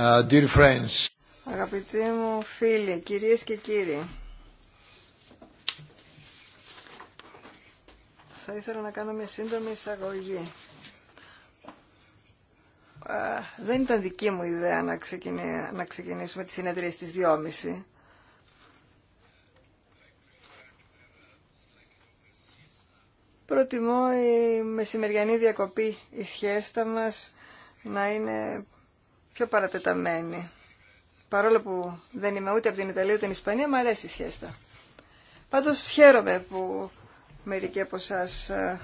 Uh, Αγαπητοί μου φίλοι, κυρίες και κύριοι, θα ήθελα να κάνω μια σύντομη εισαγωγή. Uh, δεν ήταν δική μου ιδέα να, ξεκινήσουμε, να ξεκινήσουμε τη συνεδρία στις 2.30. Προτιμώ η μεσημεριανή διακοπή, η σχέστα μας να είναι πιο παρατεταμένη. Παρόλο που δεν είμαι ούτε από την Ιταλία ούτε την Ισπανία, μου αρέσει η τα. Πάντως χαίρομαι που μερικοί από εσά ε,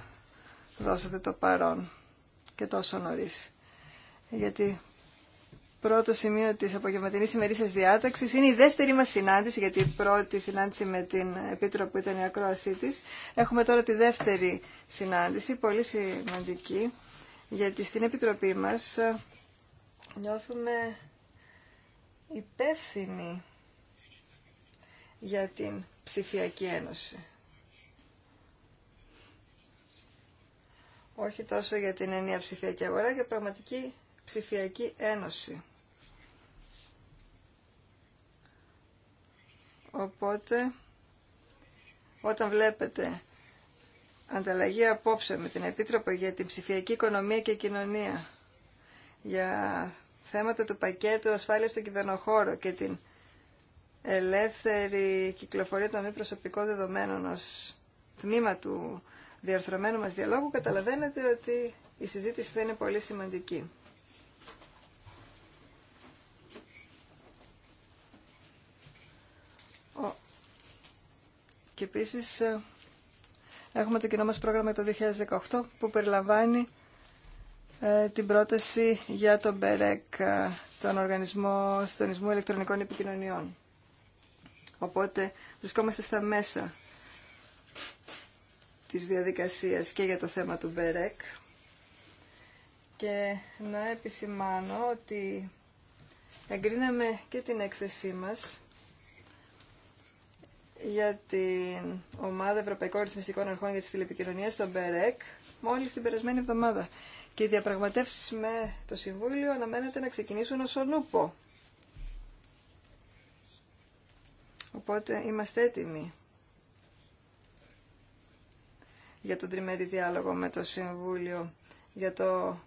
δώσατε το παρόν και τόσο νωρί. Γιατί πρώτο σημείο της απογευματινή ημερήσιας διαταξη είναι η δεύτερη μα συνάντηση, γιατί η πρώτη συνάντηση με την Επίτροπο ήταν η ακρόασή τη. Έχουμε τώρα τη δεύτερη συνάντηση, πολύ σημαντική, γιατί στην Επιτροπή μας ε, νιώθουμε υπεύθυνοι για την ψηφιακή ένωση. Όχι τόσο για την ενία ψηφιακή αγορά, για πραγματική ψηφιακή ένωση. Οπότε, όταν βλέπετε ανταλλαγή απόψε με την Επίτροπο για την ψηφιακή οικονομία και κοινωνία, για θέματα του πακέτου ασφάλειας στον κυβερνοχώρο και την ελεύθερη κυκλοφορία των μη προσωπικών δεδομένων ως τμήμα του διαρθρωμένου μας διαλόγου, καταλαβαίνετε ότι η συζήτηση θα είναι πολύ σημαντική. Και επίσης ε, έχουμε το κοινό μας πρόγραμμα το 2018 που περιλαμβάνει ε, την πρόταση για τον Μπερεκ, ε, τον Οργανισμό Συντονισμού Ελεκτρονικών Επικοινωνιών. Οπότε βρισκόμαστε στα μέσα της διαδικασίας και για το θέμα του ΜΠΕΡΕΚ και να επισημάνω ότι εγκρίναμε και την έκθεσή μας για την Ομάδα Ευρωπαϊκών Ρυθμιστικών Αρχών για τις Τηλεπικοινωνίες, τον ΜΠΕΡΕΚ, μόλις την περασμένη εβδομάδα και οι διαπραγματεύσεις με το Συμβούλιο αναμένεται να ξεκινήσουν ως ονούπο. Οπότε είμαστε έτοιμοι για τον τριμερή διάλογο με το Συμβούλιο για, το,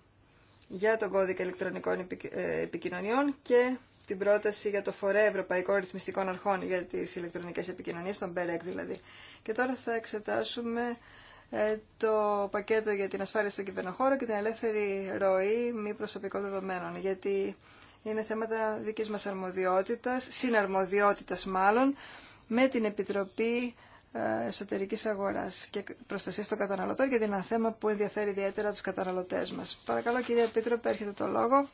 για τον κώδικα ηλεκτρονικών ε, επικοινωνιών και την πρόταση για το Φορέ Ευρωπαϊκών Ρυθμιστικών Αρχών για τις ηλεκτρονικές επικοινωνίες, τον ΠΕΡΕΚ δηλαδή. Και τώρα θα εξετάσουμε ε, το πακέτο για την ασφάλεια στον κυβερνοχώρο και την ελεύθερη ροή μη προσωπικών δεδομένων. Γιατί είναι θέματα δικής μας αρμοδιότητα, συναρμοδιότητα μάλλον, με την Επιτροπή ε, Εσωτερικής Αγοράς και προστασία των Καταναλωτών, γιατί είναι ένα θέμα που ενδιαφέρει ιδιαίτερα τους καταναλωτές μας. Παρακαλώ κυρία Επίτροπε, έρχεται το λόγο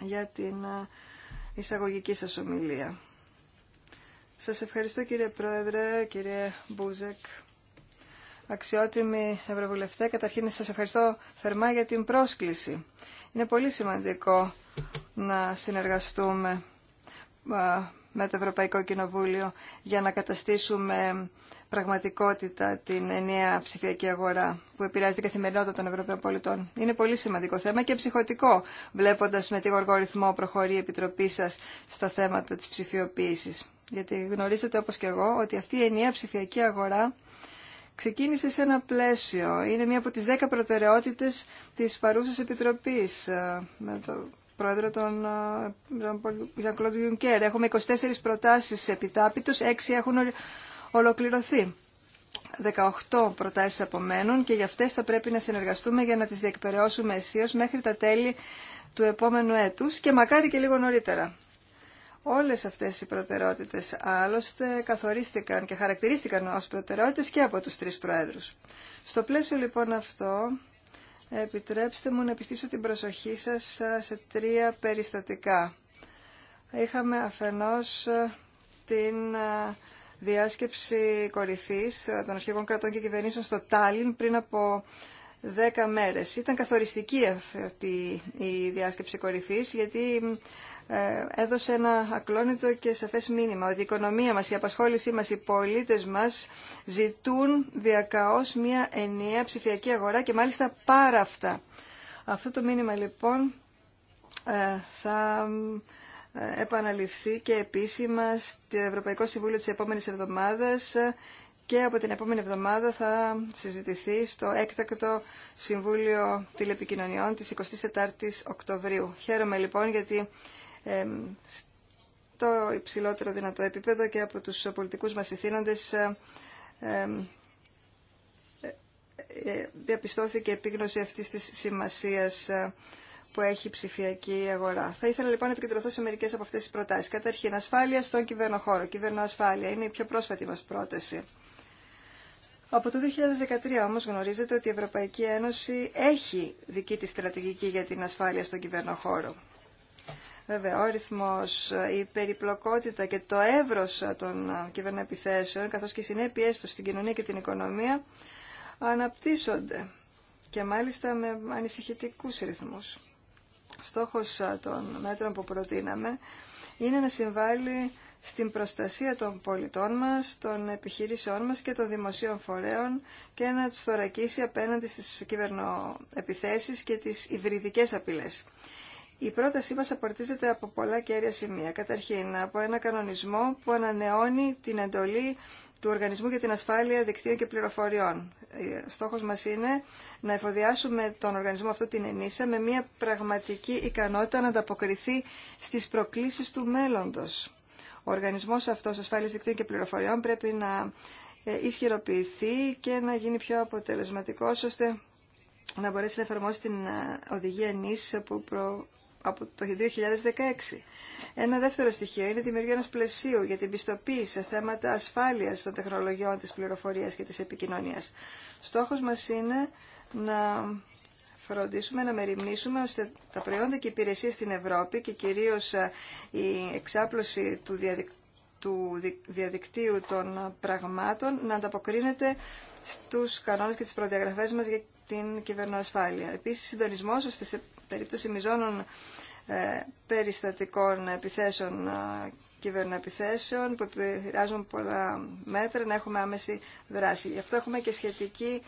για την ε, εισαγωγική σα ομιλία. Σας ευχαριστώ κύριε Πρόεδρε, κύριε Μπούζεκ. Αξιότιμοι Ευρωβουλευτέ, καταρχήν σας ευχαριστώ θερμά για την πρόσκληση. Είναι πολύ σημαντικό να συνεργαστούμε με το Ευρωπαϊκό Κοινοβούλιο για να καταστήσουμε πραγματικότητα την ενιαία ψηφιακή αγορά που επηρεάζει την καθημερινότητα των Ευρωπαίων πολιτών. Είναι πολύ σημαντικό θέμα και ψυχοτικό, βλέποντας με τι γοργό ρυθμό προχωρεί η Επιτροπή σας στα θέματα της ψηφιοποίησης. Γιατί γνωρίζετε όπως και εγώ ότι αυτή η ενιαία ψηφιακή αγορά ξεκίνησε σε ένα πλαίσιο. Είναι μία από τις δέκα προτεραιότητες της παρούσας επιτροπής ε, με τον πρόεδρο τον Ζαν ε, Γιουνκέρ. Έχουμε 24 προτάσεις επιτάπητος, 6 έχουν ολοκληρωθεί. 18 προτάσεις απομένουν και για αυτές θα πρέπει να συνεργαστούμε για να τις διεκπαιρεώσουμε αισίως μέχρι τα τέλη του επόμενου έτους και μακάρι και λίγο νωρίτερα. Όλες αυτές οι προτεραιότητες άλλωστε καθορίστηκαν και χαρακτηρίστηκαν ως προτεραιότητες και από τους τρεις Προέδρους. Στο πλαίσιο λοιπόν αυτό επιτρέψτε μου να επιστήσω την προσοχή σας σε τρία περιστατικά. Είχαμε αφενός ε, την ε, διάσκεψη κορυφής ε, των αρχηγών κρατών και κυβερνήσεων στο Τάλιν πριν από δέκα μέρες. Ήταν καθοριστική αυτή η διάσκεψη κορυφής γιατί ε, έδωσε ένα ακλόνητο και σαφές μήνυμα ότι η οικονομία μας, η απασχόλησή μας, οι πολίτες μας ζητούν διακαώς μια ενιαία ψηφιακή αγορά και μάλιστα πάρα αυτά. Αυτό το μήνυμα λοιπόν ε, θα ε, επαναληφθεί και επίσημα στο Ευρωπαϊκό Συμβούλιο της επόμενης εβδομάδας και από την επόμενη εβδομάδα θα συζητηθεί στο έκτακτο Συμβούλιο Τηλεπικοινωνιών της 24ης Οκτωβρίου. Χαίρομαι λοιπόν γιατί ε, στο υψηλότερο δυνατό επίπεδο και από τους πολιτικούς μας ηθήνοντες ε, ε, διαπιστώθηκε επίγνωση αυτής της σημασίας ε, που έχει ψηφιακή αγορά. Θα ήθελα λοιπόν να επικεντρωθώ σε μερικές από αυτές τις προτάσεις. Καταρχήν, ασφάλεια στον κυβερνοχώρο. Κυβερνοασφάλεια είναι η πιο πρόσφατη μας πρόταση από το 2013 όμως γνωρίζετε ότι η Ευρωπαϊκή Ένωση έχει δική της στρατηγική για την ασφάλεια στον κυβερνοχώρο. Βέβαια, ο ρυθμός, η περιπλοκότητα και το εύρος των κυβερνοεπιθέσεων, καθώς και οι συνέπειές τους στην κοινωνία και την οικονομία, αναπτύσσονται και μάλιστα με ανησυχητικούς ρυθμούς. Στόχος των μέτρων που προτείναμε είναι να συμβάλλει στην προστασία των πολιτών μας, των επιχειρήσεών μας και των δημοσίων φορέων και να τους θωρακίσει απέναντι στις κυβερνοεπιθέσεις και τις υβριδικές απειλές. Η πρότασή μας απορτίζεται από πολλά κέρια σημεία. Καταρχήν, από ένα κανονισμό που ανανεώνει την εντολή του Οργανισμού για την Ασφάλεια Δικτύων και Πληροφοριών. Ε, στόχος μας είναι να εφοδιάσουμε τον οργανισμό αυτό την ενίσα με μια πραγματική ικανότητα να ανταποκριθεί στις προκλήσεις του μέλλοντος ο οργανισμός αυτός ασφάλεια δικτύων και πληροφοριών πρέπει να ε, ισχυροποιηθεί και να γίνει πιο αποτελεσματικός ώστε να μπορέσει να εφαρμόσει την ε, οδηγία νης από το 2016. Ένα δεύτερο στοιχείο είναι η δημιουργία ενός πλαισίου για την πιστοποίηση σε θέματα ασφάλειας των τεχνολογιών της πληροφορίας και της επικοινωνίας. Στόχος μας είναι να φροντίσουμε να μεριμνήσουμε ώστε τα προϊόντα και οι υπηρεσίες στην Ευρώπη και κυρίως ε, η εξάπλωση του διαδικτύου του διαδικτύου των πραγμάτων να ανταποκρίνεται στους κανόνες και τις προδιαγραφές μας για την κυβερνοασφάλεια. Επίσης, συντονισμός ώστε σε περίπτωση μιζώνων ε, περιστατικών επιθέσεων, ε, κυβερνοεπιθέσεων που επηρεάζουν πολλά μέτρα να έχουμε άμεση δράση. Γι' αυτό έχουμε και σχετική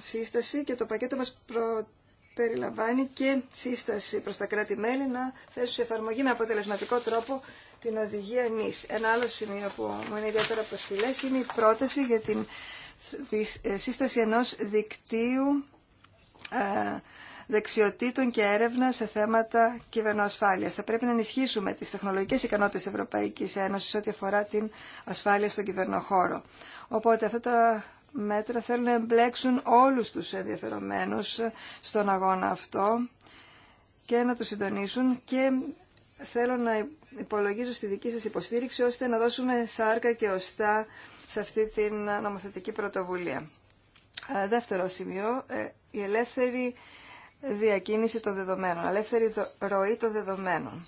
σύσταση και το πακέτο μας προ... περιλαμβάνει και σύσταση προς τα κράτη-μέλη να θέσουν σε εφαρμογή με αποτελεσματικό τρόπο την οδηγία νης. Ένα άλλο σημείο που μου είναι ιδιαίτερα προσφυλές είναι η πρόταση για την ε, σύσταση ενός δικτύου ε, δεξιοτήτων και έρευνα σε θέματα κυβερνοασφάλειας. Θα πρέπει να ενισχύσουμε τις τεχνολογικές ικανότητες Ευρωπαϊκής Ένωσης ό,τι αφορά την ασφάλεια στον κυβερνοχώρο. Οπότε αυτά τα μέτρα θέλουν να εμπλέξουν όλους τους ενδιαφερομένους στον αγώνα αυτό και να το συντονίσουν και θέλω να υπολογίζω στη δική σας υποστήριξη ώστε να δώσουμε σάρκα και οστά σε αυτή την νομοθετική πρωτοβουλία. Ε, δεύτερο σημείο, ε, η ελεύθερη διακίνηση των δεδομένων, ελεύθερη ροή των δεδομένων.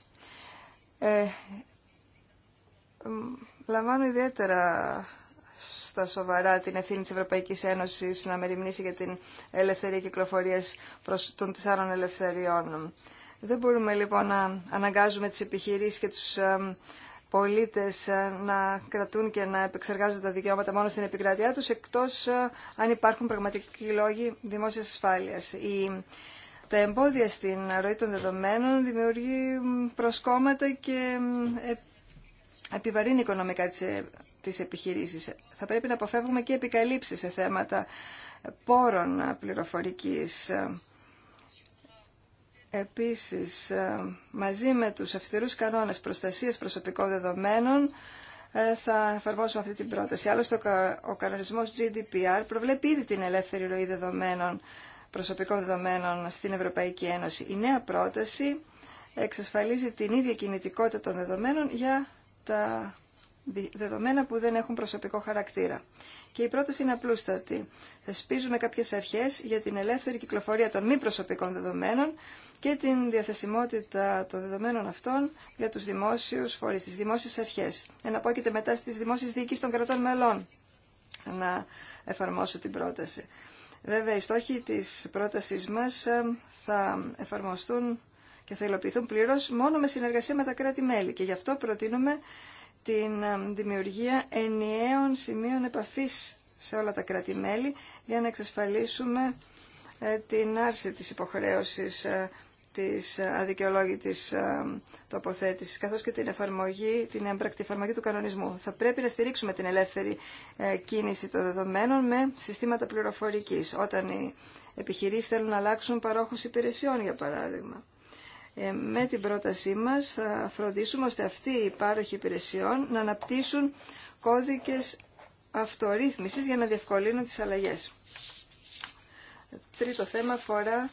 Ε, λαμβάνω ιδιαίτερα στα σοβαρά την ευθύνη της Ευρωπαϊκής Ένωσης να μεριμνήσει για την ελευθερία κυκλοφορίας προς των τεσσάρων ελευθεριών. Δεν μπορούμε λοιπόν να αναγκάζουμε τις επιχειρήσεις και τους ε, πολίτες ε, να κρατούν και να επεξεργάζονται τα δικαιώματα μόνο στην επικράτειά τους, εκτός ε, αν υπάρχουν πραγματικοί λόγοι δημόσιας ασφάλειας. Η... Τα εμπόδια στην ροή των δεδομένων δημιουργεί προσκόμματα και επιβαρύνει οικονομικά τις τις επιχειρήσεις. Θα πρέπει να αποφεύγουμε και επικαλύψεις σε θέματα πόρων πληροφορικής. Επίσης, μαζί με τους αυστηρούς κανόνες προστασίας προσωπικών δεδομένων, ε, θα εφαρμόσουμε αυτή την πρόταση. Άλλωστε, ο κανονισμός GDPR προβλέπει ήδη την ελεύθερη ροή δεδομένων, προσωπικών δεδομένων στην Ευρωπαϊκή Ένωση. Η νέα πρόταση εξασφαλίζει την ίδια κινητικότητα των δεδομένων για τα δεδομένα που δεν έχουν προσωπικό χαρακτήρα. Και η πρόταση είναι απλούστατη. Θεσπίζουμε κάποιε αρχέ για την ελεύθερη κυκλοφορία των μη προσωπικών δεδομένων και την διαθεσιμότητα των δεδομένων αυτών για τους δημόσιους φορείς, τι δημόσιε αρχέ. Εναπόκειται μετά στι δημόσιε διοικήσεις των κρατών μελών να εφαρμόσω την πρόταση. Βέβαια, οι στόχοι τη πρότασή μα ε, θα εφαρμοστούν και θα υλοποιηθούν πλήρω μόνο με συνεργασία με τα κράτη-μέλη και γι' αυτό προτείνουμε την ε, δημιουργία ενιαίων σημείων επαφής σε όλα τα κράτη-μέλη για να εξασφαλίσουμε ε, την άρση της υποχρέωσης ε, της αδικαιολόγητης τοποθέτησης, καθώς και την εφαρμογή, την έμπρακτη εφαρμογή του κανονισμού. Θα πρέπει να στηρίξουμε την ελεύθερη κίνηση των δεδομένων με συστήματα πληροφορικής, όταν οι επιχειρήσεις θέλουν να αλλάξουν παρόχους υπηρεσιών, για παράδειγμα. Ε, με την πρότασή μας θα φροντίσουμε ώστε αυτοί οι πάροχοι υπηρεσιών να αναπτύσσουν κώδικες αυτορύθμισης για να διευκολύνουν τις αλλαγές. Τρίτο θέμα αφορά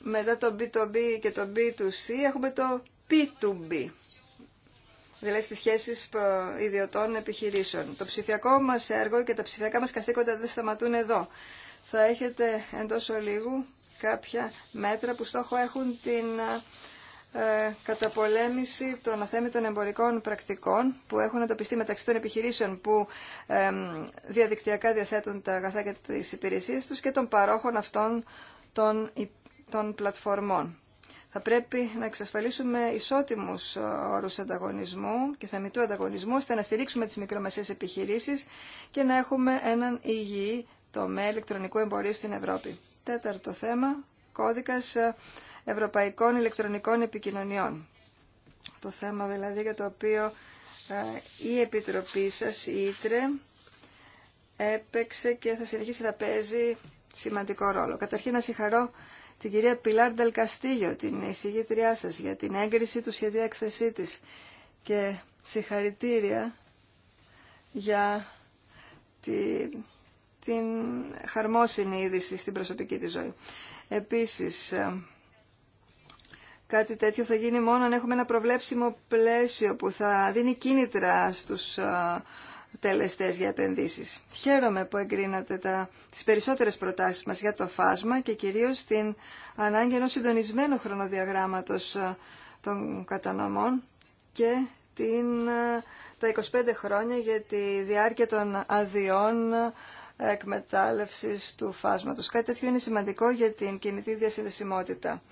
μετά το B2B και το B2C έχουμε το P2B, δηλαδή στις σχέσεις ιδιωτών επιχειρήσεων. Το ψηφιακό μας έργο και τα ψηφιακά μας καθήκοντα δεν σταματούν εδώ. Θα έχετε εντός ολίγου κάποια μέτρα που στόχο έχουν την ε, καταπολέμηση των αθέμητων εμπορικών πρακτικών που έχουν εντοπιστεί μεταξύ των επιχειρήσεων που διαδικτυακά διαθέτουν τα αγαθά και τις υπηρεσίες τους και των παρόχων αυτών των, των πλατφορμών. Θα πρέπει να εξασφαλίσουμε ισότιμους ε, όρους ανταγωνισμού και θεμητού ανταγωνισμού, ώστε να στηρίξουμε τις μικρομεσαίες επιχειρήσεις και να έχουμε έναν υγιή τομέα ηλεκτρονικού εμπορίου στην Ευρώπη. Τέταρτο θέμα, κώδικας ε, ευρωπαϊκών ηλεκτρονικών επικοινωνιών. Το θέμα δηλαδή για το οποίο ε, η Επιτροπή σας, η Ήτρε, έπαιξε και θα συνεχίσει να παίζει σημαντικό ρόλο. Καταρχήν να συγχαρώ την κυρία Πιλάρ Καστίγιο, την εισηγήτριά σας, για την έγκριση του σχεδίου έκθεσή της και συγχαρητήρια για την την χαρμόσυνη είδηση στην προσωπική της ζωή. Επίσης, ε, κάτι τέτοιο θα γίνει μόνο αν έχουμε ένα προβλέψιμο πλαίσιο που θα δίνει κίνητρα στους ε, τελεστές για επενδύσεις. Χαίρομαι που εγκρίνατε τα, τις περισσότερες προτάσεις μας για το φάσμα και κυρίως την ανάγκη ενός συντονισμένου χρονοδιαγράμματος ε, των κατανομών και την, τα 25 χρόνια για τη διάρκεια των αδειών εκμετάλλευσης του φάσματος. Κάτι τέτοιο είναι σημαντικό για την κινητή διασυνδεσιμότητα.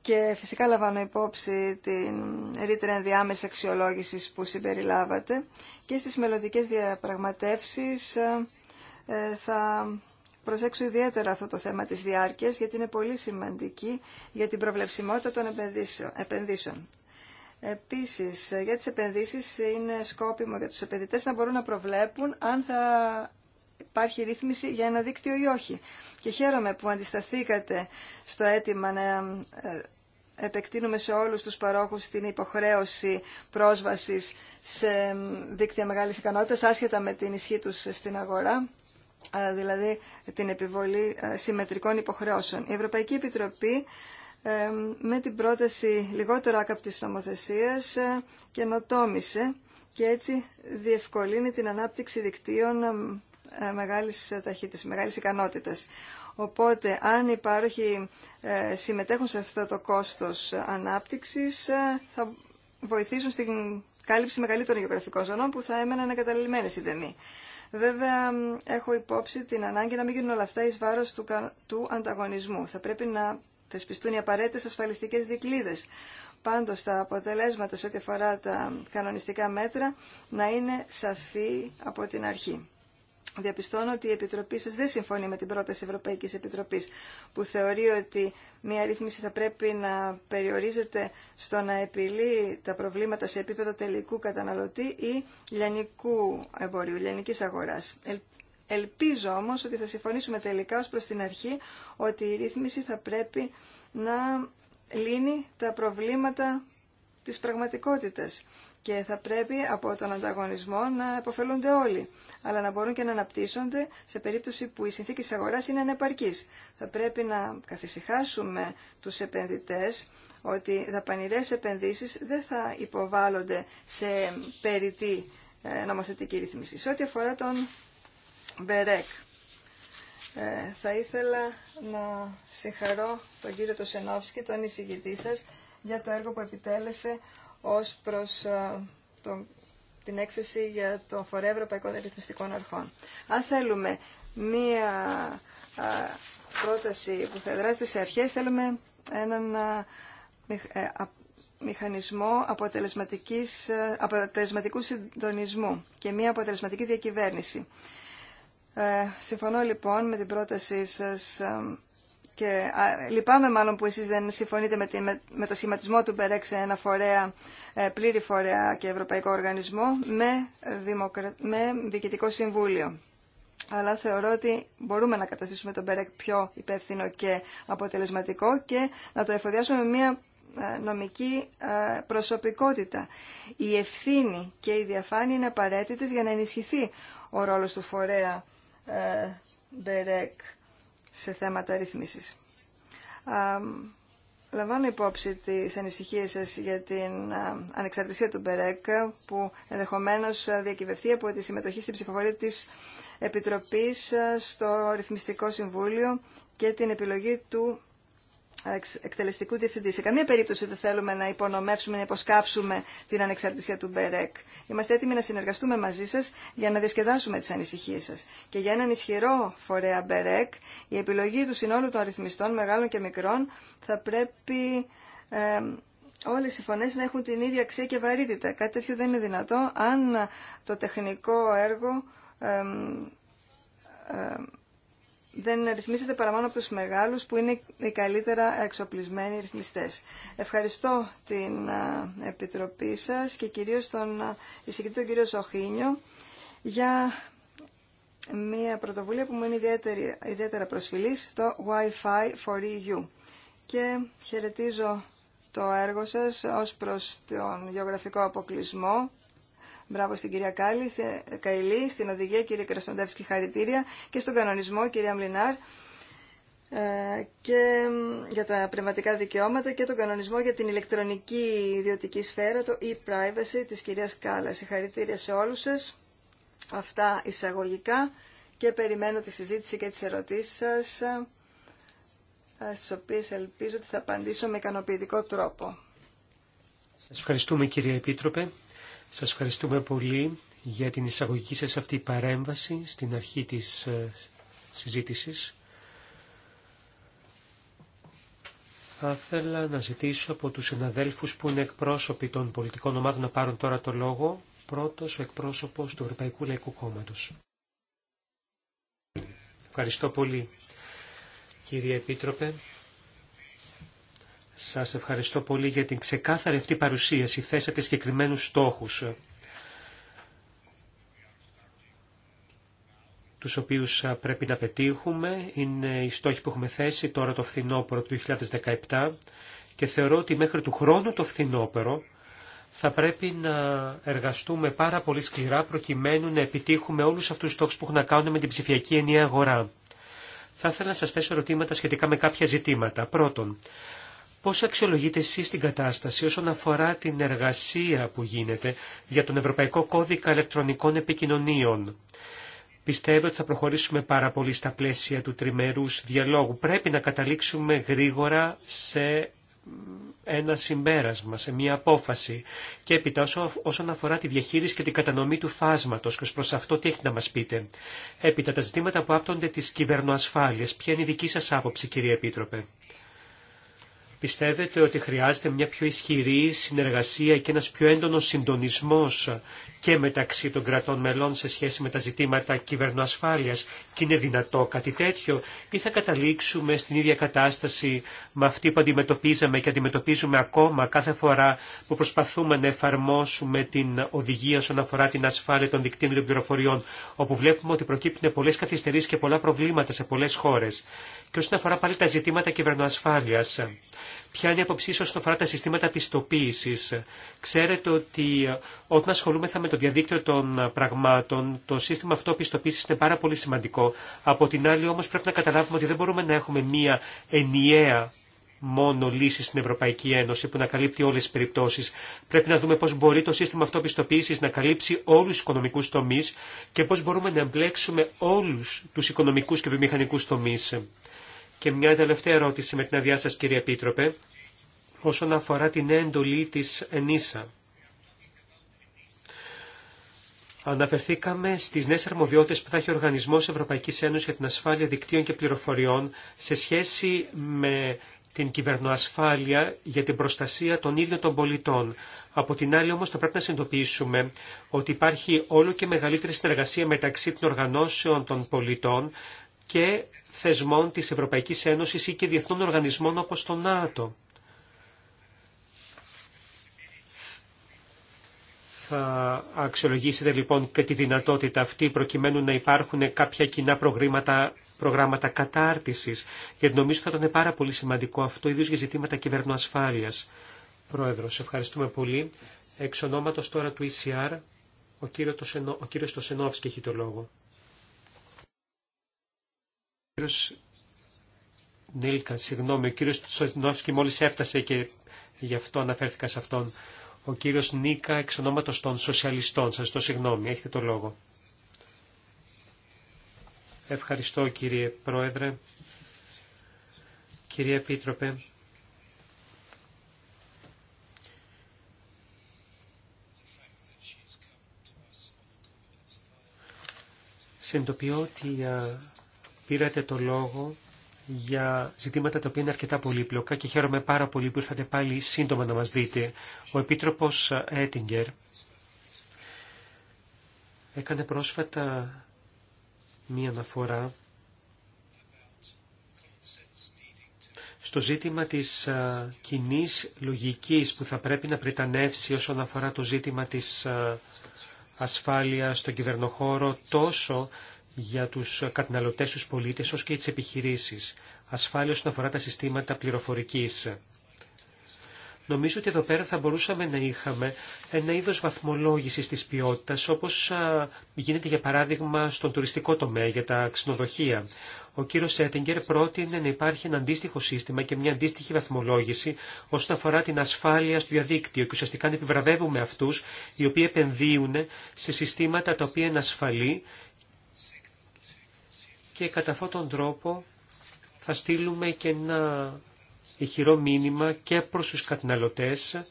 Και φυσικά λαμβάνω υπόψη την ρήτρα ενδιάμεση αξιολόγηση που συμπεριλάβατε και στις μελλοντικέ διαπραγματεύσεις ε, ε, θα προσέξω ιδιαίτερα αυτό το θέμα της διάρκειας γιατί είναι πολύ σημαντική για την προβλεψιμότητα των επενδύσεων. Επίσης, ε, για τις επενδύσεις είναι σκόπιμο για τους επενδυτές να μπορούν να προβλέπουν αν θα υπάρχει ρύθμιση για ένα δίκτυο ή όχι. Και χαίρομαι που αντισταθήκατε στο αίτημα να ε, επεκτείνουμε σε όλους τους παρόχους την υποχρέωση πρόσβασης σε δίκτυα μεγάλης ικανότητας, άσχετα με την ισχύ τους στην αγορά ε, δηλαδή την επιβολή ε, συμμετρικών υποχρεώσεων. Η Ευρωπαϊκή Επιτροπή με την πρόταση λιγότερο άκαπτης νομοθεσίας καινοτόμησε και έτσι διευκολύνει την ανάπτυξη δικτύων ε, μεγάλης ε, ταχύτητας, μεγάλης ικανότητας. Οπότε, αν οι ε, συμμετέχουν σε αυτό το κόστος ανάπτυξης, θα βοηθήσουν στην κάλυψη μεγαλύτερων γεωγραφικών ζωνών που θα έμεναν εγκαταλελειμμένες οι δεμοί. Βέβαια, έχω υπόψη την ανάγκη να μην γίνουν όλα αυτά εις βάρος του, του ανταγωνισμού. Θα πρέπει να θεσπιστούν οι απαραίτητε ασφαλιστικές δικλείδες. Πάντως, τα αποτελέσματα σε ό,τι αφορά τα κανονιστικά μέτρα να είναι σαφή από την αρχή. Διαπιστώνω ότι η Επιτροπή σας δεν συμφωνεί με την πρόταση Ευρωπαϊκής Επιτροπής που θεωρεί ότι μια ρύθμιση θα πρέπει να περιορίζεται στο να επιλύει τα προβλήματα σε επίπεδο τελικού καταναλωτή ή λιανικού εμπορίου, λιανικής αγοράς. Ελπίζω όμως ότι θα συμφωνήσουμε τελικά ως προς την αρχή ότι η ρύθμιση θα πρέπει να λύνει τα προβλήματα της πραγματικότητας και θα πρέπει από τον ανταγωνισμό να επωφελούνται όλοι αλλά να μπορούν και να αναπτύσσονται σε περίπτωση που οι συνθήκη τη αγορά είναι ανεπαρκεί. Θα πρέπει να καθησυχάσουμε του επενδυτέ ότι δαπανηρέ επενδύσεις δεν θα υποβάλλονται σε περιττή ε, νομοθετική ρύθμιση. Σε ό,τι αφορά τον Μπερέκ, ε, θα ήθελα να συγχαρώ τον κύριο Τοσενόφσκι, τον εισηγητή σας, για το έργο που επιτέλεσε ως προς ε, τον την έκθεση για το Φορέα Ευρωπαϊκών Ερυθμιστικών Αρχών. Αν θέλουμε μία πρόταση που θα δράσει σε αρχές, θέλουμε έναν ε, μηχανισμό αποτελεσματικής, αποτελεσματικού συντονισμού και μία αποτελεσματική διακυβέρνηση. Ε, συμφωνώ λοιπόν με την πρότασή σας και λυπάμαι μάλλον που εσείς δεν συμφωνείτε με, τη, το σχηματισμό του ΜΠΕΡΕΚ σε ένα ε, πλήρη φορέα και ευρωπαϊκό οργανισμό με, δημοκρα... με διοικητικό συμβούλιο. Αλλά θεωρώ ότι μπορούμε να καταστήσουμε τον ΜΠΕΡΕΚ πιο υπεύθυνο και αποτελεσματικό και να το εφοδιάσουμε με μια ε, νομική ε, προσωπικότητα. Η ευθύνη και η διαφάνεια είναι απαραίτητες για να ενισχυθεί ο ρόλος του φορέα ΜΠΕΡΕΚ σε θέματα ρύθμισης. Λαμβάνω υπόψη τις ανησυχίες σας για την ανεξαρτησία του Μπερέκ που ενδεχομένως διακυβευτεί από τη συμμετοχή στην ψηφοφορία της Επιτροπής στο Ρυθμιστικό Συμβούλιο και την επιλογή του εκτελεστικού διευθυντή. Σε καμία περίπτωση δεν θέλουμε να υπονομεύσουμε, να υποσκάψουμε την ανεξαρτησία του Μπερέκ. Είμαστε έτοιμοι να συνεργαστούμε μαζί σα για να διασκεδάσουμε τι ανησυχίε σα. Και για έναν ισχυρό φορέα Μπερέκ, η επιλογή του συνόλου των αριθμιστών, μεγάλων και μικρών, θα πρέπει ε, όλε οι φωνέ να έχουν την ίδια αξία και βαρύτητα. Κάτι τέτοιο δεν είναι δυνατό αν το τεχνικό έργο. Ε, δεν ρυθμίζεται παρά μόνο από τους μεγάλους που είναι οι καλύτερα εξοπλισμένοι ρυθμιστές. Ευχαριστώ την Επιτροπή σας και κυρίως τον εισηγητή τον κύριο Σοχίνιο για μια πρωτοβουλία που μου είναι ιδιαίτερη, ιδιαίτερα προσφυλής, το Wi-Fi for EU. Και χαιρετίζω το έργο σας ως προς τον γεωγραφικό αποκλεισμό Μπράβο στην κυρία Κάλλη, Καηλή, στην οδηγία κύριε Κρασοντεύσκη χαρητήρια και στον κανονισμό κυρία Μλινάρ ε, και για τα πνευματικά δικαιώματα και τον κανονισμό για την ηλεκτρονική ιδιωτική σφαίρα, το e-privacy της κυρίας Κάλλα. Συγχαρητήρια σε όλους σας. Αυτά εισαγωγικά και περιμένω τη συζήτηση και τις ερωτήσεις σας, ε, στις οποίες ελπίζω ότι θα απαντήσω με ικανοποιητικό τρόπο. Σας ευχαριστούμε κύριε Επίτροπε. Σας ευχαριστούμε πολύ για την εισαγωγική σας αυτή παρέμβαση στην αρχή της ε, συζήτησης. Θα ήθελα να ζητήσω από τους συναδέλφους που είναι εκπρόσωποι των πολιτικών ομάδων να πάρουν τώρα το λόγο. Πρώτος ο εκπρόσωπος του Ευρωπαϊκού Λαϊκού Κόμματος. Ευχαριστώ πολύ. Κύριε Επίτροπε, σας ευχαριστώ πολύ για την ξεκάθαρη αυτή παρουσίαση. Θέσατε συγκεκριμένους στόχους, τους οποίους πρέπει να πετύχουμε. Είναι οι στόχοι που έχουμε θέσει τώρα το φθινόπωρο του 2017 και θεωρώ ότι μέχρι του χρόνου το φθινόπωρο θα πρέπει να εργαστούμε πάρα πολύ σκληρά προκειμένου να επιτύχουμε όλους αυτούς τους στόχους που έχουν να κάνουν με την ψηφιακή ενιαία αγορά. Θα ήθελα να σας θέσω ερωτήματα σχετικά με κάποια ζητήματα. Πρώτον, Πώς αξιολογείτε εσείς την κατάσταση όσον αφορά την εργασία που γίνεται για τον Ευρωπαϊκό Κώδικα Ελεκτρονικών Επικοινωνίων. Πιστεύω ότι θα προχωρήσουμε πάρα πολύ στα πλαίσια του τριμερούς διαλόγου. Πρέπει να καταλήξουμε γρήγορα σε ένα συμπέρασμα, σε μια απόφαση. Και έπειτα όσον αφορά τη διαχείριση και την κατανομή του φάσματος και προς αυτό τι έχει να μας πείτε. Έπειτα τα ζητήματα που άπτονται της κυβερνοασφάλειας. Ποια είναι η δική σας άποψη κύριε Επίτροπε. Πιστεύετε ότι χρειάζεται μια πιο ισχυρή συνεργασία και ένας πιο έντονος συντονισμός και μεταξύ των κρατών μελών σε σχέση με τα ζητήματα κυβερνοασφάλειας και είναι δυνατό κάτι τέτοιο ή θα καταλήξουμε στην ίδια κατάσταση με αυτή που αντιμετωπίζαμε και αντιμετωπίζουμε ακόμα κάθε φορά που προσπαθούμε να εφαρμόσουμε την οδηγία όσον αφορά την ασφάλεια των δικτύων και των πληροφοριών όπου βλέπουμε ότι προκύπτουν πολλές καθυστερήσεις και πολλά προβλήματα σε πολλές χώρες και όσον αφορά πάλι τα ζητήματα κυβερνοασφάλειας Ποια είναι η άποψή σα όσον αφορά τα συστήματα πιστοποίηση. Ξέρετε ότι ε, όταν ασχολούμεθα με το διαδίκτυο των πραγμάτων, το σύστημα αυτό πιστοποίηση είναι πάρα πολύ σημαντικό. Από την άλλη όμω πρέπει να καταλάβουμε ότι δεν μπορούμε να έχουμε μία ενιαία μόνο λύση στην Ευρωπαϊκή Ένωση που να καλύπτει όλε τι περιπτώσει. Πρέπει να δούμε πώ μπορεί το σύστημα αυτό πιστοποίηση να καλύψει όλου του οικονομικού τομεί και πώ μπορούμε να εμπλέξουμε όλου του οικονομικού και βιομηχανικού τομεί. Και μια τελευταία ερώτηση με την αδειά σας κύριε Επίτροπε όσον αφορά την έντολή της ΕΝΗΣΑ. Αναφερθήκαμε στι νέε αρμοδιότητε που θα έχει ο Οργανισμό Ευρωπαϊκή Ένωση για την Ασφάλεια Δικτύων και Πληροφοριών σε σχέση με την κυβερνοασφάλεια για την προστασία των ίδιων των πολιτών. Από την άλλη όμως θα πρέπει να συνειδητοποιήσουμε ότι υπάρχει όλο και μεγαλύτερη συνεργασία μεταξύ των οργανώσεων των πολιτών και θεσμών της Ευρωπαϊκής Ένωσης ή και διεθνών οργανισμών όπως το ΝΑΤΟ. Θα αξιολογήσετε λοιπόν και τη δυνατότητα αυτή προκειμένου να υπάρχουν κάποια κοινά προγράμματα, προγράμματα κατάρτισης, γιατί νομίζω θα ήταν πάρα πολύ σημαντικό αυτό, ιδίως για ζητήματα κυβερνοασφάλειας. σε ευχαριστούμε πολύ. Εξ ονόματος τώρα του ECR, ο κύριος Τοσενόφσκι έχει το λόγο κύριος Νίλκαν, συγγνώμη, ο κύριος Τσοτινόφσκι μόλις έφτασε και γι' αυτό αναφέρθηκα σε αυτόν. Ο κύριος Νίκα, εξ ονόματος των σοσιαλιστών. Σας το συγγνώμη, έχετε το λόγο. Ευχαριστώ κύριε Πρόεδρε, κύριε Επίτροπε. Συνειδητοποιώ ότι πήρατε το λόγο για ζητήματα τα οποία είναι αρκετά πολύπλοκα και χαίρομαι πάρα πολύ που ήρθατε πάλι σύντομα να μας δείτε. Ο Επίτροπος Έτιγκερ έκανε πρόσφατα μία αναφορά στο ζήτημα της κοινή λογικής που θα πρέπει να πριτανεύσει όσον αφορά το ζήτημα της ασφάλειας στον κυβερνοχώρο τόσο για τους καταναλωτέ του πολίτε ω και τι επιχειρήσει, Ασφάλεια όσον αφορά τα συστήματα πληροφορική. Νομίζω ότι εδώ πέρα θα μπορούσαμε να είχαμε ένα είδο βαθμολόγηση τη ποιότητα, όπω γίνεται για παράδειγμα στον τουριστικό τομέα για τα ξενοδοχεία. Ο κύριο Σέτιγκερ πρότεινε να υπάρχει ένα αντίστοιχο σύστημα και μια αντίστοιχη βαθμολόγηση όσον αφορά την ασφάλεια στο διαδίκτυο και ουσιαστικά να επιβραβεύουμε αυτού οι οποίοι επενδύουν σε συστήματα τα οποία είναι ασφαλή και κατά αυτόν τον τρόπο θα στείλουμε και ένα ηχηρό μήνυμα και προς τους καταναλωτές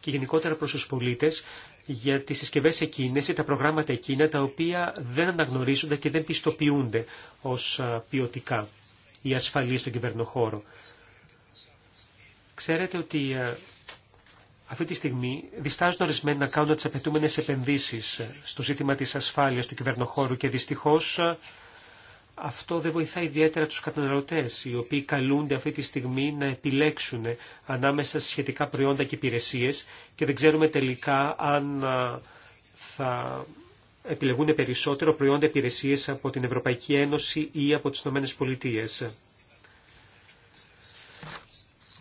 και γενικότερα προς τους πολίτες για τις συσκευές εκείνες ή τα προγράμματα εκείνα τα οποία δεν αναγνωρίζονται και δεν πιστοποιούνται ως ποιοτικά ή ασφαλή στον κυβερνοχώρο. Ξέρετε ότι αυτή τη στιγμή διστάζουν ορισμένοι να κάνουν τι απαιτούμενε επενδύσει στο ζήτημα τη ασφάλεια του κυβερνοχώρου και δυστυχώ ε, αυτό δεν βοηθά ιδιαίτερα τους καταναλωτές, οι οποίοι καλούνται αυτή τη στιγμή να επιλέξουν ανάμεσα σε σχετικά προϊόντα και υπηρεσίες και δεν ξέρουμε τελικά αν ε, θα επιλεγούν περισσότερο προϊόντα υπηρεσίες από την Ευρωπαϊκή Ένωση ή από τις ΗΠΑ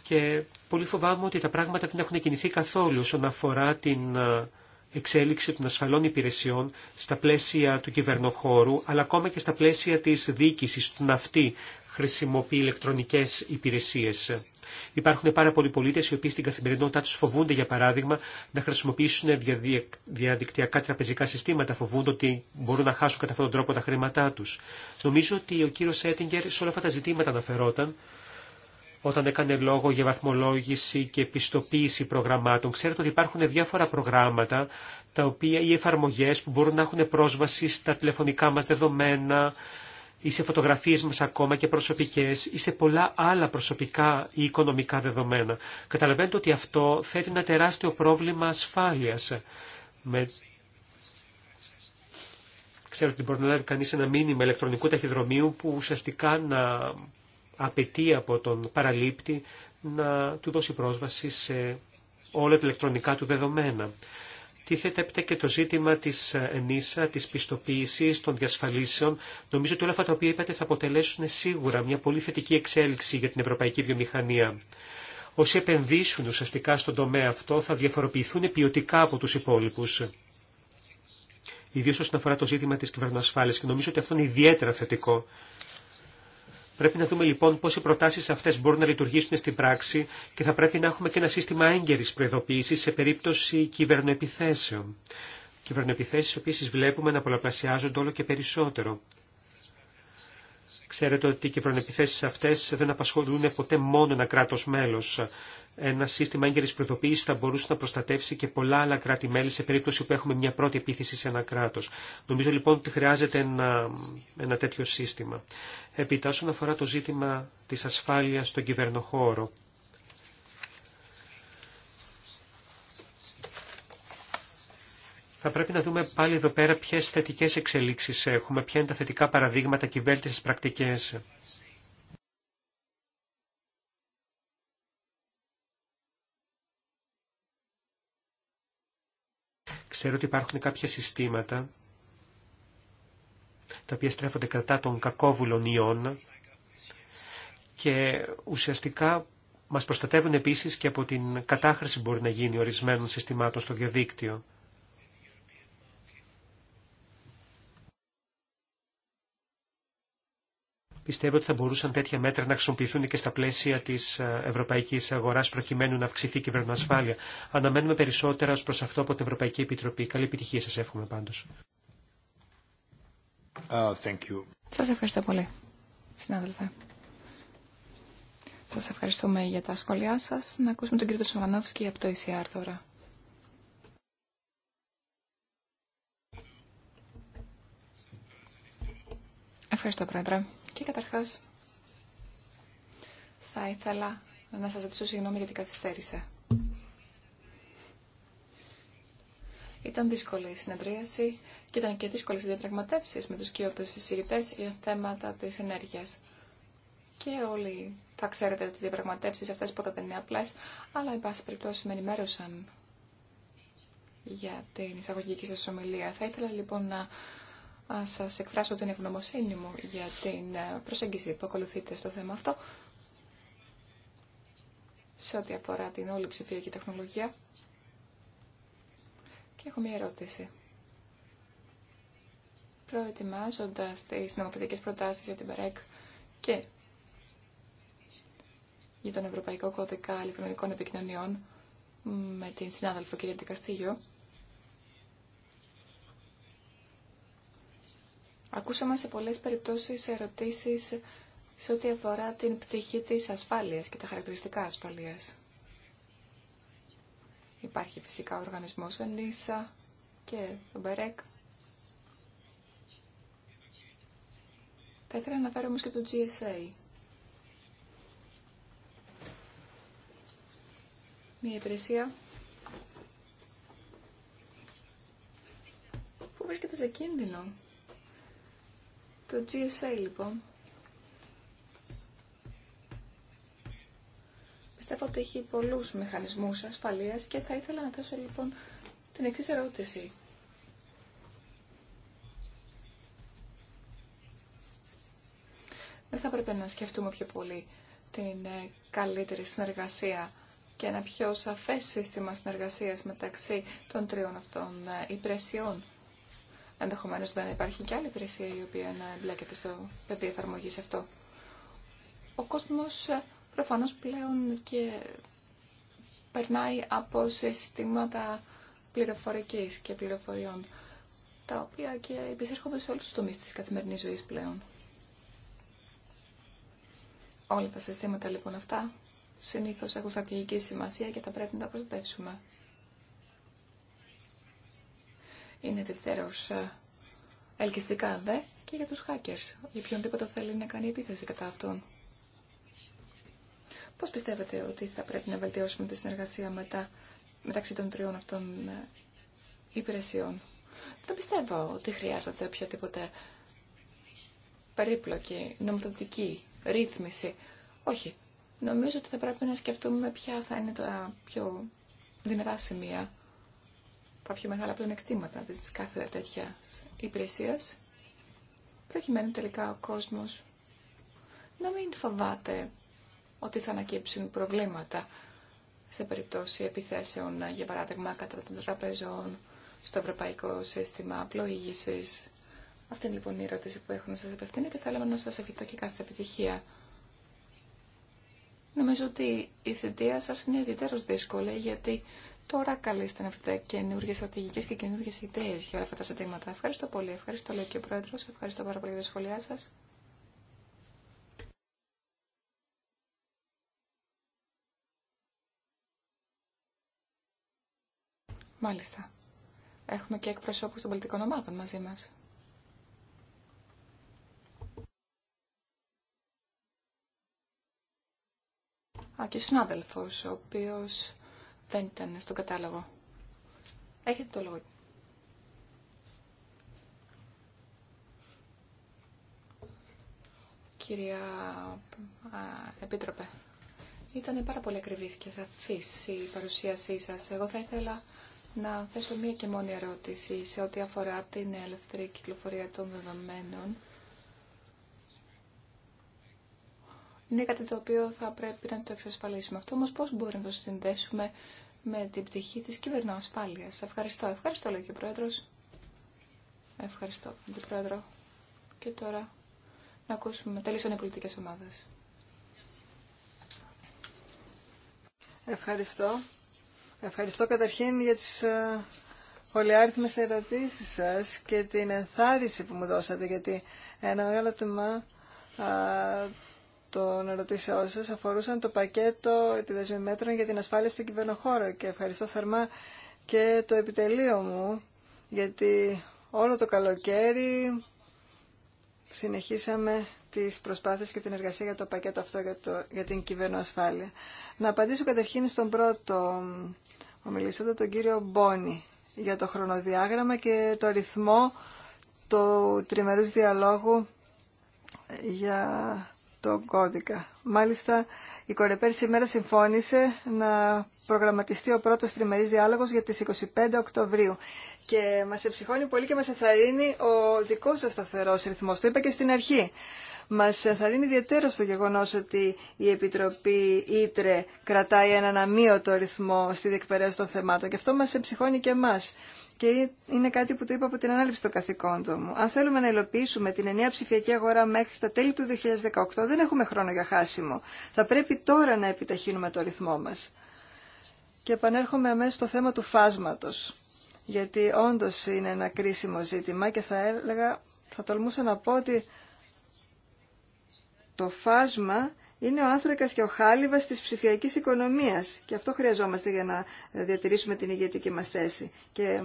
και πολύ φοβάμαι ότι τα πράγματα δεν έχουν κινηθεί καθόλου όσον αφορά την ε, εξέλιξη των ασφαλών υπηρεσιών στα πλαίσια του κυβερνοχώρου, αλλά ακόμα και στα πλαίσια της διοίκησης του ναυτή χρησιμοποιεί ηλεκτρονικές υπηρεσίες. Υπάρχουν πάρα πολλοί πολίτες οι οποίοι στην καθημερινότητά τους φοβούνται, για παράδειγμα, να χρησιμοποιήσουν διαδικτυακά τραπεζικά συστήματα, φοβούνται ότι μπορούν να χάσουν κατά αυτόν τον τρόπο τα χρήματά τους. Νομίζω ότι ο κύριος Έτιγκερ σε όλα αυτά τα ζητήματα αναφερόταν όταν έκανε λόγο για βαθμολόγηση και επιστοποίηση προγραμμάτων. Ξέρετε ότι υπάρχουν διάφορα προγράμματα τα οποία οι εφαρμογέ που μπορούν να έχουν πρόσβαση στα τηλεφωνικά μα δεδομένα ή σε φωτογραφίε μα ακόμα και προσωπικέ ή σε πολλά άλλα προσωπικά ή οικονομικά δεδομένα. Καταλαβαίνετε ότι αυτό θέτει ένα τεράστιο πρόβλημα ασφάλεια. Με... Ξέρω ότι μπορεί να λάβει κανεί ένα μήνυμα ηλεκτρονικού ταχυδρομείου που ουσιαστικά να απαιτεί από τον παραλήπτη να του δώσει πρόσβαση σε όλα τα ηλεκτρονικά του δεδομένα. Τίθεται έπειτα και το ζήτημα της ε, ενίσα, της πιστοποίησης, των διασφαλίσεων. Νομίζω ότι όλα αυτά τα οποία είπατε θα αποτελέσουν σίγουρα μια πολύ θετική εξέλιξη για την ευρωπαϊκή βιομηχανία. Όσοι επενδύσουν ουσιαστικά στον τομέα αυτό θα διαφοροποιηθούν ποιοτικά από τους υπόλοιπους. Ιδίως όσον αφορά το ζήτημα της κυβερνοασφάλειας και νομίζω ότι αυτό είναι ιδιαίτερα θετικό. Πρέπει να δούμε λοιπόν πώς οι προτάσεις αυτές μπορούν να λειτουργήσουν στην πράξη και θα πρέπει να έχουμε και ένα σύστημα έγκαιρης προειδοποίηση σε περίπτωση κυβερνοεπιθέσεων. Κυβερνοεπιθέσεις, οποίες βλέπουμε να πολλαπλασιάζονται όλο και περισσότερο. Ξέρετε ότι οι κυβερνοεπιθέσεις αυτές δεν απασχολούν ποτέ μόνο ένα κράτος μέλος ένα σύστημα έγκαιρης προειδοποίησης θα μπορούσε να προστατεύσει και πολλά άλλα κράτη-μέλη σε περίπτωση που έχουμε μια πρώτη επίθεση σε ένα κράτος. Νομίζω λοιπόν ότι χρειάζεται ένα, ένα τέτοιο σύστημα. Επίτα όσον αφορά το ζήτημα της ασφάλειας στον κυβερνοχώρο. Θα πρέπει να δούμε πάλι εδώ πέρα ποιες θετικές εξελίξεις έχουμε, ποια είναι τα θετικά παραδείγματα και βέλτιστες πρακτικές. Ξέρω ότι υπάρχουν κάποια συστήματα τα οποία στρέφονται κατά των κακόβουλων ιών και ουσιαστικά μας προστατεύουν επίσης και από την κατάχρηση που μπορεί να γίνει ορισμένων συστημάτων στο διαδίκτυο. πιστεύω ότι θα μπορούσαν τέτοια μέτρα να χρησιμοποιηθούν και στα πλαίσια τη ε, ευρωπαϊκή αγορά προκειμένου να αυξηθεί η κυβερνοασφάλεια. Αναμένουμε περισσότερα ω προ αυτό από την Ευρωπαϊκή Επιτροπή. Καλή επιτυχία σα εύχομαι πάντω. Uh, σα ευχαριστώ πολύ, συνάδελφε. Σας ευχαριστούμε για τα σχόλιά σα. Να ακούσουμε τον κύριο Τσοβανόφσκι από το ECR τώρα. Ευχαριστώ, Πρόεδρε. Και καταρχάς θα ήθελα να σας ζητήσω συγγνώμη γιατί καθυστέρησα. Ήταν δύσκολη η συνεδρίαση και ήταν και δύσκολες οι διαπραγματεύσεις με τους κοιότητες συζητητές για θέματα της ενέργειας. Και όλοι θα ξέρετε ότι οι διαπραγματεύσεις αυτές ποτέ δεν είναι απλές, αλλά εν πάση περιπτώσει με ενημέρωσαν για την εισαγωγική σας ομιλία. Θα ήθελα λοιπόν να σας εκφράσω την ευγνωμοσύνη μου για την ε, προσέγγιση που ακολουθείτε στο θέμα αυτό σε ό,τι αφορά την όλη ψηφιακή τεχνολογία. Και έχω μία ερώτηση. Προετοιμάζοντας τις νομοθετικές προτάσεις για την ΠΕΡΕΚ και για τον Ευρωπαϊκό Κώδικα Ελεκτρονικών Επικοινωνιών με την συνάδελφο κυρία Δικαστήγιο, Ακούσαμε σε πολλές περιπτώσεις ερωτήσεις σε ό,τι αφορά την πτυχή της ασφάλειας και τα χαρακτηριστικά ασφαλείας. Υπάρχει φυσικά ο οργανισμός και το ΜΠΕΡΕΚ. Θα ήθελα να αναφέρω όμως και το GSA. Μια υπηρεσία που βρίσκεται σε κίνδυνο το GSA λοιπόν πιστεύω ότι έχει πολλούς μηχανισμούς ασφαλείας και θα ήθελα να θέσω λοιπόν την εξής ερώτηση. Δεν θα πρέπει να σκεφτούμε πιο πολύ την ε, καλύτερη συνεργασία και ένα πιο σαφές σύστημα συνεργασίας μεταξύ των τριών αυτών ε, υπηρεσιών Ενδεχομένω δεν υπάρχει και άλλη υπηρεσία η οποία να εμπλέκεται στο πεδίο εφαρμογή αυτό. Ο κόσμο ε, προφανώ πλέον και περνάει από συστήματα πληροφορική και πληροφοριών, τα οποία και επισέρχονται σε όλου του τομεί τη καθημερινής ζωής πλέον. Όλα τα συστήματα λοιπόν αυτά συνήθως έχουν στρατηγική σημασία και θα πρέπει να τα προστατεύσουμε είναι ιδιαίτερως ε, ελκυστικά δε και για τους hackers, για οποιονδήποτε θέλει να κάνει επίθεση κατά αυτόν. Πώς πιστεύετε ότι θα πρέπει να βελτιώσουμε τη συνεργασία μεταξύ των τριών αυτών ε, υπηρεσιών. Δεν πιστεύω ότι χρειάζεται οποιαδήποτε περίπλοκη νομοθετική ρύθμιση. Όχι. Νομίζω ότι θα πρέπει να σκεφτούμε ποια θα είναι τα πιο δυνατά σημεία κάποια μεγάλα πλεονεκτήματα τη κάθε τέτοια υπηρεσία, προκειμένου τελικά ο κόσμο. να μην φοβάται ότι θα ανακύψουν προβλήματα σε περίπτωση επιθέσεων, για παράδειγμα, κατά των τραπεζών, στο ευρωπαϊκό σύστημα πλοήγησης. Αυτή είναι λοιπόν η ερώτηση που έχω να σας απευθύνω και θέλαμε να σα ευχηθώ και κάθε επιτυχία. Νομίζω ότι η θητεία σας είναι ιδιαίτερως δύσκολη γιατί Τώρα καλείστε να βρείτε καινούργιε στρατηγικέ και καινούργιε ιδέε για όλα αυτά τα ζητήματα. Ευχαριστώ πολύ. Ευχαριστώ, λέει και ο Πρόεδρο. Ευχαριστώ πάρα πολύ για τα σχόλιά σα. Μάλιστα. Έχουμε και εκπροσώπους των πολιτικών ομάδων μαζί μας. Α, και ο οποίος δεν ήταν στον κατάλογο. Έχετε το λόγο. Κυρία Επίτροπε, ήταν πάρα πολύ ακριβή και αφήσει η παρουσίασή σας. Εγώ θα ήθελα να θέσω μία και μόνη ερώτηση σε ό,τι αφορά την ελεύθερη κυκλοφορία των δεδομένων είναι κάτι το οποίο θα πρέπει να το εξασφαλίσουμε. Αυτό όμως πώς μπορεί να το συνδέσουμε με την πτυχή της ασφάλεια. Ευχαριστώ. Ευχαριστώ λέει και ο Πρόεδρος. Ευχαριστώ τον Πρόεδρο. Και τώρα να ακούσουμε. Τελείωσαν οι πολιτικές ομάδες. Ευχαριστώ. Ευχαριστώ καταρχήν για τις ε, πολυάριθμες ερωτήσεις σας και την ενθάρρυνση που μου δώσατε γιατί ένα μεγάλο τμήμα ε, των ερωτήσεών σα αφορούσαν το πακέτο επιδεσμημέτρων για την ασφάλεια στον κυβερνοχώρο και ευχαριστώ θερμά και το επιτελείο μου γιατί όλο το καλοκαίρι συνεχίσαμε τις προσπάθειες και την εργασία για το πακέτο αυτό για, το, για την κυβερνοασφάλεια. Να απαντήσω κατευχήν στον πρώτο ομιλήσατε, τον κύριο Μπόνι, για το χρονοδιάγραμμα και το ρυθμό του τριμερούς διαλόγου για τον κώδικα. Μάλιστα, η Κορεπέρ σήμερα συμφώνησε να προγραμματιστεί ο πρώτος τριμερής διάλογος για τις 25 Οκτωβρίου. Και μας εψυχώνει πολύ και μας εθαρρύνει ο δικός σας σταθερός ρυθμός. Το είπα και στην αρχή. Μας εθαρρύνει ιδιαίτερο στο γεγονός ότι η Επιτροπή Ήτρε κρατάει έναν αμύωτο ρυθμό στη διεκπαιρέωση των θεμάτων. Και αυτό μας εψυχώνει και εμάς και είναι κάτι που το είπα από την ανάληψη των καθηκόντων μου. Αν θέλουμε να υλοποιήσουμε την ενιαία ψηφιακή αγορά μέχρι τα τέλη του 2018, δεν έχουμε χρόνο για χάσιμο. Θα πρέπει τώρα να επιταχύνουμε το ρυθμό μας. Και επανέρχομαι αμέσως στο θέμα του φάσματος, γιατί όντως είναι ένα κρίσιμο ζήτημα και θα έλεγα, θα τολμούσα να πω ότι το φάσμα είναι ο άνθρακας και ο χάλιβα τη ψηφιακή οικονομία. και αυτό χρειαζόμαστε για να διατηρήσουμε την ηγετική μας θέση. Και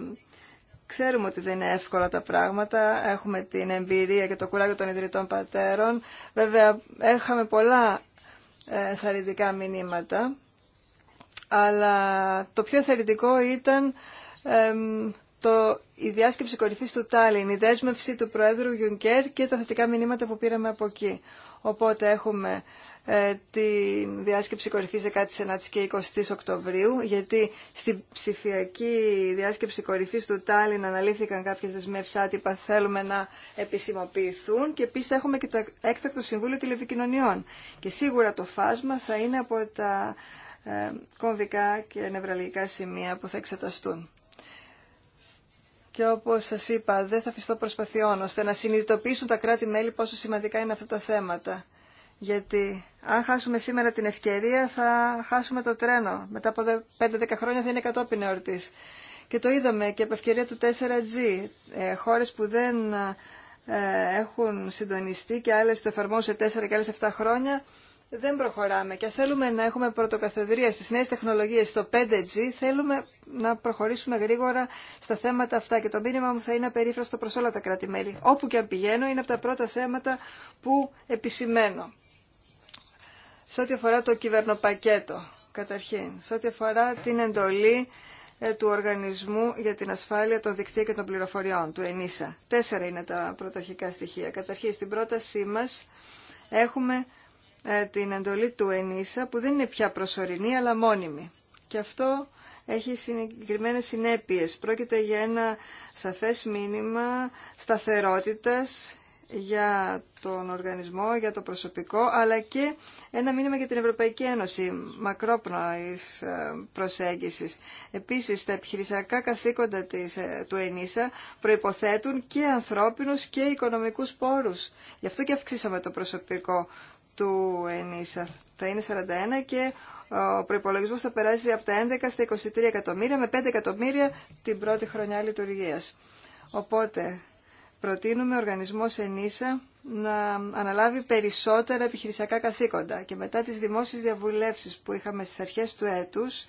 Ξέρουμε ότι δεν είναι εύκολα τα πράγματα. Έχουμε την εμπειρία και το κουράγιο των ιδρυτών πατέρων. Βέβαια, έχαμε πολλά ε, θαρρυντικά μηνύματα. Αλλά το πιο θεωρητικό ήταν ε, το, η διάσκεψη κορυφής του Τάλιν, η δέσμευση του Προέδρου Γιουνκέρ και τα θετικά μηνύματα που πήραμε από εκεί. Οπότε έχουμε ε, τη διάσκεψη κορυφής και 20 Οκτωβρίου, γιατί στη ψηφιακή διάσκεψη κορυφής του Τάλιν αναλύθηκαν κάποιες δεσμεύσεις άτυπα, θέλουμε να επισημοποιηθούν και επίσης έχουμε και το έκτακτο Συμβούλιο Τηλεπικοινωνιών. Και σίγουρα το φάσμα θα είναι από τα ε, κομβικά και νευραλγικά σημεία που θα εξεταστούν. Και όπως σας είπα, δεν θα αφιστώ προσπαθειών ώστε να συνειδητοποιήσουν τα κράτη-μέλη πόσο σημαντικά είναι αυτά τα θέματα γιατί αν χάσουμε σήμερα την ευκαιρία θα χάσουμε το τρένο. Μετά από 5-10 χρόνια θα είναι κατόπιν εορτής. Και το είδαμε και από ευκαιρία του 4G. Ε, χώρες που δεν ε, έχουν συντονιστεί και άλλες το εφαρμόσε σε 4 και άλλες 7 χρόνια δεν προχωράμε και θέλουμε να έχουμε πρωτοκαθεδρία στις νέες τεχνολογίες στο 5G, θέλουμε να προχωρήσουμε γρήγορα στα θέματα αυτά και το μήνυμα μου θα είναι απερίφραστο προς όλα τα κράτη-μέλη. Όπου και αν πηγαίνω είναι από τα πρώτα θέματα που επισημαίνω. Σε ό,τι αφορά το κυβερνοπακέτο, καταρχήν, σε ό,τι αφορά την εντολή ε, του Οργανισμού για την Ασφάλεια των Δικτύων και των Πληροφοριών, του ΕΝΙΣΑ. Τέσσερα είναι τα πρωταρχικά στοιχεία. Καταρχήν, στην πρότασή μας έχουμε ε, την εντολή του ΕΝΙΣΑ που δεν είναι πια προσωρινή αλλά μόνιμη. Και αυτό έχει συγκεκριμένε συνέπειες. Πρόκειται για ένα σαφές μήνυμα σταθερότητας για τον οργανισμό, για το προσωπικό, αλλά και ένα μήνυμα για την Ευρωπαϊκή Ένωση μακρόπνοης ε, προσέγγισης. Επίσης, τα επιχειρησιακά καθήκοντα της, ε, του ΕΝΙΣΑ προϋποθέτουν και ανθρώπινους και οικονομικούς πόρους. Γι' αυτό και αυξήσαμε το προσωπικό του ΕΝΙΣΑ. Θα είναι 41 και ε, ο προϋπολογισμός θα περάσει από τα 11 στα 23 εκατομμύρια με 5 εκατομμύρια την πρώτη χρονιά λειτουργίας. Οπότε προτείνουμε ο οργανισμός ΕΝΙΣΑ να αναλάβει περισσότερα επιχειρησιακά καθήκοντα και μετά τις δημόσιες διαβουλεύσεις που είχαμε στις αρχές του έτους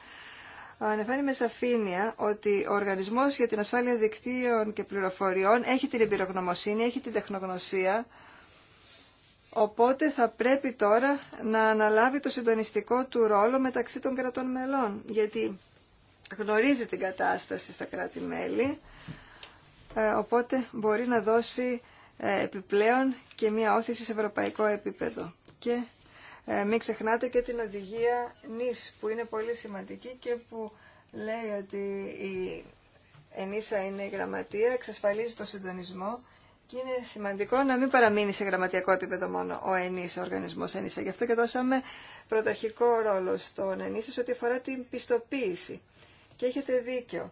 αναφέρει με σαφήνεια ότι ο Οργανισμός για την Ασφάλεια Δικτύων και Πληροφοριών έχει την εμπειρογνωμοσύνη, έχει την τεχνογνωσία Οπότε θα πρέπει τώρα να αναλάβει το συντονιστικό του ρόλο μεταξύ των κρατών μελών, γιατί γνωρίζει την κατάσταση στα κράτη-μέλη, ε, οπότε μπορεί να δώσει ε, επιπλέον και μία όθηση σε ευρωπαϊκό επίπεδο. Και ε, μην ξεχνάτε και την οδηγία νης που είναι πολύ σημαντική και που λέει ότι η ενίσα είναι η γραμματεία, εξασφαλίζει το συντονισμό και είναι σημαντικό να μην παραμείνει σε γραμματιακό επίπεδο μόνο ο ΕΝΙΣ, ο οργανισμός ΕΝΙΣΑ. Γι' αυτό και δώσαμε πρωταρχικό ρόλο στον ΕΝΙΣΑ ό,τι αφορά την πιστοποίηση. Και έχετε δίκιο.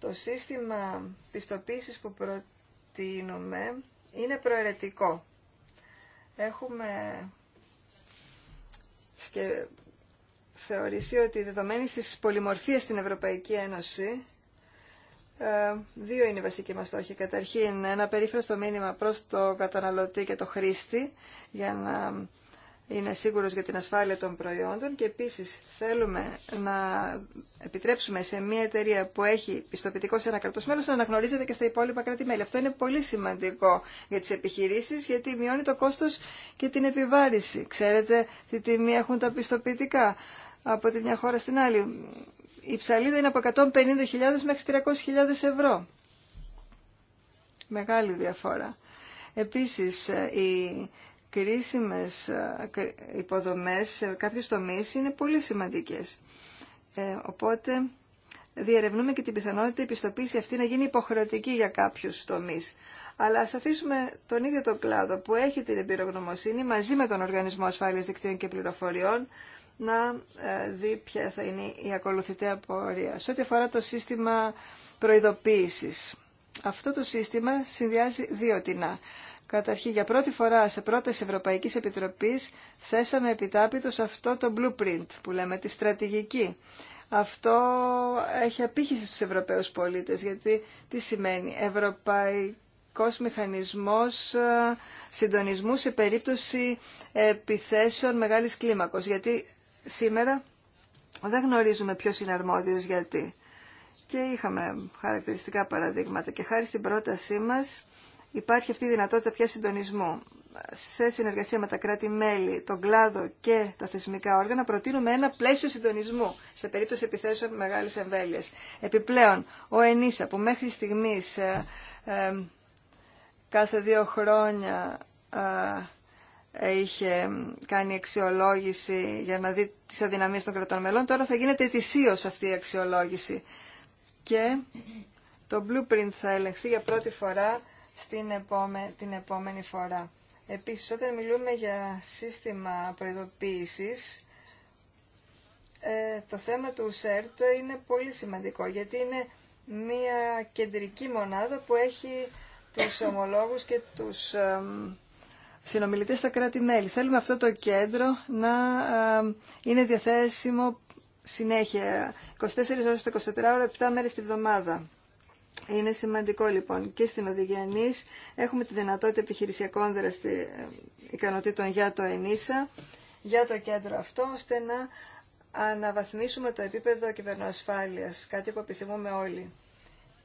Το σύστημα πιστοποίησης που προτείνουμε είναι προαιρετικό. Έχουμε θεωρήσει ότι δεδομένη στις πολυμορφίες στην Ευρωπαϊκή Ένωση ε, δύο είναι οι βασικοί μας στόχοι. Καταρχήν, ένα περίφραστο μήνυμα προς το καταναλωτή και το χρήστη για να είναι σίγουρος για την ασφάλεια των προϊόντων και επίσης θέλουμε να επιτρέψουμε σε μια εταιρεία που έχει πιστοποιητικό σε ένα κρατός μέλος να αναγνωρίζεται και στα υπόλοιπα κράτη-μέλη. Αυτό είναι πολύ σημαντικό για τις επιχειρήσεις γιατί μειώνει το κόστος και την επιβάρηση. Ξέρετε τι τιμή έχουν τα πιστοποιητικά από τη μια χώρα στην άλλη η ψαλίδα είναι από 150.000 μέχρι 300.000 ευρώ. Μεγάλη διαφορά. Επίσης, ε, οι κρίσιμες ε, υποδομές σε κάποιους τομείς είναι πολύ σημαντικές. Ε, οπότε, διερευνούμε και την πιθανότητα η πιστοποίηση αυτή να γίνει υποχρεωτική για κάποιους τομείς. Αλλά ας αφήσουμε τον ίδιο τον κλάδο που έχει την εμπειρογνωμοσύνη μαζί με τον Οργανισμό Ασφάλειας Δικτύων και Πληροφοριών να ε, δει ποια θα είναι η ακολουθητέα απόρία. Σε ό,τι αφορά το σύστημα προειδοποίησης. Αυτό το σύστημα συνδυάζει δύο τεινά. Καταρχήν, για πρώτη φορά σε πρόταση Ευρωπαϊκής Επιτροπής θέσαμε σε αυτό το blueprint που λέμε τη στρατηγική. Αυτό έχει απήχηση στους Ευρωπαίους πολίτες, γιατί τι σημαίνει Ευρωπαϊκός Μηχανισμός ε, Συντονισμού σε περίπτωση επιθέσεων μεγάλης κλίμακος, Σήμερα δεν γνωρίζουμε ποιο είναι αρμόδιος γιατί. Και είχαμε χαρακτηριστικά παραδείγματα και χάρη στην πρότασή μας υπάρχει αυτή η δυνατότητα πια συντονισμού. Σε συνεργασία με τα κράτη-μέλη, τον κλάδο και τα θεσμικά όργανα προτείνουμε ένα πλαίσιο συντονισμού σε περίπτωση επιθέσεων μεγάλης εμβέλειας. Επιπλέον, ο ΕΝΙΣΑ που μέχρι στιγμής ε, ε, κάθε δύο χρόνια... Ε, ε, είχε κάνει αξιολόγηση για να δει τις αδυναμίες των κρατών μελών. Τώρα θα γίνεται ετησίω αυτή η αξιολόγηση. Και το blueprint θα ελεγχθεί για πρώτη φορά στην επόμε, την επόμενη φορά. Επίσης, όταν μιλούμε για σύστημα προειδοποίησης, ε, το θέμα του ΣΕΡΤ είναι πολύ σημαντικό, γιατί είναι μια κεντρική μονάδα που έχει τους ομολόγους και τους συνομιλητές στα κράτη-μέλη. Θέλουμε αυτό το κέντρο να είναι διαθέσιμο συνέχεια, 24 ώρες 24 ώρες, 7 μέρες τη βδομάδα. Είναι σημαντικό λοιπόν και στην οδηγία έχουμε τη δυνατότητα επιχειρησιακών δραστη... Ε, ικανοτήτων για το ΕΝΙΣΑ, για το κέντρο αυτό, ώστε να αναβαθμίσουμε το επίπεδο κυβερνοασφάλειας, κάτι που επιθυμούμε όλοι.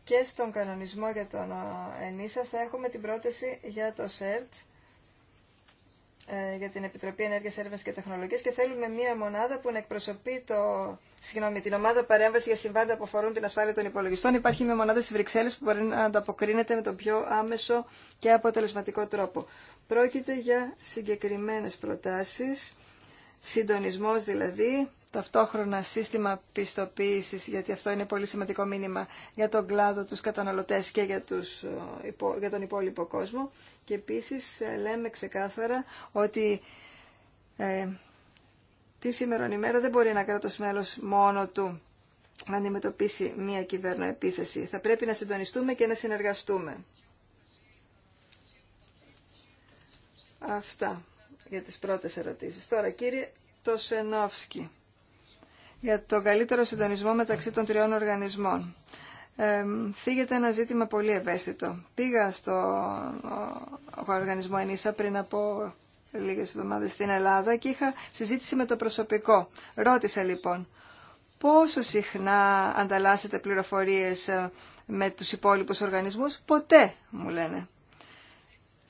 Και στον κανονισμό για τον ε, ΕΝΙΣΑ θα έχουμε την πρόταση για το ΣΕΡΤ, ε, για την Επιτροπή Ενέργειας Έρευνα και Τεχνολογίας και θέλουμε μία μονάδα που να εκπροσωπεί το, συγγνώμη, την ομάδα παρέμβαση για συμβάντα που αφορούν την ασφάλεια των υπολογιστών. Υπάρχει μία μονάδα στις Βρυξέλλες που μπορεί να ανταποκρίνεται με τον πιο άμεσο και αποτελεσματικό τρόπο. Πρόκειται για συγκεκριμένες προτάσεις, συντονισμός δηλαδή, ταυτόχρονα σύστημα πιστοποίηση, γιατί αυτό είναι πολύ σημαντικό μήνυμα για τον κλάδο, τους καταναλωτέ και για, τους, ε, τον υπόλοιπο κόσμο. Και επίσης ε, λέμε ξεκάθαρα ότι ε, τη σήμερον ημέρα δεν μπορεί ένα κράτος μέλο μόνο του να αντιμετωπίσει μία κυβερνοεπίθεση. Θα πρέπει να συντονιστούμε και να συνεργαστούμε. Αυτά για τις πρώτες ερωτήσεις. Τώρα κύριε Τοσενόφσκι για τον καλύτερο συντονισμό μεταξύ των τριών οργανισμών. Ε, ένα ζήτημα πολύ ευαίσθητο. Πήγα στο οργανισμό ΕΝΙΣΑ πριν από λίγες εβδομάδες στην Ελλάδα και είχα συζήτηση με το προσωπικό. Ρώτησα λοιπόν, πόσο συχνά ανταλλάσσετε πληροφορίες ε, με τους υπόλοιπους οργανισμούς. Ποτέ, μου λένε.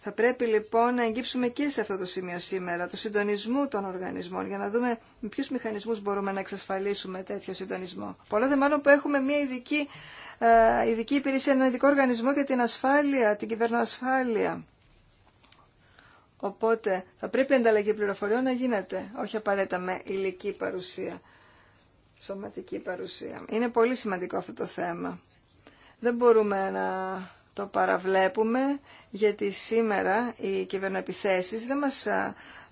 Θα πρέπει λοιπόν να εγγύψουμε και σε αυτό το σημείο σήμερα, το συντονισμού των οργανισμών, για να δούμε με ποιου μηχανισμού μπορούμε να εξασφαλίσουμε τέτοιο συντονισμό. Πολλά δε μάλλον που έχουμε μια ειδική, ε, ειδική υπηρεσία, ένα ειδικό οργανισμό για την ασφάλεια, την κυβερνοασφάλεια. Οπότε θα πρέπει η ανταλλαγή πληροφοριών να γίνεται, όχι απαραίτητα με υλική παρουσία, σωματική παρουσία. Είναι πολύ σημαντικό αυτό το θέμα. Δεν μπορούμε να το παραβλέπουμε γιατί σήμερα οι κυβερνοεπιθέσεις δεν μας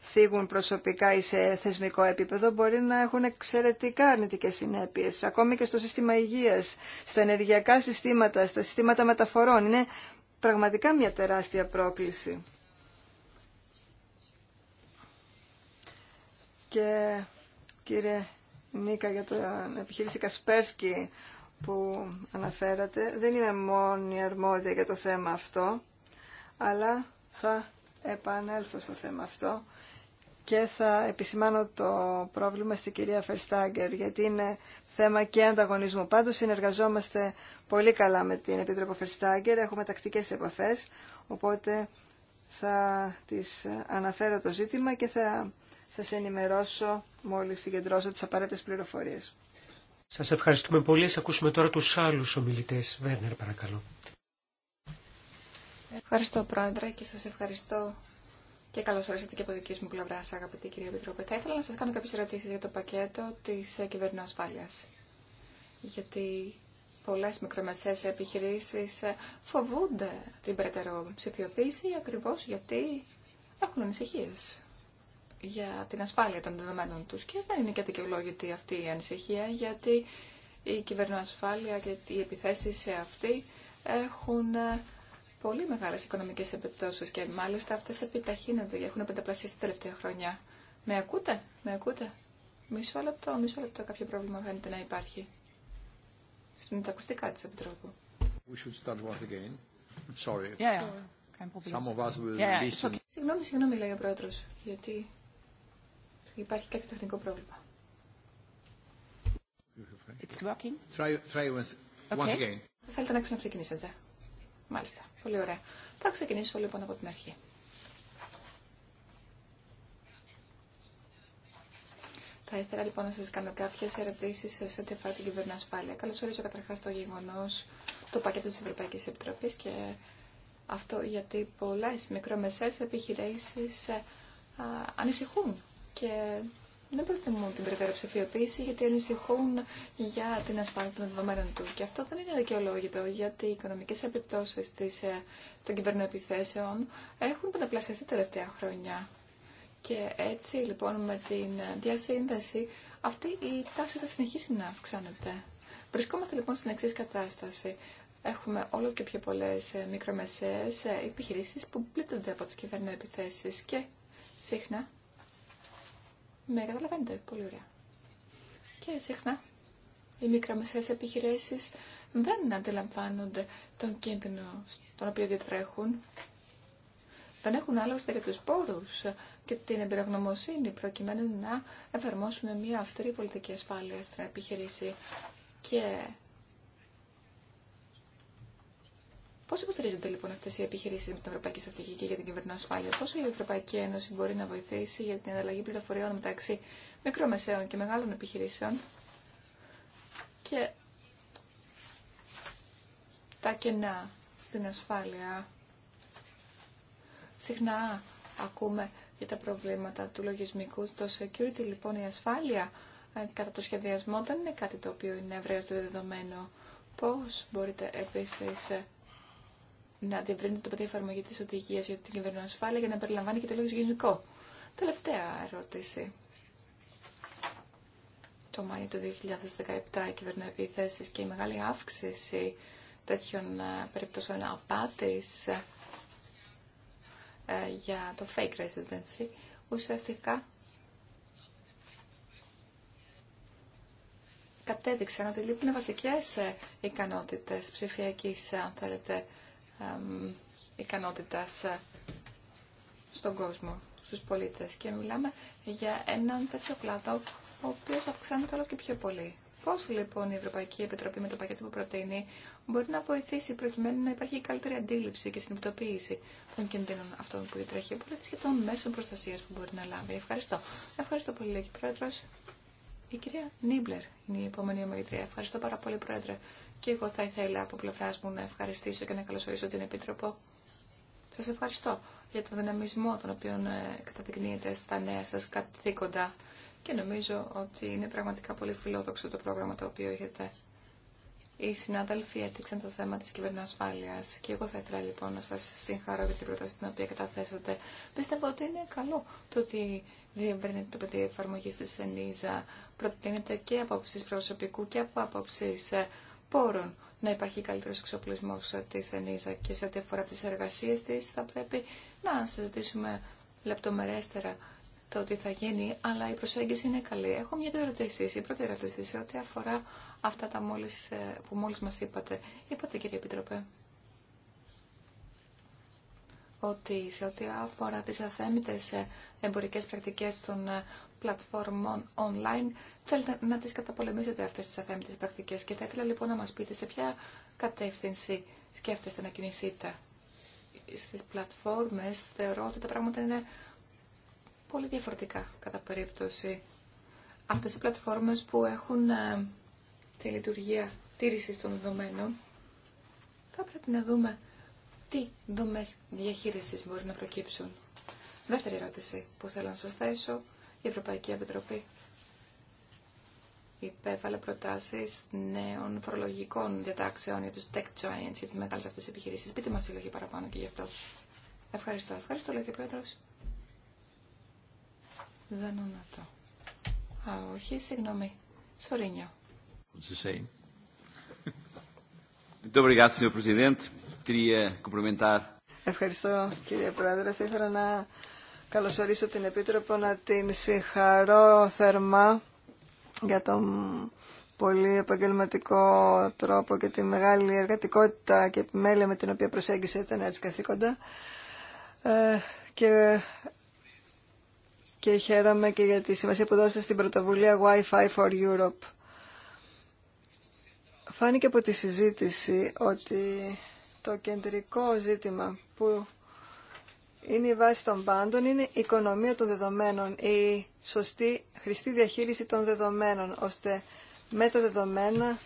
θίγουν προσωπικά ή σε θεσμικό επίπεδο μπορεί να έχουν εξαιρετικά αρνητικές συνέπειες ακόμη και στο σύστημα υγείας, στα ενεργειακά συστήματα, στα συστήματα μεταφορών. Είναι πραγματικά μια τεράστια πρόκληση. Και κύριε Νίκα για την επιχείρηση Κασπέρσκι που αναφέρατε. Δεν είμαι μόνη αρμόδια για το θέμα αυτό, αλλά θα επανέλθω στο θέμα αυτό και θα επισημάνω το πρόβλημα στην κυρία Φερστάγκερ, γιατί είναι θέμα και ανταγωνισμού. Πάντως συνεργαζόμαστε πολύ καλά με την Επίτροπο Φερστάγκερ, έχουμε τακτικές επαφές, οπότε θα της αναφέρω το ζήτημα και θα σας ενημερώσω μόλις συγκεντρώσω τις απαραίτητες πληροφορίες. Σας ευχαριστούμε πολύ. Σας ακούσουμε τώρα τους άλλους ομιλητές. Βέρνερ, παρακαλώ. Ευχαριστώ, Πρόεδρε, και σας ευχαριστώ και καλώ ορίσατε και από δική μου πλευρά, αγαπητή κυρία Επιτροπή. Θα ήθελα να σα κάνω κάποιε ερωτήσει για το πακέτο τη ε, ασφάλειας. Γιατί πολλέ μικρομεσαίε επιχειρήσει ε, φοβούνται την περαιτέρω ψηφιοποίηση ακριβώ γιατί έχουν ανησυχίε για την ασφάλεια των δεδομένων τους και δεν είναι και δικαιολόγητη αυτή η ανησυχία γιατί η κυβερνοασφάλεια και οι επιθέσεις σε αυτή έχουν ε, πολύ μεγάλες οικονομικές επιπτώσεις και μάλιστα αυτές επιταχύνονται και έχουν πενταπλασιαστεί τελευταία χρόνια. Με ακούτε, με ακούτε. Μισό λεπτό, μισό λεπτό κάποιο πρόβλημα φαίνεται να υπάρχει. Στην τα ακουστικά της Επιτρόπου. Συγγνώμη, συγγνώμη λέει ο Πρόεδρος, γιατί Υπάρχει κάποιο τεχνικό πρόβλημα. It's working. Try, try once, once again. Θέλετε να ξαναξεκινήσετε. Μάλιστα. Πολύ ωραία. Θα ξεκινήσω λοιπόν από την αρχή. Θα ήθελα λοιπόν να σα κάνω κάποιε ερωτήσει σε ό,τι αφορά την ασφάλεια. Καλώ ορίζω καταρχά το γεγονό, το πακέτο τη Ευρωπαϊκή Επιτροπή και αυτό γιατί πολλέ μικρομεσαίε επιχειρήσει ε, ανησυχούν και δεν προτιμούν την περαιτέρω ψηφιοποίηση γιατί ανησυχούν για την ασφάλεια των δεδομένων του. Και αυτό δεν είναι δικαιολόγητο γιατί οι οικονομικέ επιπτώσει ε, των κυβερνοεπιθέσεων έχουν πενταπλασιαστεί τα τελευταία χρόνια. Και έτσι λοιπόν με την διασύνδεση αυτή η τάση θα συνεχίσει να αυξάνεται. Βρισκόμαστε λοιπόν στην εξή κατάσταση. Έχουμε όλο και πιο πολλέ ε, μικρομεσαίε επιχειρήσει που πλήττονται από τι κυβερνοεπιθέσει και συχνά με ναι, καταλαβαίνετε, πολύ ωραία. Και συχνά οι μικρομεσαίες επιχειρήσεις δεν αντιλαμβάνονται τον κίνδυνο στον οποίο διατρέχουν. Δεν έχουν άλλωστε και τους πόρους και την εμπειρογνωμοσύνη προκειμένου να εφαρμόσουν μια αυστηρή πολιτική ασφάλεια στην επιχειρήση. Και Πώ υποστηρίζονται λοιπόν αυτέ οι επιχειρήσει με την Ευρωπαϊκή Στρατηγική για την ασφάλεια. πόσο η Ευρωπαϊκή Ένωση μπορεί να βοηθήσει για την ανταλλαγή πληροφοριών μεταξύ μικρομεσαίων και μεγάλων επιχειρήσεων και τα κενά στην ασφάλεια. Συχνά ακούμε για τα προβλήματα του λογισμικού. Το security λοιπόν η ασφάλεια ε, κατά το σχεδιασμό δεν είναι κάτι το οποίο είναι ευρέως δεδομένο. Πώς μπορείτε επίσης ε, να διευρύνεται το πεδίο εφαρμογή τη οδηγία για την ασφάλεια για να περιλαμβάνει και το λόγο γενικό. Τελευταία ερώτηση. Το Μάιο του 2017 οι κυβερνοεπιθέσει και η μεγάλη αύξηση τέτοιων ε, περιπτώσεων απάτη ε, ε, για το fake residency ουσιαστικά κατέδειξαν ότι λείπουν βασικές ικανότητες ψηφιακής, αν θέλετε, ικανότητας ε, στον κόσμο, στους πολίτες. Και μιλάμε για έναν τέτοιο κλάδο ο οποίος αυξάνεται όλο και πιο πολύ. Πώς λοιπόν η Ευρωπαϊκή Επιτροπή με το πακέτο που προτείνει μπορεί να βοηθήσει προκειμένου να υπάρχει καλύτερη αντίληψη και συνειδητοποίηση των κινδύνων αυτών που τρέχει και των μέσων προστασία που μπορεί να λάβει. Ευχαριστώ. Ευχαριστώ πολύ, κύριε Πρόεδρο. Η κυρία Νίμπλερ είναι η επόμενη ομιλητρία. Ευχαριστώ πάρα πολύ, Πρόεδρε. Και εγώ θα ήθελα από πλευρά μου να ευχαριστήσω και να καλωσορίσω την Επίτροπο. Σα ευχαριστώ για τον δυναμισμό τον οποίο ε, καταδεικνύεται στα νέα σα καθήκοντα και νομίζω ότι είναι πραγματικά πολύ φιλόδοξο το πρόγραμμα το οποίο έχετε. Οι συνάδελφοι έδειξαν το θέμα της κυβερνοασφάλεια και εγώ θα ήθελα λοιπόν να σα συγχαρώ για την πρόταση την οποία καταθέσατε. Πιστεύω ότι είναι καλό το ότι διευρύνεται το πεδίο εφαρμογή τη ΕΝΙΖΑ, προτείνεται και απόψει προσωπικού και από απόψει ε, πόρων να υπάρχει καλύτερο εξοπλισμό τη θενίζα και σε ό,τι αφορά τι εργασίε τη, θα πρέπει να συζητήσουμε λεπτομερέστερα το τι θα γίνει, αλλά η προσέγγιση είναι καλή. Έχω μια ερώτηση, Η πρώτη ερώτηση σε ό,τι αφορά αυτά τα μόλις, ε, που μόλι μα είπατε. Είπατε, κύριε Επιτροπέ, ότι σε ό,τι αφορά τις αθέμητες ε, εμπορικές πρακτικές των ε, πλατφόρμων online θέλετε να τις καταπολεμήσετε αυτές τις αθέμητες πρακτικές και θα ήθελα λοιπόν να μας πείτε σε ποια κατεύθυνση σκέφτεστε να κινηθείτε. Στις πλατφόρμες θεωρώ ότι τα πράγματα είναι πολύ διαφορετικά κατά περίπτωση. Αυτές οι πλατφόρμες που έχουν ε, τη λειτουργία τήρησης των δεδομένων θα πρέπει να δούμε τι δομές διαχείρισης μπορεί να προκύψουν. Δεύτερη ερώτηση που θέλω να σας θέσω η Ευρωπαϊκή Επιτροπή υπέβαλε προτάσει νέων φορολογικών διατάξεων για τους tech giants, για τις μεγάλες αυτές επιχειρήσεις. Πείτε μας λίγο παραπάνω και γι' αυτό. Ευχαριστώ. Ευχαριστώ, λέει και ο Δεν ονατώ. Α, όχι, συγγνώμη. Σωρίνιο. Ευχαριστώ, κύριε Πρόεδρε. Θα ήθελα να καλωσορίσω την Επίτροπο να την συγχαρώ θερμά για τον πολύ επαγγελματικό τρόπο και τη μεγάλη εργατικότητα και επιμέλεια με την οποία προσέγγισε τα έτσι καθήκοντα. Ε, και, και χαίρομαι και για τη σημασία που δώσατε στην πρωτοβουλία Wi-Fi for Europe. Φάνηκε από τη συζήτηση ότι το κεντρικό ζήτημα που είναι η βάση των πάντων, είναι η οικονομία των δεδομένων, η σωστή χρηστή διαχείριση των δεδομένων, ώστε με τα δεδομένα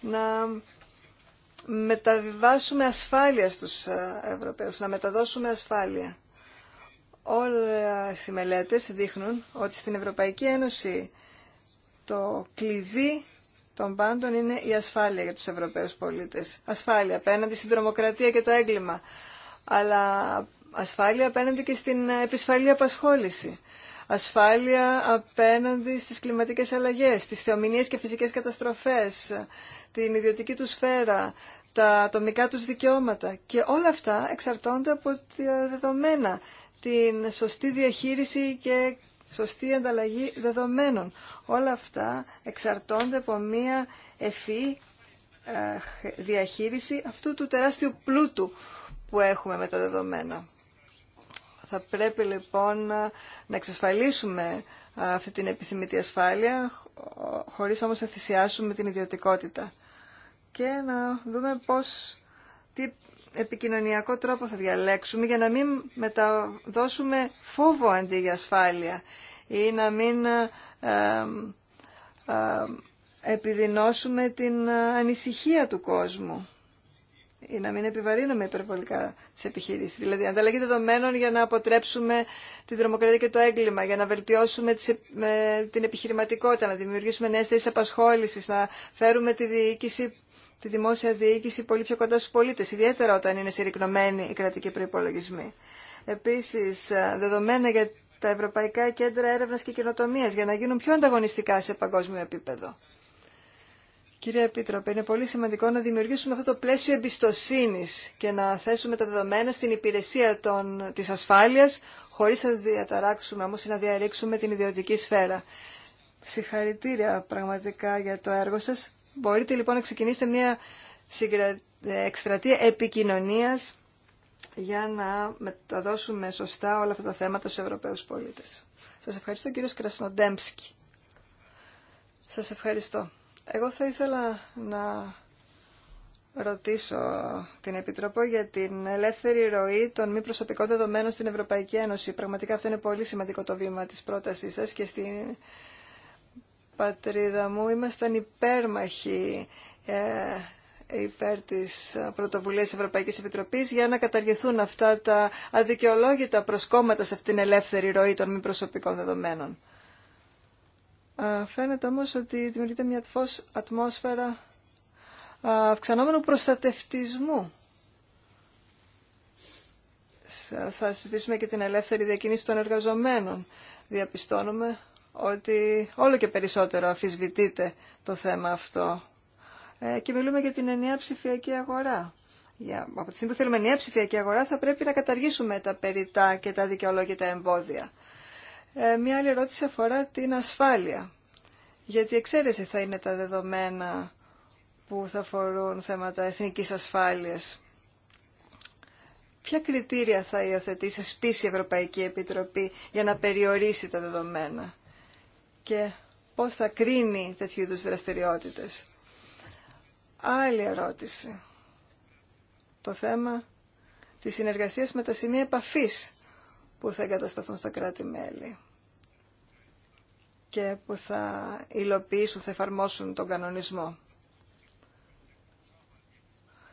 να μεταβιβάσουμε ασφάλεια στους ε, Ευρωπαίους, να μεταδώσουμε ασφάλεια. Όλες οι μελέτες δείχνουν ότι στην Ευρωπαϊκή Ένωση το κλειδί των πάντων είναι η ασφάλεια για τους Ευρωπαίους πολίτες. Ασφάλεια απέναντι στην τρομοκρατία και το έγκλημα. Αλλά ασφάλεια απέναντι και στην επισφαλή απασχόληση. Ασφάλεια απέναντι στις κλιματικές αλλαγές, στις θεομηνίες και φυσικές καταστροφές, την ιδιωτική του σφαίρα, τα ατομικά τους δικαιώματα. Και όλα αυτά εξαρτώνται από τα δεδομένα, την σωστή διαχείριση και σωστή ανταλλαγή δεδομένων. Όλα αυτά εξαρτώνται από μία ευφύ ε, διαχείριση αυτού του τεράστιου πλούτου που έχουμε με τα δεδομένα. Θα πρέπει λοιπόν να εξασφαλίσουμε αυτή την επιθυμητή ασφάλεια, χωρίς όμως να θυσιάσουμε την ιδιωτικότητα. Και να δούμε πώς, τι επικοινωνιακό τρόπο θα διαλέξουμε για να μην μεταδώσουμε φόβο αντί για ασφάλεια ή να μην ε, επιδεινώσουμε την ανησυχία του κόσμου ή να μην επιβαρύνουμε υπερβολικά τι επιχειρήσει. Δηλαδή, ανταλλαγή δεδομένων για να αποτρέψουμε την τρομοκρατία και το έγκλημα, για να βελτιώσουμε την επιχειρηματικότητα, να δημιουργήσουμε νέε θέσει απασχόληση, να φέρουμε τη διοίκηση τη δημόσια διοίκηση πολύ πιο κοντά στους πολίτες, ιδιαίτερα όταν είναι συρρυκνωμένοι οι κρατικοί προϋπολογισμοί. Επίσης, δεδομένα για τα Ευρωπαϊκά Κέντρα Έρευνας και κοινοτομία, για να γίνουν πιο ανταγωνιστικά σε παγκόσμιο επίπεδο. Κύριε Επίτροπε, είναι πολύ σημαντικό να δημιουργήσουμε αυτό το πλαίσιο εμπιστοσύνη και να θέσουμε τα δεδομένα στην υπηρεσία των, της ασφάλειας, χωρίς να διαταράξουμε όμως ή να διαρρήξουμε την ιδιωτική σφαίρα. Συγχαρητήρια πραγματικά για το έργο σας. Μπορείτε λοιπόν να ξεκινήσετε μια εκστρατεία επικοινωνίας για να μεταδώσουμε σωστά όλα αυτά τα θέματα στους Ευρωπαίους πολίτες. Σας ευχαριστώ κύριος Κρασνοντέμψκι. Σας ευχαριστώ. Εγώ θα ήθελα να ρωτήσω την Επιτροπό για την ελεύθερη ροή των μη προσωπικών δεδομένων στην Ευρωπαϊκή Ένωση. Πραγματικά αυτό είναι πολύ σημαντικό το βήμα της πρότασής σας και στην πατρίδα μου ήμασταν υπέρμαχοι ε, υπέρ της πρωτοβουλίας Ευρωπαϊκής Επιτροπής για να καταργηθούν αυτά τα αδικαιολόγητα προσκόμματα σε αυτήν την ελεύθερη ροή των μη προσωπικών δεδομένων. Φαίνεται όμως ότι δημιουργείται μια ατμόσφαιρα αυξανόμενου προστατευτισμού. Θα συζητήσουμε και την ελεύθερη διακίνηση των εργαζομένων. Διαπιστώνουμε ότι όλο και περισσότερο αφισβητείται το θέμα αυτό. Ε, και μιλούμε για την ενιαία ψηφιακή αγορά. Για, από τη στιγμή που θέλουμε ενιαία ψηφιακή αγορά θα πρέπει να καταργήσουμε τα περιτά και τα δικαιολόγητα εμπόδια. Ε, μια άλλη ερώτηση αφορά την ασφάλεια. Γιατί εξαίρεση θα είναι τα δεδομένα που θα αφορούν θέματα εθνικής ασφάλειας. Ποια κριτήρια θα υιοθετήσει, σπίσει η Ευρωπαϊκή Επιτροπή για να περιορίσει τα δεδομένα και πώς θα κρίνει τέτοιου είδους δραστηριότητες. Άλλη ερώτηση. Το θέμα της συνεργασίας με τα σημεία επαφής που θα εγκατασταθούν στα κράτη-μέλη και που θα υλοποιήσουν, θα εφαρμόσουν τον κανονισμό.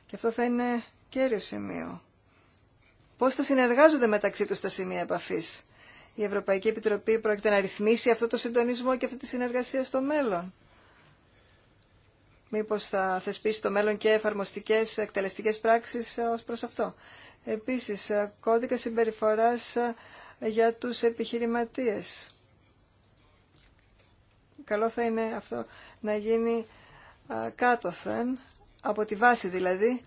Και αυτό θα είναι κέριο σημείο. Πώς θα συνεργάζονται μεταξύ τους τα σημεία επαφής. Η Ευρωπαϊκή Επιτροπή πρόκειται να ρυθμίσει αυτό το συντονισμό και αυτή τη συνεργασία στο μέλλον μήπως θα θεσπίσει το μέλλον και εφαρμοστικές εκτελεστικές πράξεις ως προς αυτό. Επίσης, ε, κώδικα συμπεριφοράς ε, για τους επιχειρηματίες. Καλό θα είναι αυτό να γίνει ε, κάτωθεν, από τη βάση δηλαδή,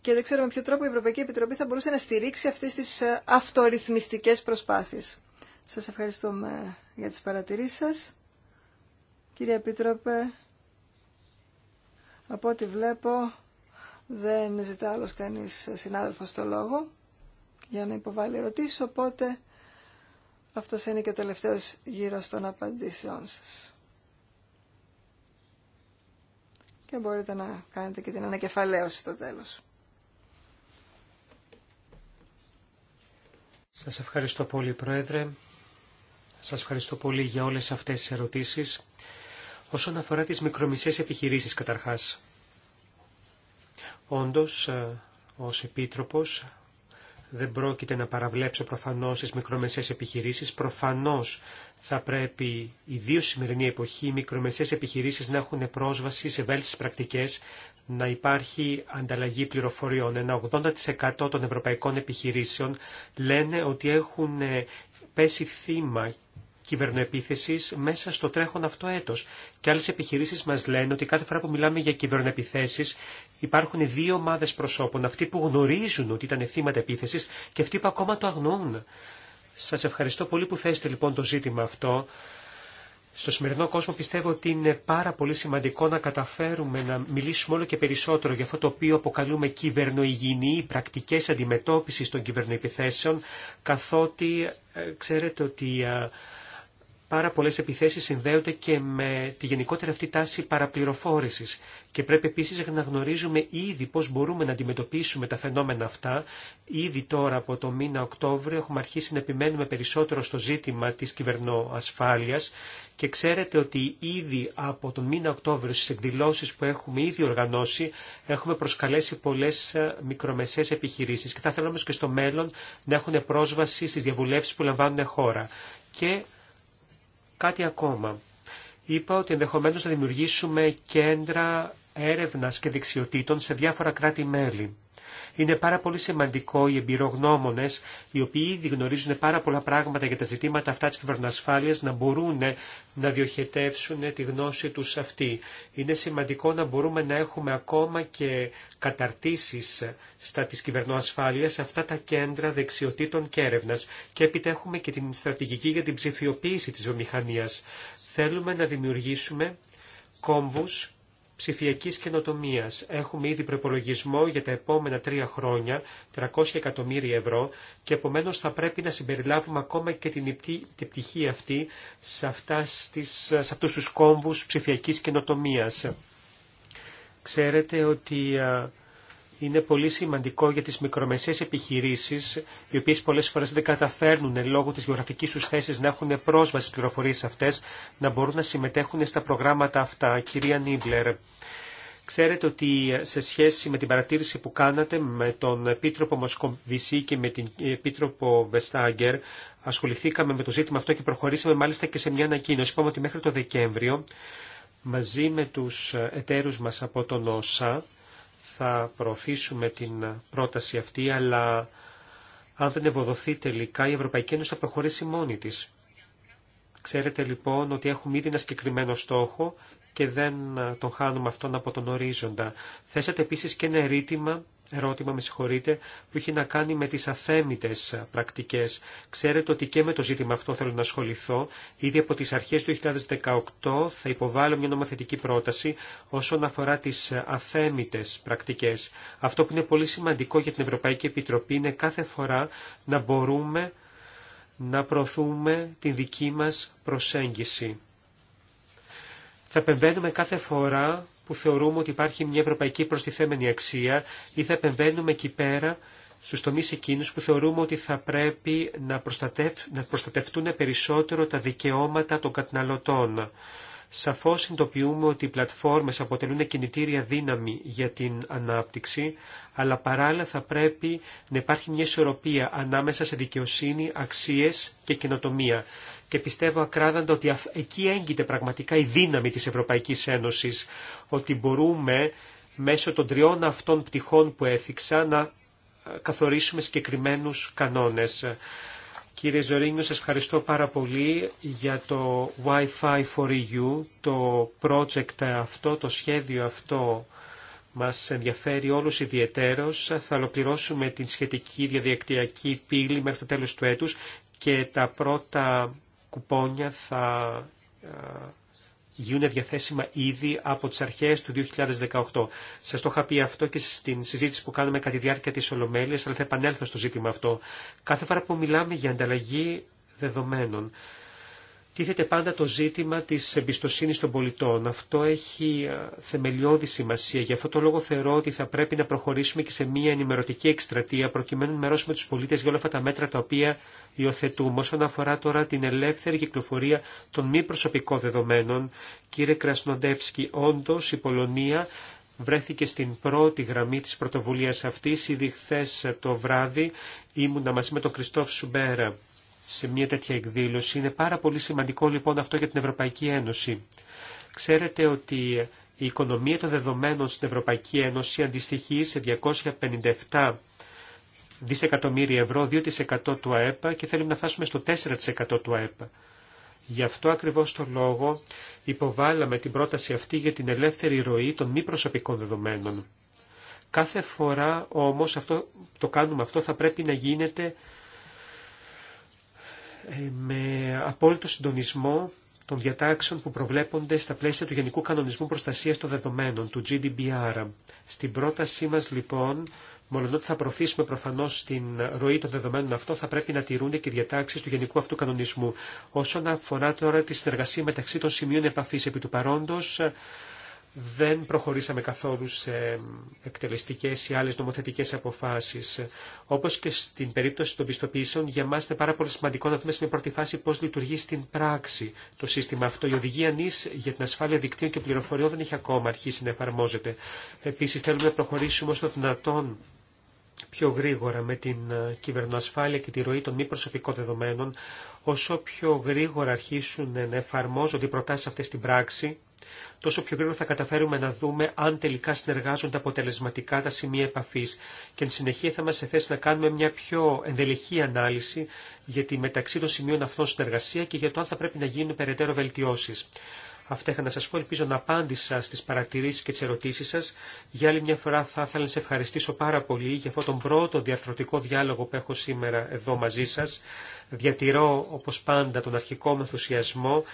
και δεν ξέρω με ποιο τρόπο η Ευρωπαϊκή Επιτροπή θα μπορούσε να στηρίξει αυτές τις αυτορυθμιστικές προσπάθειες. Σας ευχαριστούμε για τις παρατηρήσεις σας. Κύριε Επίτροπε, από ό,τι βλέπω δεν ζητά άλλος κανείς συνάδελφος το λόγο για να υποβάλει ερωτήσεις, οπότε αυτός είναι και ο τελευταίος γύρος των απαντήσεών σας. Και μπορείτε να κάνετε και την ανακεφαλαίωση στο τέλος. Σας ευχαριστώ πολύ Πρόεδρε. Σας ευχαριστώ πολύ για όλες αυτές τις ερωτήσεις. Όσον αφορά τις μικρομισές επιχειρήσεις καταρχάς. Όντως, ε, ως Επίτροπος, δεν πρόκειται να παραβλέψω προφανώς τις μικρομεσαίες επιχειρήσεις. Προφανώς θα πρέπει, δύο σημερινή εποχή, οι μικρομεσαίες επιχειρήσεις να έχουν πρόσβαση σε βέλτιστες πρακτικές, να υπάρχει ανταλλαγή πληροφοριών. Ένα 80% των ευρωπαϊκών επιχειρήσεων λένε ότι έχουν ε, πέσει θύμα κυβερνοεπίθεσης μέσα στο τρέχον αυτό έτος. Και άλλες επιχειρήσεις μας λένε ότι κάθε φορά που μιλάμε για κυβερνοεπιθέσεις υπάρχουν δύο ομάδες προσώπων, αυτοί που γνωρίζουν ότι ήταν θύματα επίθεσης και αυτοί που ακόμα το αγνοούν. Σας ευχαριστώ πολύ που θέσετε λοιπόν το ζήτημα αυτό. Στο σημερινό κόσμο πιστεύω ότι είναι πάρα πολύ σημαντικό να καταφέρουμε να μιλήσουμε όλο και περισσότερο για αυτό το οποίο αποκαλούμε κυβερνοϊγιεινή, πρακτικές αντιμετώπισης των κυβερνοεπιθέσεων, καθότι ε, ξέρετε ότι ε, πάρα πολλές επιθέσεις συνδέονται και με τη γενικότερη αυτή τάση παραπληροφόρησης και πρέπει επίσης να γνωρίζουμε ήδη πώς μπορούμε να αντιμετωπίσουμε τα φαινόμενα αυτά. Ήδη τώρα από το μήνα Οκτώβριο έχουμε αρχίσει να επιμένουμε περισσότερο στο ζήτημα της κυβερνοασφάλειας και ξέρετε ότι ήδη από τον μήνα Οκτώβριο στις εκδηλώσεις που έχουμε ήδη οργανώσει έχουμε προσκαλέσει πολλές ε, μικρομεσαίες επιχειρήσεις και θα θέλαμε και στο μέλλον να έχουν πρόσβαση στις διαβουλεύσεις που λαμβάνουν χώρα. Και Κάτι ακόμα. Είπα ότι ενδεχομένως θα δημιουργήσουμε κέντρα έρευνας και δεξιοτήτων σε διάφορα κράτη-μέλη. Είναι πάρα πολύ σημαντικό οι εμπειρογνώμονε, οι οποίοι ήδη γνωρίζουν πάρα πολλά πράγματα για τα ζητήματα αυτά τη κυβερνοασφάλεια, να μπορούν να διοχετεύσουν τη γνώση του αυτή. Είναι σημαντικό να μπορούμε να έχουμε ακόμα και καταρτήσει στα τη κυβερνοασφάλεια αυτά τα κέντρα δεξιοτήτων και έρευνα. Και έπειτα και την στρατηγική για την ψηφιοποίηση τη βιομηχανία. Θέλουμε να δημιουργήσουμε κόμβους ψηφιακής καινοτομίας. Έχουμε ήδη προπολογισμό για τα επόμενα τρία χρόνια, 300 εκατομμύρια ευρώ, και επομένως θα πρέπει να συμπεριλάβουμε ακόμα και την, την πτυχή αυτή σε, αυτά στις, σε αυτούς τους κόμβους ψηφιακής καινοτομίας. Ξέρετε ότι είναι πολύ σημαντικό για τις μικρομεσαίες επιχειρήσεις, οι οποίες πολλές φορές δεν καταφέρνουν λόγω της γεωγραφικής τους θέσης να έχουν πρόσβαση στις πληροφορίες αυτές, να μπορούν να συμμετέχουν στα προγράμματα αυτά. Κυρία Νίμπλερ, ξέρετε ότι σε σχέση με την παρατήρηση που κάνατε με τον Επίτροπο Μοσκοβισή και με την Επίτροπο Βεστάγκερ, ασχοληθήκαμε με το ζήτημα αυτό και προχωρήσαμε μάλιστα και σε μια ανακοίνωση. Είπαμε ότι μέχρι το Δεκέμβριο, μαζί με τους εταίρους μας από τον ΩΣΑ, θα προωθήσουμε την πρόταση αυτή, αλλά αν δεν ευοδοθεί τελικά η Ευρωπαϊκή Ένωση θα προχωρήσει μόνη της. Ξέρετε λοιπόν ότι έχουμε ήδη ένα συγκεκριμένο στόχο και δεν ε, τον χάνουμε αυτόν από τον ορίζοντα. Θέσατε επίσης και ένα ερώτημα, ερώτημα με συγχωρείτε, που έχει να κάνει με τις αθέμητες ε, πρακτικές. Ξέρετε ότι και με το ζήτημα αυτό θέλω να ασχοληθώ. Ήδη από τις αρχές του 2018 θα υποβάλω μια νομοθετική πρόταση όσον αφορά τις ε, αθέμητες πρακτικές. Αυτό που είναι πολύ σημαντικό για την Ευρωπαϊκή Επιτροπή είναι κάθε φορά να μπορούμε να προωθούμε την δική μας προσέγγιση θα επεμβαίνουμε κάθε φορά που θεωρούμε ότι υπάρχει μια ευρωπαϊκή προστιθέμενη αξία ή θα επεμβαίνουμε εκεί πέρα στους τομείς εκείνους που θεωρούμε ότι θα πρέπει να, να προστατευτούν περισσότερο τα δικαιώματα των καταναλωτών. Σαφώς συνειδητοποιούμε ότι οι πλατφόρμες αποτελούν κινητήρια δύναμη για την ανάπτυξη, αλλά παράλληλα θα πρέπει να υπάρχει μια ισορροπία ανάμεσα σε δικαιοσύνη, αξίες και κοινοτομία και πιστεύω ακράδαντα ότι εκεί έγκυται πραγματικά η δύναμη της Ευρωπαϊκής Ένωσης, ότι μπορούμε μέσω των τριών αυτών πτυχών που έθιξα να ε, καθορίσουμε συγκεκριμένου κανόνες. Κύριε Ζωρίνιο, σας ευχαριστώ πάρα πολύ για το Wi-Fi for EU, το project αυτό, το σχέδιο αυτό μας ενδιαφέρει όλους ιδιαιτέρως. Θα ολοκληρώσουμε την σχετική διαδικτυακή πύλη μέχρι το τέλος του έτους και τα πρώτα κουπόνια θα ε, γίνουν διαθέσιμα ήδη από τις αρχές του 2018. Σας το είχα πει αυτό και στην συζήτηση που κάνουμε κατά τη διάρκεια της Ολομέλειας, αλλά θα επανέλθω στο ζήτημα αυτό. Κάθε φορά που μιλάμε για ανταλλαγή δεδομένων, τίθεται πάντα το ζήτημα της εμπιστοσύνης των πολιτών. Αυτό έχει θεμελιώδη σημασία. Γι' αυτό το λόγο θεωρώ ότι θα πρέπει να προχωρήσουμε και σε μια ενημερωτική εκστρατεία προκειμένου να ενημερώσουμε τους πολίτες για όλα αυτά τα μέτρα τα οποία υιοθετούμε. Όσον αφορά τώρα την ελεύθερη κυκλοφορία των μη προσωπικών δεδομένων, κύριε Κρασνοντεύσκη, όντω, η Πολωνία βρέθηκε στην πρώτη γραμμή της πρωτοβουλίας αυτής. Ήδη χθε το βράδυ ήμουνα μαζί με τον Κριστόφ Σουμπέρα σε μια τέτοια εκδήλωση. Είναι πάρα πολύ σημαντικό λοιπόν αυτό για την Ευρωπαϊκή Ένωση. Ξέρετε ότι η οικονομία των δεδομένων στην Ευρωπαϊκή Ένωση αντιστοιχεί σε 257 δισεκατομμύρια ευρώ, 2% του ΑΕΠ και θέλουμε να φτάσουμε στο 4% του ΑΕΠ. Γι' αυτό ακριβώς το λόγο υποβάλαμε την πρόταση αυτή για την ελεύθερη ροή των μη προσωπικών δεδομένων. Κάθε φορά όμως αυτό, το κάνουμε αυτό θα πρέπει να γίνεται ε, με απόλυτο συντονισμό των διατάξεων που προβλέπονται στα πλαίσια του Γενικού Κανονισμού Προστασίας των Δεδομένων, του GDPR. Στην πρότασή μας λοιπόν, μόλον ότι θα προωθήσουμε προφανώς την ροή των δεδομένων αυτό, θα πρέπει να τηρούνται και οι διατάξεις του Γενικού Αυτού Κανονισμού. Όσον αφορά τώρα τη συνεργασία μεταξύ των σημείων επαφής επί του παρόντος, δεν προχωρήσαμε καθόλου σε εκτελεστικές ή άλλες νομοθετικές αποφάσεις. Όπως και στην περίπτωση των πιστοποιήσεων, για μας είναι πάρα πολύ σημαντικό να δούμε σε μια πρώτη φάση πώς λειτουργεί στην πράξη το σύστημα αυτό. Η οδηγία νης για την ασφάλεια δικτύων και πληροφοριών δεν έχει ακόμα αρχίσει να εφαρμόζεται. Επίσης θέλουμε να προχωρήσουμε όσο δυνατόν πιο γρήγορα με την ε, κυβερνοασφάλεια και τη ροή των μη προσωπικών δεδομένων, όσο πιο γρήγορα αρχίσουν να εφαρμόζονται οι προτάσεις αυτές στην πράξη, τόσο πιο γρήγορα θα καταφέρουμε να δούμε αν τελικά συνεργάζονται αποτελεσματικά τα σημεία επαφή και εν συνεχεία θα είμαστε σε θέση να κάνουμε μια πιο ενδελεχή ανάλυση για τη μεταξύ των σημείων αυτών συνεργασία και για το αν θα πρέπει να γίνουν περαιτέρω βελτιώσει. Αυτά είχα να σα πω. Ελπίζω να απάντησα στι παρατηρήσει και τι ερωτήσει σα. Για άλλη μια φορά θα ήθελα να σε ευχαριστήσω πάρα πολύ για αυτόν τον πρώτο διαρθρωτικό διάλογο που έχω σήμερα εδώ μαζί σα. Διατηρώ, όπω πάντα, τον αρχικό μου ενθουσιασμό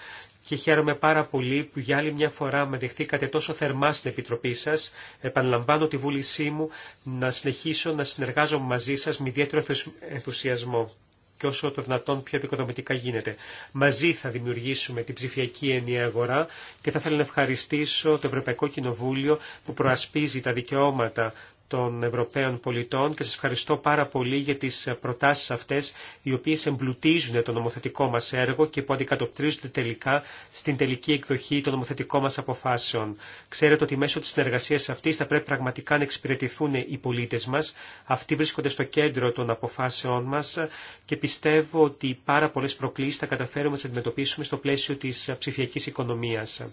και χαίρομαι πάρα πολύ που για άλλη μια φορά με δεχτήκατε τόσο θερμά στην Επιτροπή σας. Επαναλαμβάνω τη βούλησή μου να συνεχίσω να συνεργάζομαι μαζί σας με ιδιαίτερο ενθουσιασμό και όσο το δυνατόν πιο επικοδομητικά γίνεται. Μαζί θα δημιουργήσουμε την ψηφιακή ενιαία αγορά και θα ήθελα να ευχαριστήσω το Ευρωπαϊκό Κοινοβούλιο που προασπίζει τα δικαιώματα των Ευρωπαίων πολιτών και σας ευχαριστώ πάρα πολύ για τις προτάσεις αυτές οι οποίες εμπλουτίζουν το νομοθετικό μας έργο και που αντικατοπτρίζονται τελικά στην τελική εκδοχή των νομοθετικών μας αποφάσεων. Ξέρετε ότι μέσω της συνεργασίας αυτής θα πρέπει πραγματικά να εξυπηρετηθούν οι πολίτες μας. Αυτοί βρίσκονται στο κέντρο των αποφάσεών μας και πιστεύω ότι πάρα πολλές προκλήσεις θα καταφέρουμε να τις αντιμετωπίσουμε στο πλαίσιο της ψηφιακής οικονομίας.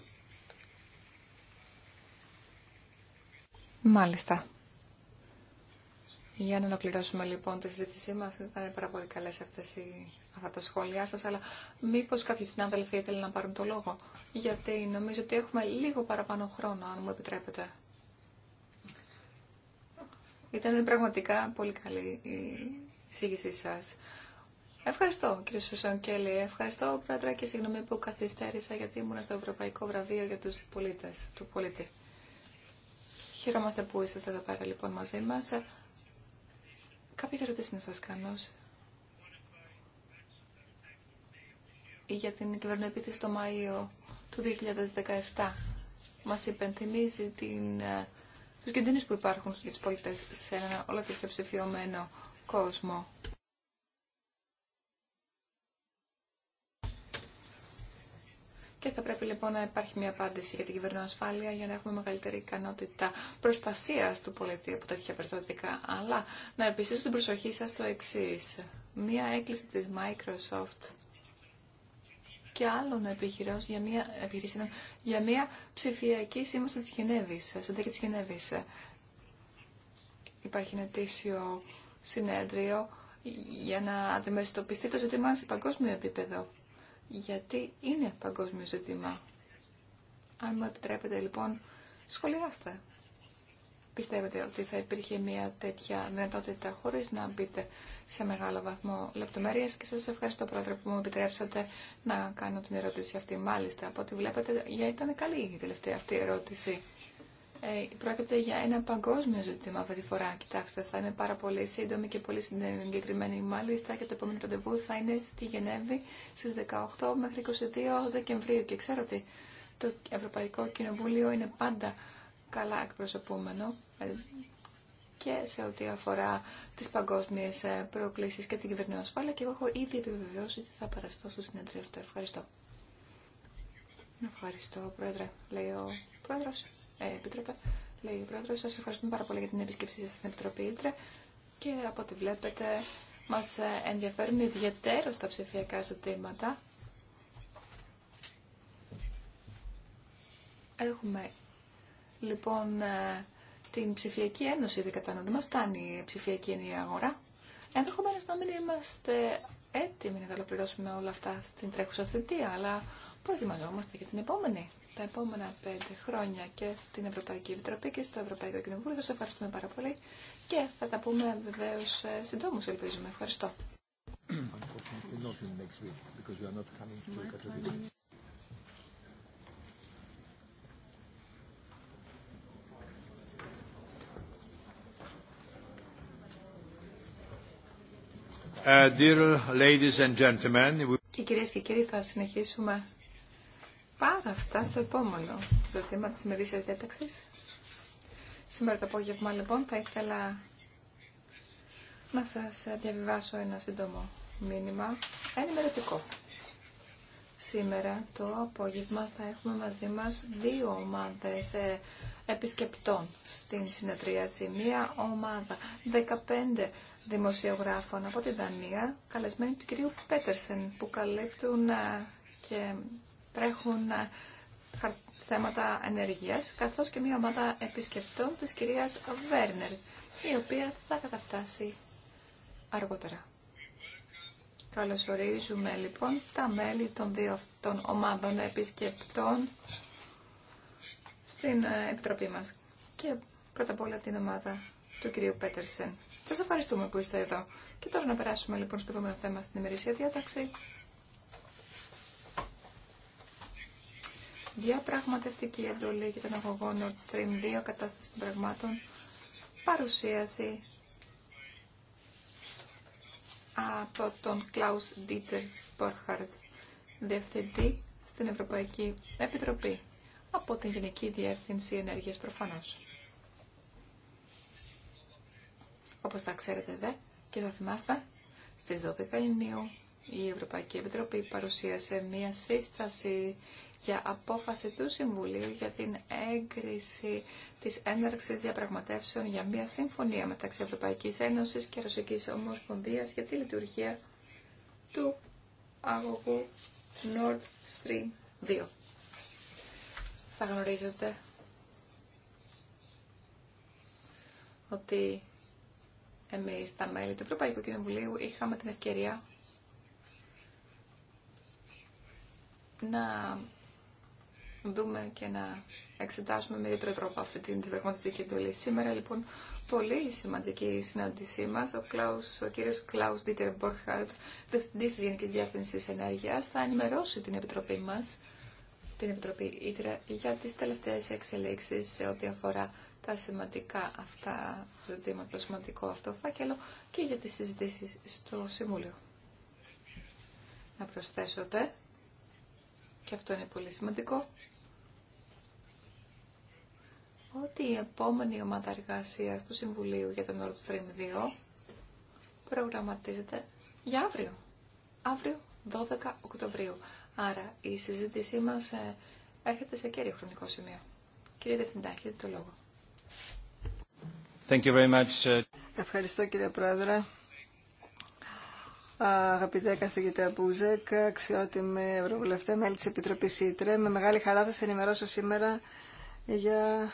Μάλιστα. Για να ολοκληρώσουμε λοιπόν τη συζήτησή μα, ήταν πάρα πολύ καλέ αυτά τα σχόλιά σα, αλλά μήπω κάποιοι συνάδελφοι ήθελαν να πάρουν το λόγο, γιατί νομίζω ότι έχουμε λίγο παραπάνω χρόνο, αν μου επιτρέπετε. Ήταν πραγματικά πολύ καλή η εισήγησή σα. Ευχαριστώ κύριε Σουσαν Κέλλη, ευχαριστώ πρόεδρε και συγγνώμη που καθυστέρησα γιατί ήμουν στο Ευρωπαϊκό Βραβείο για τους πολίτες, του πολίτη. Χαιρόμαστε που είσαστε εδώ πέρα λοιπόν μαζί μα. Κάποιες ερωτήσεις να σας κάνω για την κυβερνοεπίθεση το Μάιο του 2017. Μας υπενθυμίζει την, ε, τους κινδύνους που υπάρχουν στις πολίτες σε ένα όλο και πιο ψηφιωμένο κόσμο. Και θα πρέπει λοιπόν να υπάρχει μια απάντηση για την ασφάλεια για να έχουμε μεγαλύτερη ικανότητα προστασία του πολίτη από τέτοια περιστατικά. Αλλά να επιστήσω την προσοχή σα στο εξή. Μια έκκληση τη Microsoft και άλλων επιχειρήσεων για μια, για μια ψηφιακή σύμβαση τη Γενέβη, ε, τη Γενέβη. Ε, υπάρχει ένα αιτήσιο συνέδριο για να αντιμετωπιστεί το ζήτημα σε παγκόσμιο επίπεδο γιατί είναι παγκόσμιο ζήτημα. Αν μου επιτρέπετε λοιπόν, σχολιάστε. Πιστεύετε ότι θα υπήρχε μια τέτοια δυνατότητα χωρίς να μπείτε σε μεγάλο βαθμό λεπτομέρειες και σας ευχαριστώ πρόεδρε που μου επιτρέψατε να κάνω την ερώτηση αυτή. Μάλιστα, από ό,τι βλέπετε, ήταν καλή η τελευταία αυτή ερώτηση. Ε, πρόκειται για ένα παγκόσμιο ζήτημα αυτή τη φορά. Κοιτάξτε, θα είμαι πάρα πολύ σύντομη και πολύ συγκεκριμένη μάλιστα και το επόμενο ραντεβού θα είναι στη Γενέβη στις 18 μέχρι 22 Δεκεμβρίου και ξέρω ότι το Ευρωπαϊκό Κοινοβούλιο είναι πάντα καλά εκπροσωπούμενο ε, και σε ό,τι αφορά τις παγκόσμιες ε, προκλήσεις και την κυβερνή ασφάλεια και εγώ έχω ήδη επιβεβαιώσει ότι θα παραστώ στο συνεδρίο αυτό. Ευχαριστώ. Ευχαριστώ, Πρόεδρε. Λέει ο Πρόεδρος. Ε, Επίτροπε, λέει ο Πρόεδρος. Σας ευχαριστούμε πάρα πολύ για την επισκέψή σας στην Επιτροπή Ήτρε και από ό,τι βλέπετε μας ε, ενδιαφέρουν ιδιαίτερα τα ψηφιακά ζητήματα. Έχουμε λοιπόν ε, την ψηφιακή ένωση κατάνω, Δεν μας φτάνει η ψηφιακή ενιαία αγορά. Ενδεχομένω να μην είμαστε έτοιμοι να τα όλα αυτά στην τρέχουσα θητεία, αλλά Προετοιμαζόμαστε για την επόμενη, τα επόμενα πέντε χρόνια και στην Ευρωπαϊκή Επιτροπή και στο Ευρωπαϊκό Κοινοβούλιο. Σας ευχαριστούμε πάρα πολύ και θα τα πούμε βεβαίως ε, συντόμως, ελπίζουμε. Ευχαριστώ. Uh, Και κυρίες και κύριοι θα συνεχίσουμε Πάρα αυτά στο επόμενο ζήτημα της ημερήσιας δέταξης. Σήμερα το απόγευμα λοιπόν θα ήθελα να σας διαβιβάσω ένα σύντομο μήνυμα ενημερωτικό. Σήμερα το απόγευμα θα έχουμε μαζί μας δύο ομάδες ε, επισκεπτών στην συνεδρίαση. Μία ομάδα 15 δημοσιογράφων από τη Δανία, καλεσμένοι του κυρίου Πέτερσεν, που καλύπτουν ε, και τρέχουν ε, θέματα ενεργείας, καθώς και μια ομάδα επισκεπτών της κυρίας Βέρνερ, η οποία θα καταφτάσει αργότερα. Καλωσορίζουμε λοιπόν τα μέλη των δύο αυτών ομάδων επισκεπτών στην ε, Επιτροπή μας και πρώτα απ' όλα την ομάδα του κυρίου Πέτερσεν. Σας ευχαριστούμε που είστε εδώ. Και τώρα να περάσουμε λοιπόν στο επόμενο θέμα στην ημερήσια διάταξη. διαπραγματευτική εντολή για τον αγωγό Nord Stream 2 κατάσταση των πραγμάτων παρουσίαση από τον Klaus Dieter Borchardt, διευθυντή στην Ευρωπαϊκή Επιτροπή από την Γενική Διεύθυνση Ενέργειας προφανώς. Όπως τα ξέρετε δε και θα θυμάστε, στις 12 Ιουνίου η Ευρωπαϊκή Επιτροπή παρουσίασε μία σύσταση για απόφαση του Συμβουλίου για την έγκριση της έναρξης διαπραγματεύσεων για μια συμφωνία μεταξύ Ευρωπαϊκής Ένωσης και Ρωσικής Ομοσπονδίας για τη λειτουργία του αγωγού Nord Stream 2. Θα γνωρίζετε ότι εμείς τα μέλη του Ευρωπαϊκού Κοινοβουλίου είχαμε την ευκαιρία να δούμε και να εξετάσουμε με ιδιαίτερο τρόπο αυτή την πραγματική εντολή. Σήμερα λοιπόν πολύ σημαντική η συνάντησή μα. Ο, Κλάους, ο κύριος Κλάου Δίτερ Μπορχάρτ, διευθυντή τη Γενική Διεύθυνση Ενέργεια, θα ενημερώσει την Επιτροπή μα, την Επιτροπή Ήτρα, για τι τελευταίε εξελίξει σε ό,τι αφορά τα σημαντικά αυτά ζητήματα, το σημαντικό αυτό φάκελο και για τι συζητήσει στο Συμβούλιο. Να προσθέσω δε, και αυτό είναι πολύ σημαντικό, ότι η επόμενη ομάδα εργασίας του Συμβουλίου για το Nord Stream 2 προγραμματίζεται για αύριο. Αύριο 12 Οκτωβρίου. Άρα η συζήτησή μας ε, έρχεται σε κέριο χρονικό σημείο. Κύριε Δευθυντά, έχετε το λόγο. Thank you very much. Ευχαριστώ κύριε Πρόεδρε. Αγαπητέ καθηγητέ Μπούζεκ, αξιότιμη Ευρωβουλευτέ, μέλη της Επιτροπής Ήτρε, με μεγάλη χαρά θα σε ενημερώσω σήμερα για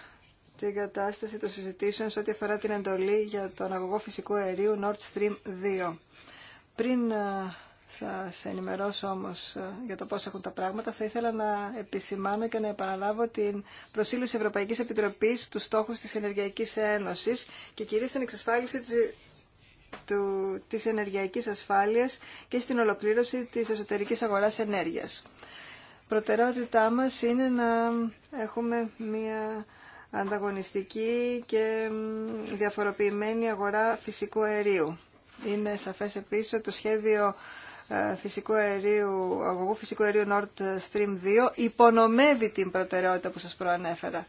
την κατάσταση των συζητήσεων σε ό,τι αφορά την εντολή για τον αγωγό φυσικού αερίου Nord Stream 2. Πριν ε, σας ενημερώσω όμως ε, για το πώς έχουν τα πράγματα, θα ήθελα να επισημάνω και να επαναλάβω την προσήλωση Ευρωπαϊκής Επιτροπής του στόχους της Ενεργειακής Ένωσης και κυρίως την εξασφάλιση της του, της ενεργειακής ασφάλειας και στην ολοκλήρωση της εσωτερικής αγοράς ενέργειας. Προτεραιότητά μας είναι να έχουμε μια ανταγωνιστική και διαφοροποιημένη αγορά φυσικού αερίου. Είναι σαφές επίσης ότι το σχέδιο ε, φυσικού αερίου, αγωγού φυσικού αερίου Nord Stream 2 υπονομεύει την προτεραιότητα που σας προανέφερα.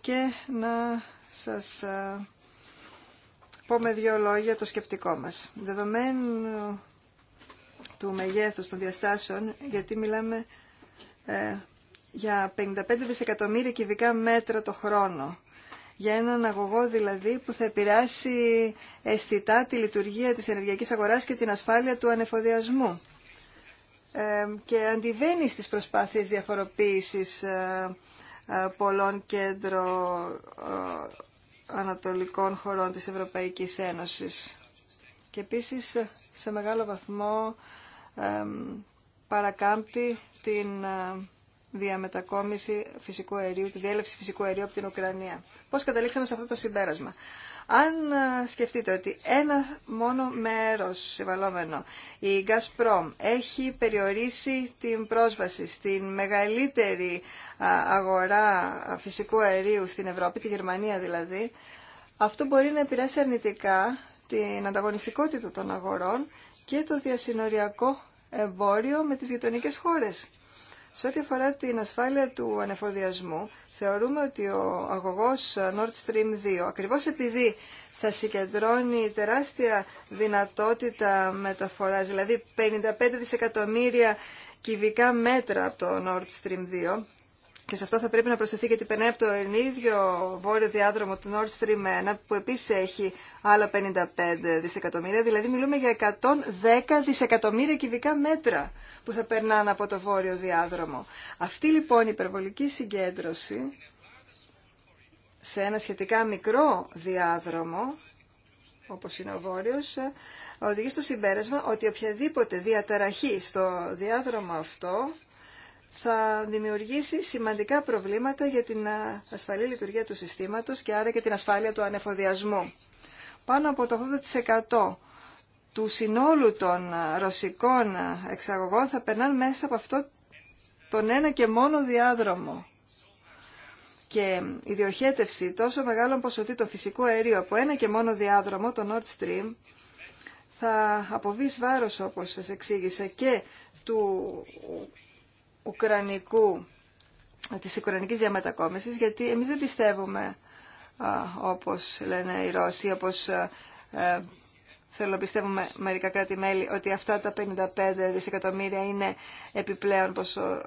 Και να σας ε, πω με δύο λόγια το σκεπτικό μας. Δεδομένου του μεγέθους των διαστάσεων, γιατί μιλάμε ε, για 55 δισεκατομμύρια κυβικά μέτρα το χρόνο. Για έναν αγωγό δηλαδή που θα επηρεάσει αισθητά τη λειτουργία της ενεργειακής αγοράς και την ασφάλεια του ανεφοδιασμού. Ε, και αντιβαίνει στις προσπάθειες διαφοροποίησης ε, ε, πολλών κέντρων ανατολικών χωρών της Ευρωπαϊκής Ένωσης. Και επίσης σε μεγάλο βαθμό παρακάμπτει την διαμετακόμιση φυσικού αερίου, τη διέλευση φυσικού αερίου από την Ουκρανία. Πώς καταλήξαμε σε αυτό το συμπέρασμα. Αν σκεφτείτε ότι ένα μόνο μέρος συμβαλόμενο, η Gazprom, έχει περιορίσει την πρόσβαση στην μεγαλύτερη αγορά φυσικού αερίου στην Ευρώπη, τη Γερμανία δηλαδή, αυτό μπορεί να επηρεάσει αρνητικά την ανταγωνιστικότητα των αγορών και το διασυνοριακό εμπόριο με τις γειτονικές χώρες. Σε ό,τι αφορά την ασφάλεια του ανεφοδιασμού, θεωρούμε ότι ο αγωγός Nord Stream 2, ακριβώς επειδή θα συγκεντρώνει τεράστια δυνατότητα μεταφοράς, δηλαδή 55 δισεκατομμύρια κυβικά μέτρα από το Nord Stream 2, και σε αυτό θα πρέπει να προσθεθεί γιατί περνάει από το ίδιο βόρειο διάδρομο του Nord Stream 1 που επίση έχει άλλα 55 δισεκατομμύρια. Δηλαδή μιλούμε για 110 δισεκατομμύρια κυβικά μέτρα που θα περνάνε από το βόρειο διάδρομο. Αυτή λοιπόν η υπερβολική συγκέντρωση σε ένα σχετικά μικρό διάδρομο όπως είναι ο Βόρειος, οδηγεί στο συμπέρασμα ότι οποιαδήποτε διαταραχή στο διάδρομο αυτό θα δημιουργήσει σημαντικά προβλήματα για την ασφαλή λειτουργία του συστήματος και άρα και την ασφάλεια του ανεφοδιασμού. Πάνω από το 80% του συνόλου των ρωσικών εξαγωγών θα περνάνε μέσα από αυτό τον ένα και μόνο διάδρομο. Και η διοχέτευση τόσο μεγάλων ποσοτήτων φυσικού αερίου από ένα και μόνο διάδρομο, το Nord Stream, θα αποβεί βάρος όπως σας εξήγησα και του ουκρανικού, της ουκρανικής διαμετακόμισης, γιατί εμείς δεν πιστεύουμε όπως λένε οι Ρώσοι, όπως ε, θέλω να πιστεύουμε μερικά κράτη-μέλη, ότι αυτά τα 55 δισεκατομμύρια είναι επιπλέον ποσο,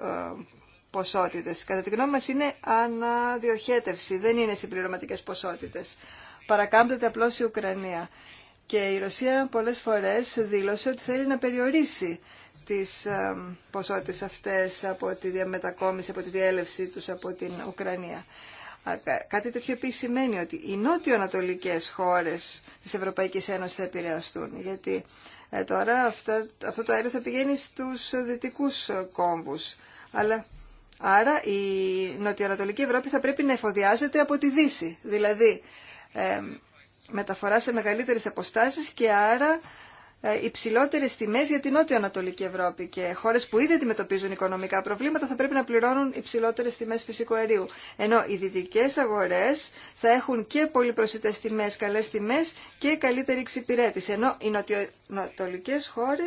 ποσότητες. Κατά τη γνώμη μας είναι αναδιοχέτευση, δεν είναι συμπληρωματικές ποσότητες. Παρακάμπτεται απλώς η Ουκρανία. Και η Ρωσία πολλές φορές δήλωσε ότι θέλει να περιορίσει τις ποσότητες αυτές από τη διαμετακόμιση, από τη διέλευση τους από την Ουκρανία. Κάτι τέτοιο επίσης σημαίνει ότι οι νότιο-ανατολικές χώρες της Ευρωπαϊκής Ένωσης θα επηρεαστούν, γιατί ε, τώρα αυτό το αέριο θα πηγαίνει στους δυτικούς κόμβους. Αλλά άρα η νότιο-ανατολική Ευρώπη θα πρέπει να εφοδιάζεται από τη Δύση, δηλαδή μεταφορά σε μεγαλύτερες αποστάσεις και άρα ε, υψηλότερε τιμέ για την Νότια Ανατολική Ευρώπη και χώρε που ήδη αντιμετωπίζουν οικονομικά προβλήματα θα πρέπει να πληρώνουν υψηλότερε τιμέ φυσικού αερίου. Ενώ οι δυτικέ αγορέ θα έχουν και πολύ προσιτέ τιμέ, καλέ τιμέ και καλύτερη εξυπηρέτηση. Ενώ οι νοτιοανατολικέ χώρε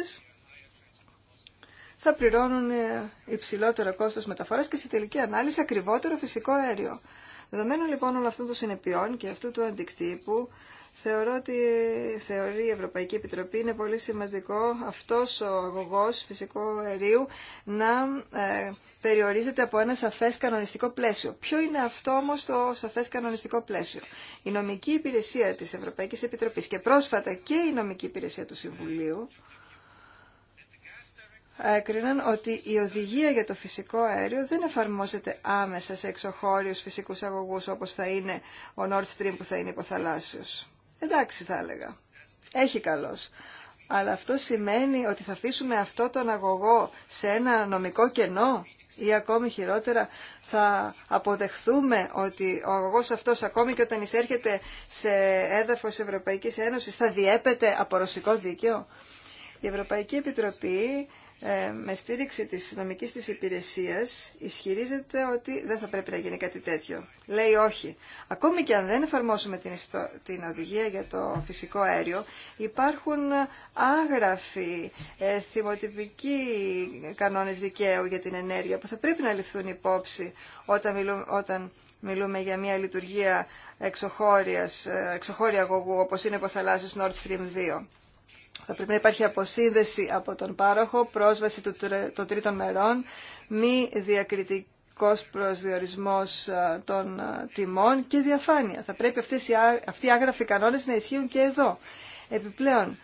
θα πληρώνουν ε, υψηλότερο κόστος μεταφοράς και σε τελική ανάλυση ακριβότερο φυσικό αέριο. Δεδομένου λοιπόν όλων αυτών των συνεπειών και αυτού του αντικτύπου, Θεωρώ ότι θεωρεί η Ευρωπαϊκή Επιτροπή είναι πολύ σημαντικό αυτός ο αγωγός φυσικού αερίου να ε, περιορίζεται από ένα σαφές κανονιστικό πλαίσιο. Ποιο είναι αυτό όμως το σαφές κανονιστικό πλαίσιο. Η νομική υπηρεσία της Ευρωπαϊκής Επιτροπής και πρόσφατα και η νομική υπηρεσία του Συμβουλίου έκριναν ότι η οδηγία για το φυσικό αέριο δεν εφαρμόζεται άμεσα σε εξωχώριους φυσικούς αγωγούς όπως θα είναι ο Nord Stream που θα είναι υποθαλάσσιος εντάξει θα έλεγα. Έχει καλός. Αλλά αυτό σημαίνει ότι θα αφήσουμε αυτό τον αγωγό σε ένα νομικό κενό ή ακόμη χειρότερα θα αποδεχθούμε ότι ο αγωγός αυτός ακόμη και όταν εισέρχεται σε έδαφος Ευρωπαϊκής Ένωσης θα διέπεται από ρωσικό δίκαιο. Η Ευρωπαϊκή Επιτροπή ε, με στήριξη της νομικής της υπηρεσίας ισχυρίζεται ότι δεν θα πρέπει να γίνει κάτι τέτοιο. Λέει όχι. Ακόμη και αν δεν εφαρμόσουμε την, την οδηγία για το φυσικό αέριο, υπάρχουν άγραφοι, ε, θυμοτυπικοί κανόνες δικαίου για την ενέργεια που θα πρέπει να ληφθούν υπόψη όταν μιλούμε, όταν μιλούμε για μια λειτουργία εξωχώρια ε, αγωγού όπως είναι ο θαλάσσιος Nord Stream 2. Θα πρέπει να υπάρχει αποσύνδεση από τον πάροχο, πρόσβαση των τρίτων μερών, μη διακριτικός προσδιορισμός των τιμών και διαφάνεια. Θα πρέπει αυτές οι, αυτοί οι άγραφοι κανόνες να ισχύουν και εδώ. Επιπλέον,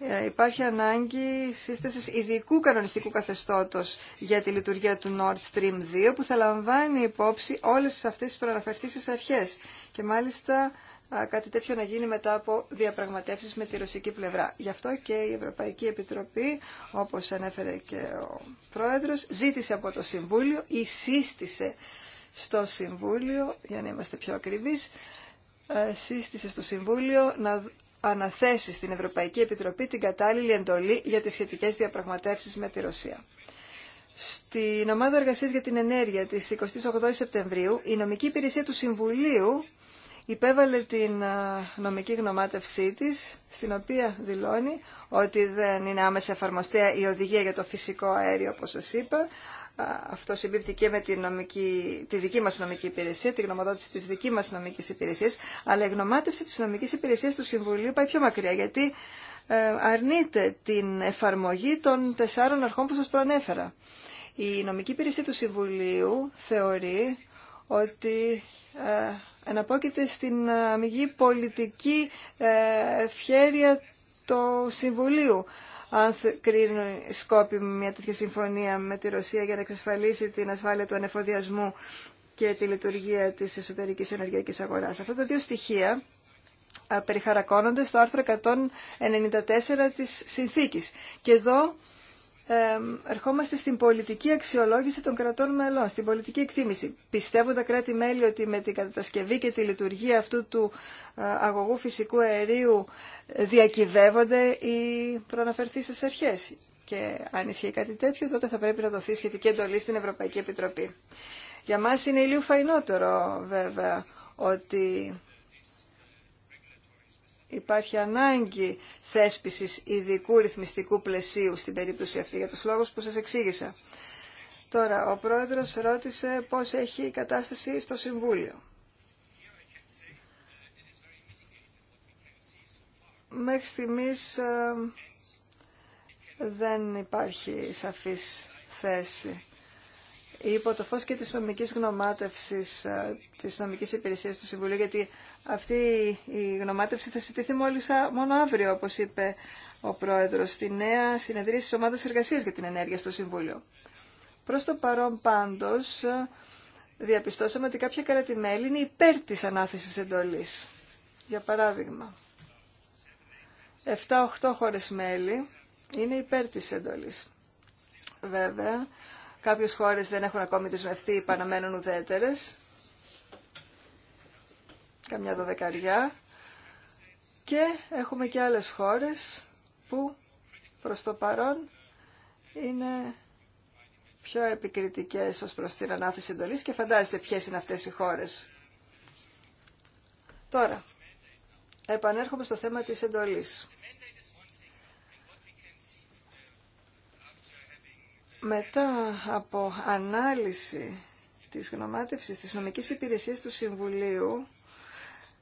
ε, υπάρχει ανάγκη σύστασης ειδικού κανονιστικού καθεστώτος για τη λειτουργία του Nord Stream 2 που θα λαμβάνει υπόψη όλες αυτές τις προαναφερθήσεις αρχές και μάλιστα κάτι τέτοιο να γίνει μετά από διαπραγματεύσεις με τη ρωσική πλευρά. Γι' αυτό και η Ευρωπαϊκή Επιτροπή, όπως ανέφερε και ο Πρόεδρος, ζήτησε από το Συμβούλιο ή σύστησε στο Συμβούλιο, για να είμαστε πιο ακριβείς, σύστησε στο Συμβούλιο να αναθέσει στην Ευρωπαϊκή Επιτροπή την κατάλληλη εντολή για τις σχετικές διαπραγματεύσεις με τη Ρωσία. Στην ομάδα εργασίας για την ενέργεια της 28 Σεπτεμβρίου, η νομική υπηρεσία του Συμβουλίου υπέβαλε την νομική γνωμάτευσή της, στην οποία δηλώνει ότι δεν είναι άμεσα εφαρμοστέα η οδηγία για το φυσικό αέριο, όπως σας είπα. Αυτό συμπίπτει και με τη, νομική, τη δική μας νομική υπηρεσία, τη γνωμοδότηση της δική μας νομικής υπηρεσίας, αλλά η γνωμάτευση της νομικής υπηρεσίας του Συμβουλίου πάει πιο μακριά, γιατί ε, αρνείται την εφαρμογή των τεσσάρων αρχών που σας προανέφερα. Η νομική υπηρεσία του Συμβουλίου θεωρεί ότι ε, αναπόκειται στην αμυγή πολιτική ε, ευχέρεια του Συμβουλίου αν κρίνει σκόπιμη μια τέτοια συμφωνία με τη Ρωσία για να εξασφαλίσει την ασφάλεια του ανεφοδιασμού και τη λειτουργία της εσωτερικής ενεργειακής αγοράς. Αυτά τα δύο στοιχεία ε, περιχαρακώνονται στο άρθρο 194 της συνθήκης. Και εδώ ερχόμαστε στην πολιτική αξιολόγηση των κρατών μελών, στην πολιτική εκτίμηση. Πιστεύουν τα κράτη-μέλη ότι με την κατασκευή και τη λειτουργία αυτού του ε, αγωγού φυσικού αερίου ε, διακυβεύονται οι προαναφερθήσεις αρχές. Και αν ισχύει κάτι τέτοιο, τότε θα πρέπει να δοθεί σχετική εντολή στην Ευρωπαϊκή Επιτροπή. Για μας είναι λίγο φαϊνότερο βέβαια ότι υπάρχει ανάγκη θέσπισης ειδικού ρυθμιστικού πλαισίου στην περίπτωση αυτή για τους λόγους που σας εξήγησα. Τώρα, ο πρόεδρος ρώτησε πώς έχει η κατάσταση στο Συμβούλιο. Μέχρι στιγμής ε, δεν υπάρχει σαφής θέση υπό το φως και της νομικής γνωμάτευσης ε, της νομικής υπηρεσίας του Συμβουλίου, γιατί αυτή η γνωμάτευση θα συζητηθεί μόλις μόνο αύριο, όπως είπε ο Πρόεδρος, στη νέα συνεδρία της Ομάδας Εργασίας για την Ενέργεια στο Συμβούλιο. Προς το παρόν πάντως, ε, διαπιστώσαμε ότι κάποια κρατημέλη είναι υπέρ της ανάθεσης εντολής. Για παράδειγμα, 7-8 χώρες μέλη είναι υπέρ της εντολής. Βέβαια, Κάποιες χώρες δεν έχουν ακόμη δεσμευτεί, παραμένουν ουδέτερες. Καμιά δωδεκαριά. Και έχουμε και άλλες χώρες που προς το παρόν είναι πιο επικριτικές ως προς την ανάθεση εντολής και φαντάζεστε ποιες είναι αυτές οι χώρες. Τώρα, επανέρχομαι στο θέμα της εντολής. Μετά από ανάλυση της γνωμάτευσης της νομικής υπηρεσίας του Συμβουλίου,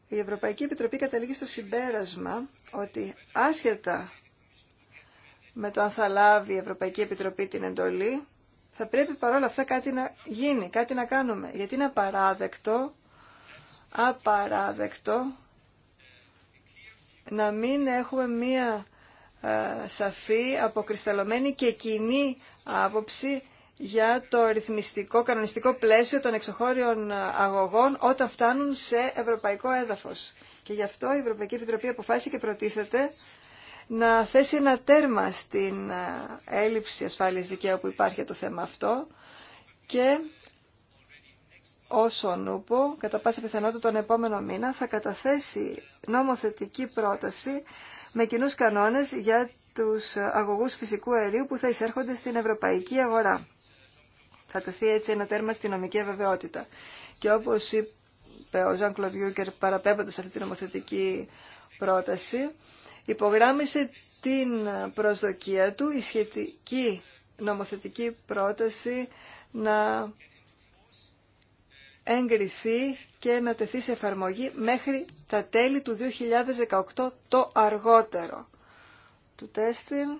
η Ευρωπαϊκή Επιτροπή καταλήγει στο συμπέρασμα ότι άσχετα με το αν θα λάβει η Ευρωπαϊκή Επιτροπή την εντολή, θα πρέπει παρόλα αυτά κάτι να γίνει, κάτι να κάνουμε. Γιατί είναι απαράδεκτο, απαράδεκτο να μην έχουμε μία ε, σαφή, αποκρισταλωμένη και κοινή άποψη για το ρυθμιστικό, κανονιστικό πλαίσιο των εξωχώριων αγωγών όταν φτάνουν σε ευρωπαϊκό έδαφος. Και γι' αυτό η Ευρωπαϊκή Επιτροπή αποφάσισε και προτίθεται να θέσει ένα τέρμα στην ε, έλλειψη ασφάλειας δικαίου που υπάρχει για το θέμα αυτό και όσο νουπο, κατά πάσα πιθανότητα τον επόμενο μήνα, θα καταθέσει νομοθετική πρόταση με κοινού κανόνες για τους αγωγούς φυσικού αερίου που θα εισέρχονται στην ευρωπαϊκή αγορά. Θα τεθεί έτσι ένα τέρμα στη νομική αβεβαιότητα. Και όπως είπε ο Ζαν Κλωδιούκερ παραπέμπτοντας αυτή τη νομοθετική πρόταση, υπογράμμισε την προσδοκία του η σχετική νομοθετική πρόταση να εγκριθεί και να τεθεί σε εφαρμογή μέχρι τα τέλη του 2018 το αργότερο του τεστίν,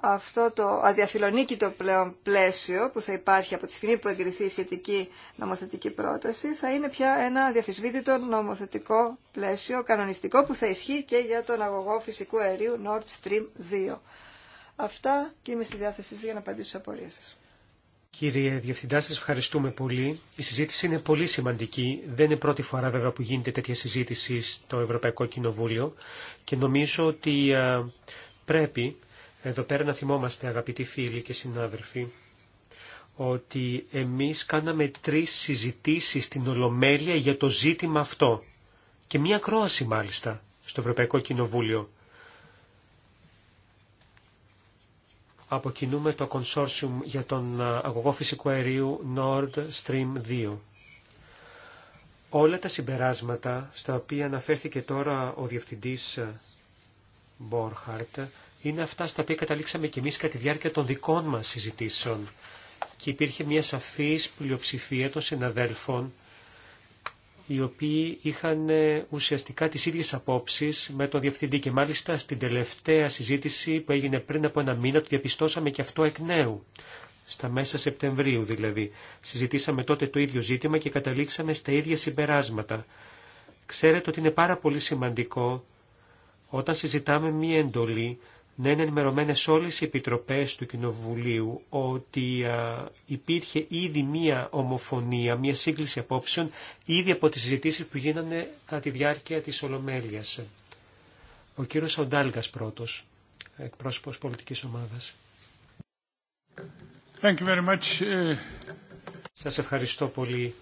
Αυτό το αδιαφιλονίκητο πλέον πλαίσιο που θα υπάρχει από τη στιγμή που εγκριθεί η σχετική νομοθετική πρόταση θα είναι πια ένα αδιαφυσβήτητο νομοθετικό πλαίσιο κανονιστικό που θα ισχύει και για τον αγωγό φυσικού αερίου Nord Stream 2. Αυτά και είμαι στη διάθεσή σας για να απαντήσω σε απορίες σας. Κύριε Διευθυντά, σας ευχαριστούμε πολύ. Η συζήτηση είναι πολύ σημαντική. Δεν είναι πρώτη φορά βέβαια που γίνεται τέτοια συζήτηση στο Ευρωπαϊκό Κοινοβούλιο και νομίζω ότι ε, πρέπει εδώ πέρα να θυμόμαστε αγαπητοί φίλοι και συνάδελφοι ότι εμείς κάναμε τρεις συζητήσεις στην Ολομέλεια για το ζήτημα αυτό και μία κρόαση μάλιστα στο Ευρωπαϊκό Κοινοβούλιο. αποκινούμε το κονσόρσιουμ για τον ε, αγωγό φυσικού αερίου Nord Stream 2. Όλα τα συμπεράσματα στα οποία αναφέρθηκε τώρα ο Διευθυντής Μπόρχαρτ ε, είναι αυτά στα οποία καταλήξαμε και εμείς κατά τη διάρκεια των δικών μας συζητήσεων και υπήρχε μια σαφής πλειοψηφία των συναδέλφων οι οποίοι είχαν ε, ουσιαστικά τις ίδιες απόψεις με τον Διευθυντή και μάλιστα στην τελευταία συζήτηση που έγινε πριν από ένα μήνα το διαπιστώσαμε και αυτό εκ νέου. Στα μέσα Σεπτεμβρίου δηλαδή. Συζητήσαμε τότε το ίδιο ζήτημα και καταλήξαμε στα ίδια συμπεράσματα. Ξέρετε ότι είναι πάρα πολύ σημαντικό όταν συζητάμε μία εντολή να είναι ενημερωμένε όλε οι επιτροπέ του Κοινοβουλίου ότι υπήρχε ήδη μία ομοφωνία, μία σύγκληση απόψεων, ήδη από τι συζητήσει που γίνανε κατά τη διάρκεια της Ολομέλειας. Ο κύριο Σοντάλγας πρώτο, εκπρόσωπος πολιτικής ομάδας. Thank ε. Σας ευχαριστώ πολύ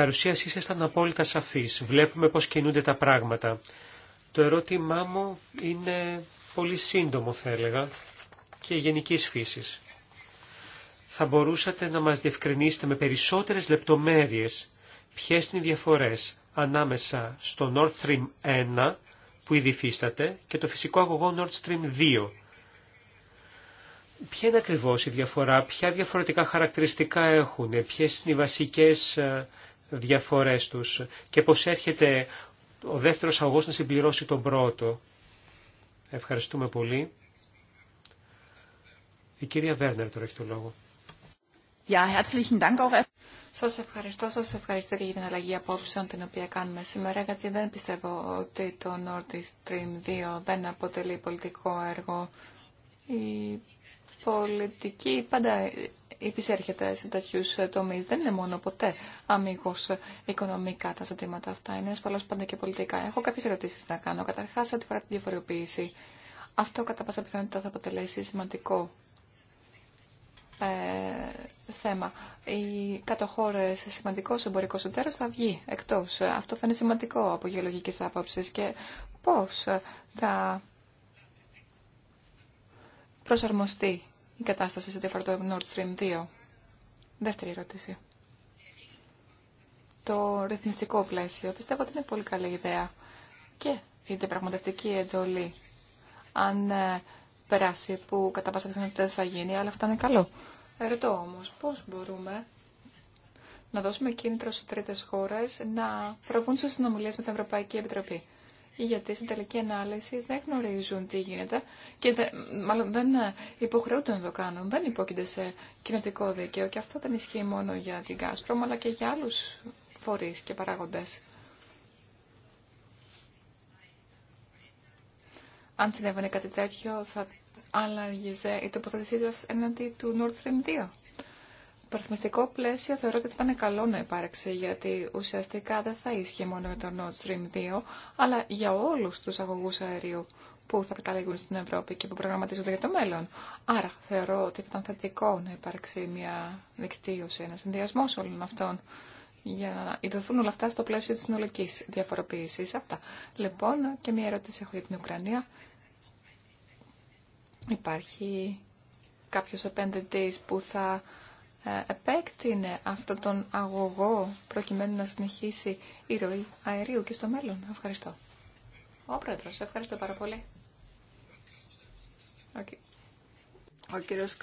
παρουσίαση ήταν απόλυτα σαφή. Βλέπουμε πώς κινούνται τα πράγματα. Το ερώτημά μου είναι πολύ σύντομο θα έλεγα και γενικής φύσης. Θα μπορούσατε να μας διευκρινίσετε με περισσότερες λεπτομέρειες ποιε είναι οι διαφορές ανάμεσα στο Nord Stream 1 που ήδη και το φυσικό αγωγό Nord Stream 2. Ποια είναι ακριβώς η διαφορά, ποια διαφορετικά χαρακτηριστικά έχουν, ποιες είναι οι βασικές ε, διαφορές τους και πως έρχεται ο δεύτερος αγώνας να συμπληρώσει τον πρώτο. Ευχαριστούμε πολύ. Η κυρία Βέρνερ τώρα έχει το λόγο. Σα ευχαριστώ, σα ευχαριστώ και για την αλλαγή απόψεων την οποία κάνουμε σήμερα, γιατί δεν πιστεύω ότι το Nord Stream 2 δεν αποτελεί πολιτικό έργο. Η πολιτική πάντα υπησέρχεται σε τέτοιου ε, τομεί. Δεν είναι μόνο ποτέ αμυγό ε, οικονομικά τα ζητήματα αυτά. Είναι ασφαλώ πάντα και πολιτικά. Έχω κάποιε ερωτήσει να κάνω. Καταρχά, ό,τι αφορά τη διαφοροποίηση. Αυτό κατά πάσα πιθανότητα θα αποτελέσει σημαντικό ε, θέμα. Οι κατοχώρε σε σημαντικό εμπορικό εταίρο θα βγει εκτό. Αυτό θα είναι σημαντικό από γεωλογική άποψη και πώ θα προσαρμοστεί η κατάσταση σε ό,τι αφορά το Nord Stream 2. Δεύτερη ερώτηση. Το ρυθμιστικό πλαίσιο. Πιστεύω ότι είναι πολύ καλή ιδέα. Και η διαπραγματευτική εντολή. Αν ε, περάσει, που κατά πάσα πιθανότητα δεν θα γίνει, αλλά αυτό είναι καλό. Ερωτώ, όμως, πώς μπορούμε να δώσουμε κίνητρο σε τρίτες χώρες να προβούν σε συνομιλίες με την Ευρωπαϊκή Επιτροπή γιατί στην τελική ανάλυση δεν γνωρίζουν τι γίνεται και δεν, μάλλον δεν υποχρεούνται να το κάνουν, δεν υπόκεινται σε κοινωτικό δίκαιο και αυτό δεν ισχύει μόνο για την Gazprom αλλά και για άλλους φορείς και παράγοντες. Αν συνέβαινε κάτι τέτοιο θα άλλαγε η τοποθέτησή σα εναντί του Nord Stream 2. Προθυμιστικό πλαίσιο θεωρώ ότι θα ήταν καλό να υπάρξει, γιατί ουσιαστικά δεν θα ίσχυε μόνο με το Nord Stream 2, αλλά για όλους τους αγωγούς αερίου που θα καταλήγουν στην Ευρώπη και που προγραμματίζονται για το μέλλον. Άρα θεωρώ ότι θα ήταν θετικό να υπάρξει μια δικτύωση, ένα συνδυασμό όλων αυτών για να ιδωθούν όλα αυτά στο πλαίσιο της συνολική διαφοροποίησης. Αυτά. Λοιπόν, και μια ερώτηση έχω για την Ουκρανία. Υπάρχει κάποιος επένδυτης που θα ε, επέκτηνε αυτόν τον αγωγό προκειμένου να συνεχίσει η ροή αερίου και στο μέλλον. Ευχαριστώ. Ο Πρόεδρος, ευχαριστώ πάρα πολύ. Okay. Ο κύριος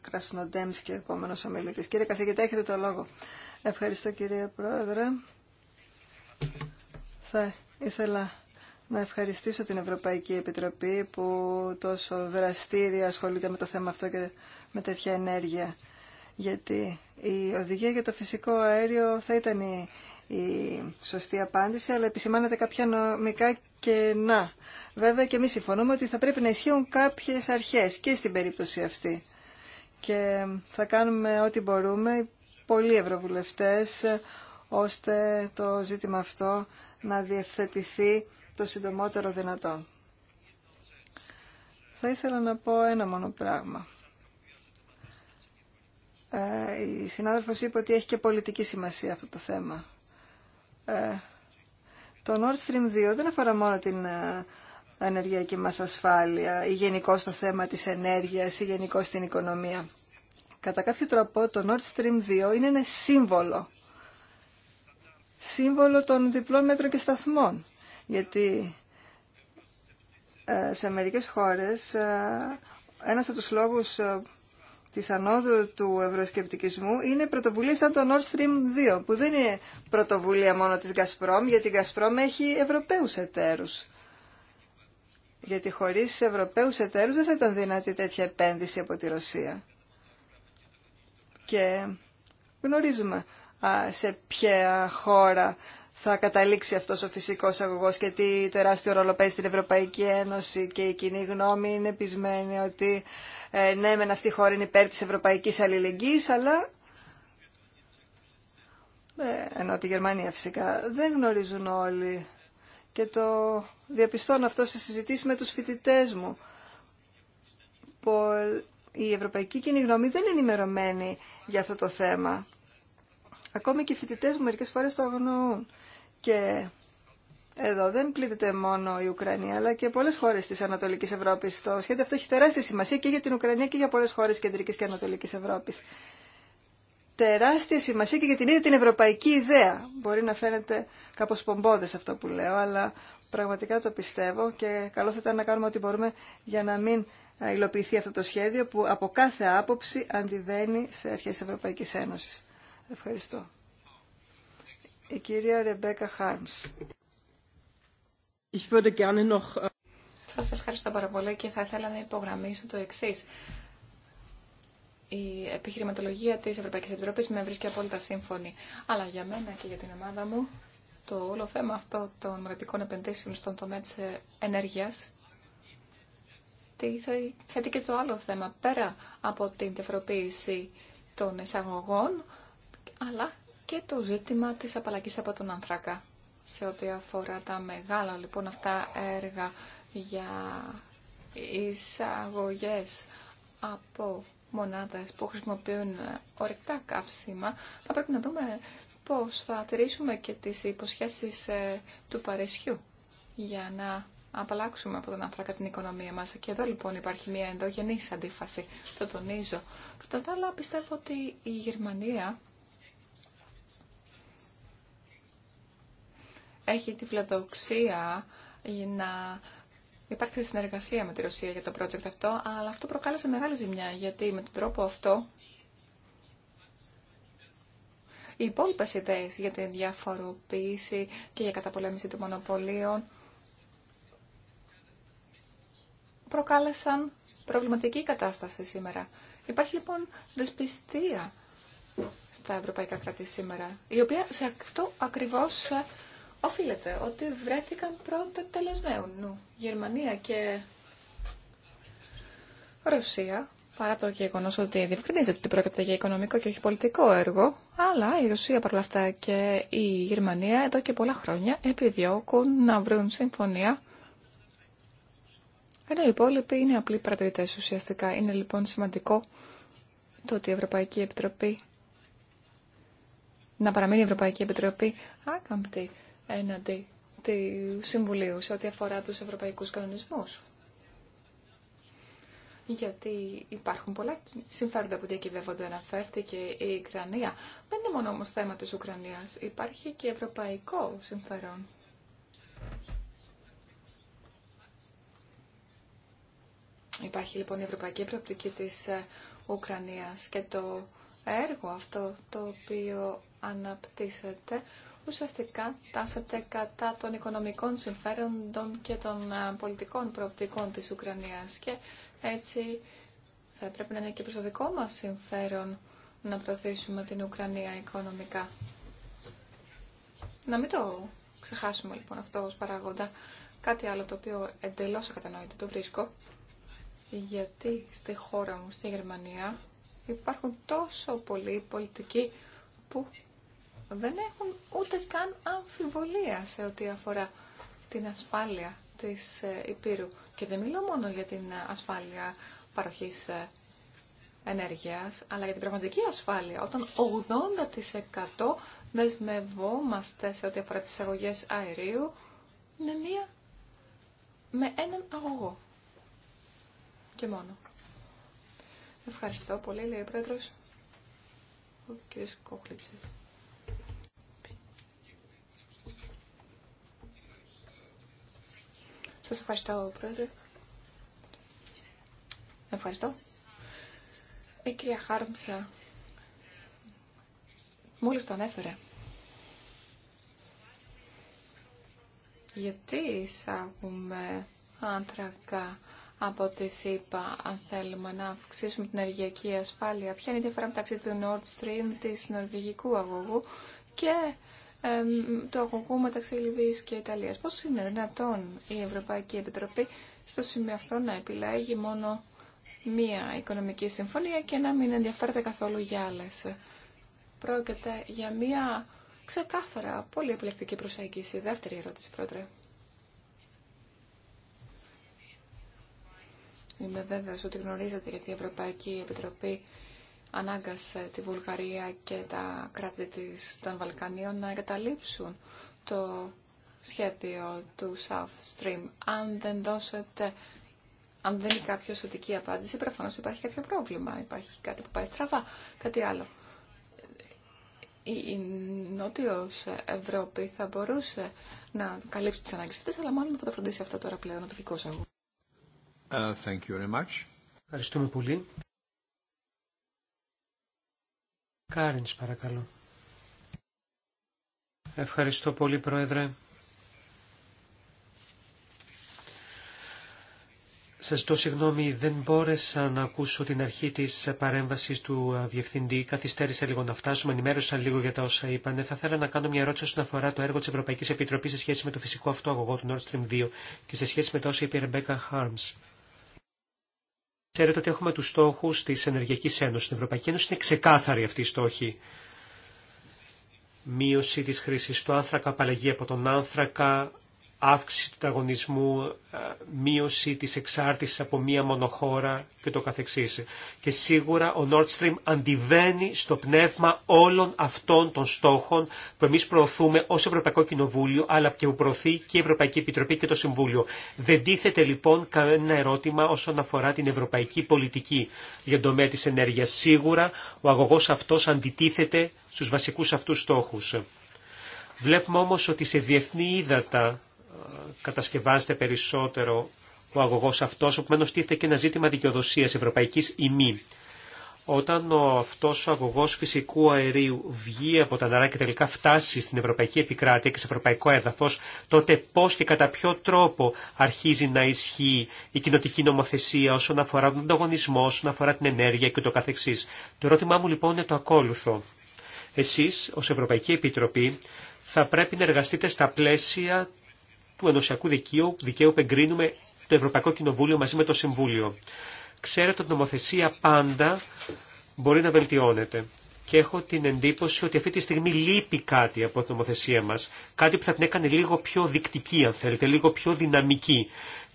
Κρασνοντέμσκι, επόμενος ομιλητής. Κύριε καθηγητά, έχετε το λόγο. Ευχαριστώ κύριε Πρόεδρε. Θα ήθελα να ευχαριστήσω την Ευρωπαϊκή Επιτροπή που τόσο δραστήρια ασχολείται με το θέμα αυτό και με τέτοια ενέργεια γιατί η οδηγία για το φυσικό αέριο θα ήταν η, σωστή απάντηση, αλλά επισημάνεται κάποια νομικά κενά. Βέβαια και εμείς συμφωνούμε ότι θα πρέπει να ισχύουν κάποιες αρχές και στην περίπτωση αυτή. Και θα κάνουμε ό,τι μπορούμε, πολλοί ευρωβουλευτές, ώστε το ζήτημα αυτό να διευθετηθεί το συντομότερο δυνατόν. Θα ήθελα να πω ένα μόνο πράγμα. Ε, η συνάδελφος είπε ότι έχει και πολιτική σημασία αυτό το θέμα. Ε, το Nord Stream 2 δεν αφορά μόνο την ε, ενεργειακή μας ασφάλεια ή γενικώ το θέμα της ενέργειας ή γενικώ την οικονομία. Κατά κάποιο τρόπο το Nord Stream 2 είναι ένα σύμβολο. Σύμβολο των διπλών μέτρων και σταθμών. Γιατί σε μερικές χώρες ένας από τους λόγους της ανόδου του ευρωσκεπτικισμού είναι πρωτοβουλία σαν το Nord Stream 2, που δεν είναι πρωτοβουλία μόνο της Gazprom, γιατί η Gazprom έχει Ευρωπαίους εταίρους. Γιατί χωρίς Ευρωπαίους εταίρους δεν θα ήταν δυνατή τέτοια επένδυση από τη Ρωσία. Και γνωρίζουμε σε ποια χώρα θα καταλήξει αυτός ο φυσικός αγωγός και τι τεράστιο ρόλο παίζει στην Ευρωπαϊκή Ένωση και η κοινή γνώμη είναι πεισμένη ότι ε, ναι μεν αυτή η χώρα είναι υπέρ της Ευρωπαϊκής Αλληλεγγύης αλλά ε, ενώ τη Γερμανία φυσικά δεν γνωρίζουν όλοι και το διαπιστώνω αυτό σε συζητήσει με τους φοιτητέ μου η ευρωπαϊκή κοινή γνώμη δεν είναι ενημερωμένη για αυτό το θέμα. Ακόμη και οι φοιτητέ μου μερικές φορές το αγνοούν. Και εδώ δεν πλήττεται μόνο η Ουκρανία, αλλά και πολλέ χώρε τη Ανατολική Ευρώπη. Το σχέδιο αυτό έχει τεράστια σημασία και για την Ουκρανία και για πολλέ χώρε Κεντρική και Ανατολική Ευρώπη. Τεράστια σημασία και για την ίδια την ευρωπαϊκή ιδέα. Μπορεί να φαίνεται κάπω πομπόδε αυτό που λέω, αλλά πραγματικά το πιστεύω και καλό θα ήταν να κάνουμε ό,τι μπορούμε για να μην υλοποιηθεί αυτό το σχέδιο που από κάθε άποψη αντιβαίνει σε αρχέ Ευρωπαϊκή Ένωση. Ευχαριστώ η Ρεμπέκα äh, Σας ευχαριστώ πάρα πολύ και θα ήθελα να υπογραμμίσω το εξή. Η επιχειρηματολογία της Ευρωπαϊκής Επιτροπής με βρίσκει απόλυτα σύμφωνη. Αλλά για μένα και για την ομάδα μου το όλο θέμα αυτό των μοναδικών επενδύσεων στον τομέα της ε, ενέργειας θέτει και το άλλο θέμα πέρα από την διαφοροποίηση των εισαγωγών αλλά και το ζήτημα της απαλλαγής από τον ανθράκα σε ό,τι αφορά τα μεγάλα λοιπόν αυτά έργα για εισαγωγές από μονάδες που χρησιμοποιούν ορεικτά καύσιμα, θα πρέπει να δούμε πώς θα τηρήσουμε και τις υποσχέσεις ε, του Παρισιού για να απαλλάξουμε από τον ανθράκα την οικονομία μας. Και εδώ λοιπόν υπάρχει μια ενδογενής αντίφαση, το τονίζω. Κατά τα άλλα πιστεύω ότι η Γερμανία έχει τη φιλοδοξία να υπάρξει συνεργασία με τη Ρωσία για το project αυτό, αλλά αυτό προκάλεσε μεγάλη ζημιά, γιατί με τον τρόπο αυτό οι υπόλοιπε ιδέε για την διαφοροποίηση και για καταπολέμηση των μονοπωλίων προκάλεσαν προβληματική κατάσταση σήμερα. Υπάρχει λοιπόν δεσπιστία στα ευρωπαϊκά κράτη σήμερα, η οποία σε αυτό ακριβώς οφείλεται ότι βρέθηκαν πρώτα τελεσμένου νου. Γερμανία και Ρωσία, παρά το γεγονό ότι διευκρινίζεται ότι πρόκειται για οικονομικό και όχι πολιτικό έργο, αλλά η Ρωσία παρ' όλα αυτά και η Γερμανία εδώ και πολλά χρόνια επιδιώκουν να βρουν συμφωνία. Ενώ οι υπόλοιποι είναι απλοί παρατηρητέ ουσιαστικά. Είναι λοιπόν σημαντικό το ότι η Ευρωπαϊκή Επιτροπή να παραμείνει η Ευρωπαϊκή Επιτροπή άκαμπτη έναντι του Συμβουλίου σε ό,τι αφορά τους ευρωπαϊκούς κανονισμούς. Γιατί υπάρχουν πολλά συμφέροντα που διακυβεύονται, αναφέρθηκε η Ουκρανία. Δεν είναι μόνο όμως θέμα της Ουκρανίας, υπάρχει και ευρωπαϊκό συμφέρον. Υπάρχει λοιπόν η ευρωπαϊκή προοπτική της ε, Ουκρανίας και το έργο αυτό το οποίο αναπτύσσεται ουσιαστικά τάσεται κατά των οικονομικών συμφέροντων και των ε, πολιτικών προοπτικών της Ουκρανίας και έτσι θα πρέπει να είναι και προς το δικό μας συμφέρον να προωθήσουμε την Ουκρανία οικονομικά. Να μην το ξεχάσουμε λοιπόν αυτό ως παράγοντα. Κάτι άλλο το οποίο εντελώς ακατανόητο το βρίσκω, γιατί στη χώρα μου, στη Γερμανία, υπάρχουν τόσο πολλοί πολιτικοί που δεν έχουν ούτε καν αμφιβολία σε ό,τι αφορά την ασφάλεια της ε, Υπήρου. Και δεν μιλώ μόνο για την ε, ασφάλεια παροχής ε, ενέργειας, αλλά για την πραγματική ασφάλεια, όταν 80% δεσμευόμαστε σε ό,τι αφορά τις αγωγές αερίου με, μία, με έναν αγωγό. Και μόνο. Ευχαριστώ πολύ, λέει ο Πρόεδρος. Ο κ. Σα ευχαριστώ, Πρόεδρε. Ευχαριστώ. Η κυρία Χάρμψα, ε, Μόλι το ανέφερε. Γιατί εισάγουμε άνθρακα από τη ΣΥΠΑ, αν θέλουμε να αυξήσουμε την ενεργειακή ασφάλεια. Ποια είναι η διαφορά μεταξύ του Nord Stream, της νορβηγικού αγωγού και το αγωγού μεταξύ Λιβύης και Ιταλίας. Πώς είναι δυνατόν η Ευρωπαϊκή Επιτροπή στο σημείο αυτό να επιλέγει μόνο μία οικονομική συμφωνία και να μην ενδιαφέρεται καθόλου για άλλες. Πρόκειται για μία ξεκάθαρα πολύ επιλεκτική προσέγγιση. Δεύτερη ερώτηση, Πρόεδρε. Είμαι βέβαιος ότι γνωρίζετε γιατί η Ευρωπαϊκή Επιτροπή ανάγκασε τη Βουλγαρία και τα κράτη της των Βαλκανίων να εγκαταλείψουν το σχέδιο του South Stream. Αν δεν δώσετε, αν δεν είναι κάποιο σωτική απάντηση, προφανώ υπάρχει κάποιο πρόβλημα, υπάρχει κάτι που πάει στραβά, κάτι άλλο. Η Νότιος Ευρώπη θα μπορούσε να καλύψει τις ανάγκες αυτές, αλλά μάλλον θα το φροντίσει αυτό τώρα πλέον ο τοπικός αγώνα. Uh, Ευχαριστούμε πολύ. Κάρινς παρακαλώ. Ευχαριστώ πολύ Πρόεδρε. Σας ζητώ συγγνώμη, δεν μπόρεσα να ακούσω την αρχή της παρέμβασης του Διευθυντή. Καθυστέρησα λίγο να φτάσουμε, ενημέρωσα λίγο για τα όσα είπαν. Θα ήθελα να κάνω μια ερώτηση όσον αφορά το έργο της Ευρωπαϊκής Επιτροπής σε σχέση με το φυσικό αυτό αγωγό του Nord Stream 2 και σε σχέση με τα όσα είπε η Ρεμπέκα Harms. Ξέρετε ότι έχουμε τους στόχους της Ενεργειακής Ένωσης. Στην Ευρωπαϊκή Ένωση είναι ξεκάθαρη αυτή η στόχη. Μείωση της χρήσης του άνθρακα, απαλλαγή από τον άνθρακα, αύξηση του ταγωνισμού, ε, μείωση της εξάρτησης από μία μονοχώρα και το καθεξής. Και σίγουρα ο Nord Stream αντιβαίνει στο πνεύμα όλων αυτών των στόχων που εμείς προωθούμε ως Ευρωπαϊκό Κοινοβούλιο, αλλά και που προωθεί και η Ευρωπαϊκή Επιτροπή και το Συμβούλιο. Δεν τίθεται λοιπόν κανένα ερώτημα όσον αφορά την ευρωπαϊκή πολιτική για τον τομέα της ενέργειας. Σίγουρα ο αγωγός αυτός αντιτίθεται στους βασικούς αυτούς στόχους. Βλέπουμε όμως ότι σε διεθνή ύδατα κατασκευάζεται περισσότερο ο αγωγός αυτός, οπομένως τίθεται και ένα ζήτημα δικαιοδοσία Ευρωπαϊκή ή μη. Όταν ο, αυτός ο αγωγό φυσικού αερίου βγει από τα νερά και τελικά φτάσει στην ευρωπαϊκή επικράτεια και σε ευρωπαϊκό Έδαφο, τότε πώ και κατά ποιο τρόπο αρχίζει να ισχύει η κοινοτική νομοθεσία όσον αφορά τον ανταγωνισμό, όσον αφορά την ενέργεια και το καθεξή. Το ερώτημά μου λοιπόν είναι το ακόλουθο. Εσεί, ω Ευρωπαϊκή Επιτροπή θα πρέπει να εργαστείτε στα πλαίσια του ενωσιακού δικαίου, δικαίου που εγκρίνουμε το Ευρωπαϊκό Κοινοβούλιο μαζί με το Συμβούλιο. Ξέρετε ότι η νομοθεσία πάντα μπορεί να βελτιώνεται. Και έχω την εντύπωση ότι αυτή τη στιγμή λείπει κάτι από την νομοθεσία μας. Κάτι που θα την έκανε λίγο πιο δικτική, αν θέλετε, λίγο πιο δυναμική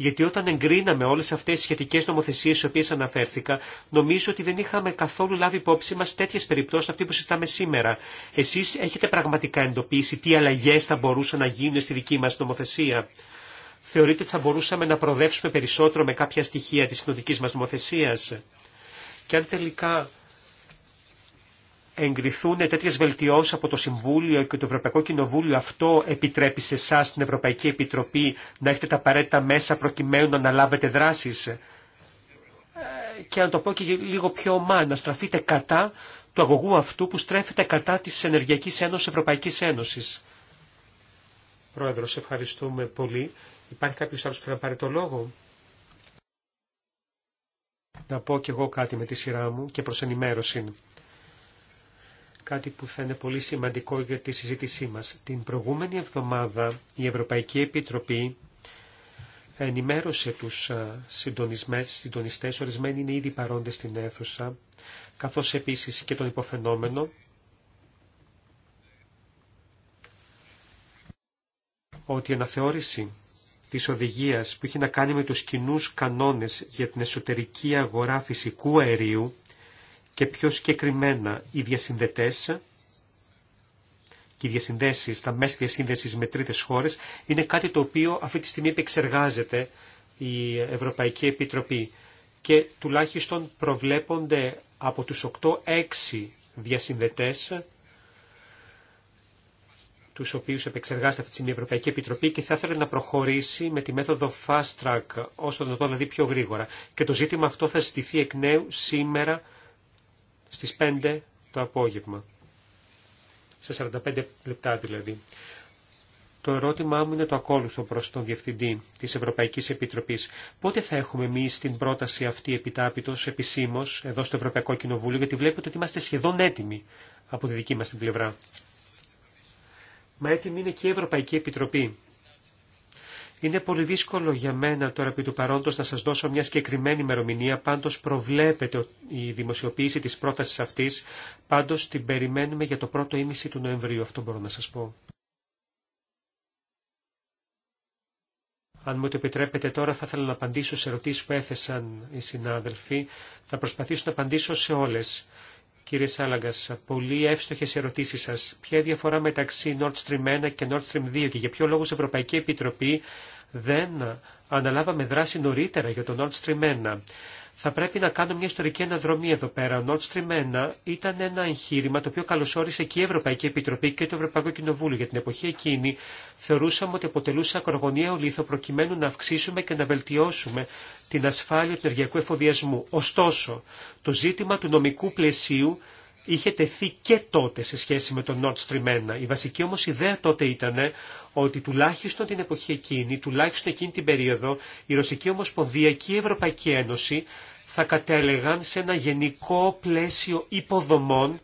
γιατί όταν εγκρίναμε όλε αυτέ τι σχετικέ νομοθεσίε στι οποίε αναφέρθηκα, νομίζω ότι δεν είχαμε καθόλου λάβει υπόψη μα τέτοιε περιπτώσει αυτή που συζητάμε σήμερα. Εσεί έχετε πραγματικά εντοπίσει τι αλλαγέ θα μπορούσαν να γίνουν στη δική μα νομοθεσία. Θεωρείτε ότι θα μπορούσαμε να προοδεύσουμε περισσότερο με κάποια στοιχεία τη κοινωτική μα νομοθεσία. Και αν τελικά εγκριθούν τέτοιε βελτιώσει από το Συμβούλιο και το Ευρωπαϊκό Κοινοβούλιο, αυτό επιτρέπει σε εσά, την Ευρωπαϊκή Επιτροπή, να έχετε τα απαραίτητα μέσα προκειμένου να αναλάβετε δράσει. Ε, και να το πω και λίγο πιο ομά, να στραφείτε κατά του αγωγού αυτού που στρέφεται κατά τη Ενεργειακή Ένωση Ευρωπαϊκή Ένωση. Πρόεδρο, ευχαριστούμε πολύ. Υπάρχει κάποιο άλλο που θέλει να πάρει το λόγο. Να πω κι εγώ κάτι με τη σειρά μου και προς ενημέρωση κάτι που θα είναι πολύ σημαντικό για τη συζήτησή μας. Την προηγούμενη εβδομάδα η Ευρωπαϊκή Επιτροπή ενημέρωσε τους συντονιστές, ορισμένοι είναι ήδη παρόντες στην αίθουσα, καθώς επίσης και τον υποφαινόμενο, ότι η αναθεώρηση της οδηγίας που έχει να κάνει με τους κοινούς κανόνες για την εσωτερική αγορά φυσικού αερίου και πιο συγκεκριμένα οι διασυνδετές και οι διασυνδέσεις, τα μέσα διασύνδεσης με τρίτες χώρες είναι κάτι το οποίο αυτή τη στιγμή επεξεργάζεται η Ευρωπαϊκή Επιτροπή και τουλάχιστον προβλέπονται από τους 8-6 διασυνδετές τους οποίους επεξεργάζεται αυτή τη στιγμή η Ευρωπαϊκή Επιτροπή και θα ήθελε να προχωρήσει με τη μέθοδο fast track όσο το δηλαδή πιο γρήγορα. Και το ζήτημα αυτό θα συστηθεί εκ νέου σήμερα στις 5 το απόγευμα. Σε 45 λεπτά δηλαδή. Το ερώτημά μου είναι το ακόλουθο προς τον Διευθυντή της Ευρωπαϊκής Επιτροπής. Πότε θα έχουμε εμεί την πρόταση αυτή επιτάπητος επισήμως εδώ στο Ευρωπαϊκό Κοινοβούλιο, γιατί βλέπετε ότι είμαστε σχεδόν έτοιμοι από τη δική μας την πλευρά. Μα έτοιμη είναι και η Ευρωπαϊκή Επιτροπή. Είναι πολύ δύσκολο για μένα τώρα επί του παρόντος να σας δώσω μια συγκεκριμένη ημερομηνία, πάντως προβλέπετε η δημοσιοποίηση της πρότασης αυτής, πάντως την περιμένουμε για το πρώτο ήμιση του Νοεμβρίου, αυτό μπορώ να σας πω. Αν μου το επιτρέπετε τώρα θα ήθελα να απαντήσω σε ερωτήσεις που έθεσαν οι συνάδελφοι. Θα προσπαθήσω να απαντήσω σε όλες. Κύριε Σάλαγκα, πολύ έύστοχε ερωτήσεις σας. Ποια διαφορά μεταξύ Nord Stream 1 και Nord Stream 2 και για ποιο λόγο η Ευρωπαϊκή Επιτροπή δεν αναλάβαμε δράση νωρίτερα για το Nord Stream 1. Θα πρέπει να κάνω μια ιστορική αναδρομή εδώ πέρα. Ο Nord Stream 1 ήταν ένα εγχείρημα το οποίο καλωσόρισε και η Ευρωπαϊκή Επιτροπή και το Ευρωπαϊκό Κοινοβούλιο. Για την εποχή εκείνη θεωρούσαμε ότι αποτελούσε ακρογωνία ολίθο προκειμένου να αυξήσουμε και να βελτιώσουμε την ασφάλεια του ενεργειακού εφοδιασμού. Ωστόσο, το ζήτημα του νομικού πλαισίου είχε τεθεί και τότε σε σχέση με τον Nord Stream 1. Η βασική όμως ιδέα τότε ήταν ότι τουλάχιστον την εποχή εκείνη, τουλάχιστον εκείνη την περίοδο, η Ρωσική Ομοσπονδία και η Ευρωπαϊκή Ένωση θα κατέλεγαν σε ένα γενικό πλαίσιο υποδομών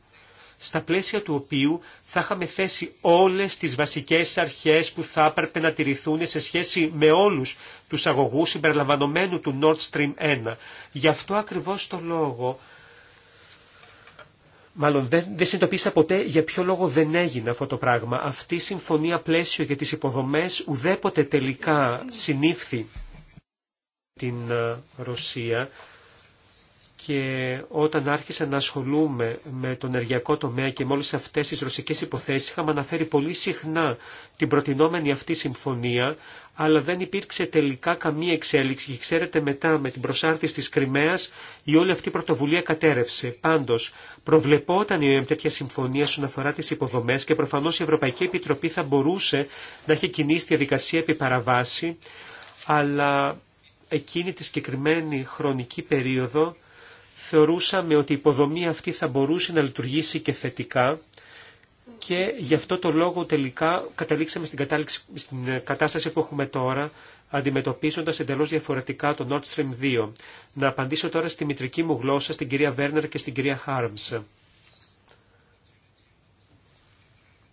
στα πλαίσια του οποίου θα είχαμε θέσει όλες τις βασικές αρχές που θα έπρεπε να τηρηθούν σε σχέση με όλους τους αγωγούς συμπεριλαμβανομένου του Nord Stream 1. Γι' αυτό ακριβώς το λόγο Μάλλον δεν, δεν συνειδητοποίησα ποτέ για ποιο λόγο δεν έγινε αυτό το πράγμα. Αυτή η συμφωνία πλαίσιο για τις υποδομές ουδέποτε τελικά συνήφθη την ε, Ρωσία και όταν άρχισα να ασχολούμαι με τον ενεργειακό τομέα και με όλες αυτές τις ρωσικές υποθέσεις είχαμε αναφέρει πολύ συχνά την προτινόμενη αυτή συμφωνία αλλά δεν υπήρξε τελικά καμία εξέλιξη και ξέρετε μετά με την προσάρτηση της Κρυμαίας η όλη αυτή η πρωτοβουλία κατέρευσε. Πάντως προβλεπόταν η τέτοια συμφωνία στον αφορά τις υποδομές και προφανώς η Ευρωπαϊκή Επιτροπή θα μπορούσε να έχει κινήσει τη διαδικασία επί παραβάση αλλά εκείνη τη συγκεκριμένη χρονική περίοδο θεωρούσαμε ότι η υποδομή αυτή θα μπορούσε να λειτουργήσει και θετικά και γι' αυτό το λόγο τελικά καταλήξαμε στην, κατάληξη, στην κατάσταση που έχουμε τώρα, αντιμετωπίζοντας εντελώς διαφορετικά το Nord Stream 2. Να απαντήσω τώρα στη μητρική μου γλώσσα, στην κυρία Βέρνερ και στην κυρία Χάρμς.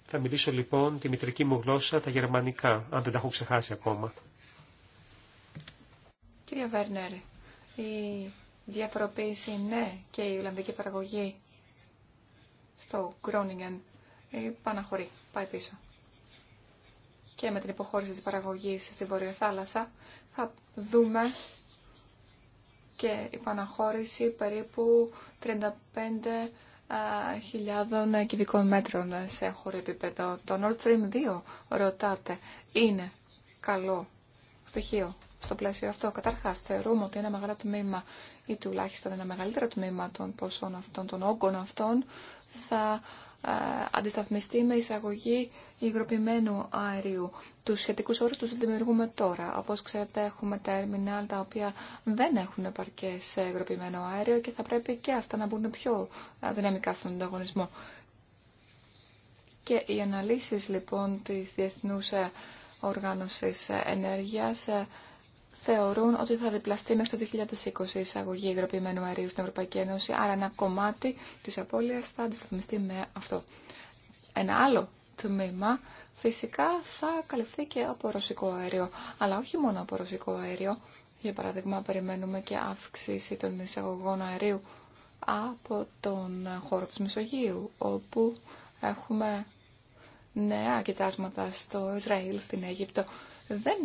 Θα μιλήσω λοιπόν τη μητρική μου γλώσσα, τα γερμανικά, αν δεν τα έχω ξεχάσει ακόμα. Κυρία Βέρνερ, η Διαφοροποίηση ναι και η Ολλανδική παραγωγή στο Groningen υπαναχωρεί, ε, πάει πίσω. Και με την υποχώρηση της παραγωγής στη Βόρεια Θάλασσα θα δούμε και η παναχώρηση περίπου 35.000 ε, κυβικών μέτρων σε χώρο επίπεδο. Το Nord Stream 2, ρωτάτε, είναι καλό στοιχείο στο πλαίσιο αυτό. Καταρχά, θεωρούμε ότι ένα μεγάλο τμήμα ή τουλάχιστον ένα μεγαλύτερο τμήμα των ποσών αυτών, των όγκων αυτών, θα ε, αντισταθμιστεί με εισαγωγή υγροποιημένου αερίου. του σχετικού όρου του δημιουργούμε τώρα. Όπω ξέρετε έχουμε τα τέρμιναλ τα οποία δεν έχουν επαρκέ σε υγροποιημένο αέριο και θα πρέπει και αυτά να μπουν πιο ε, δυναμικά στον ανταγωνισμό. Και οι αναλύσεις λοιπόν της Διεθνούς ε, Οργάνωσης Ενέργειας θεωρούν ότι θα διπλαστεί μέχρι το 2020 η εισαγωγή υγροποιημένου αερίου στην Ευρωπαϊκή Ένωση, άρα ένα κομμάτι της απώλειας θα αντισταθμιστεί με αυτό. Ένα άλλο τμήμα φυσικά θα καλυφθεί και από ρωσικό αέριο, αλλά όχι μόνο από ρωσικό αέριο. Για παράδειγμα, περιμένουμε και αύξηση των εισαγωγών αερίου από τον χώρο της Μεσογείου, όπου έχουμε νέα κοιτάσματα στο Ισραήλ, στην Αίγυπτο δεν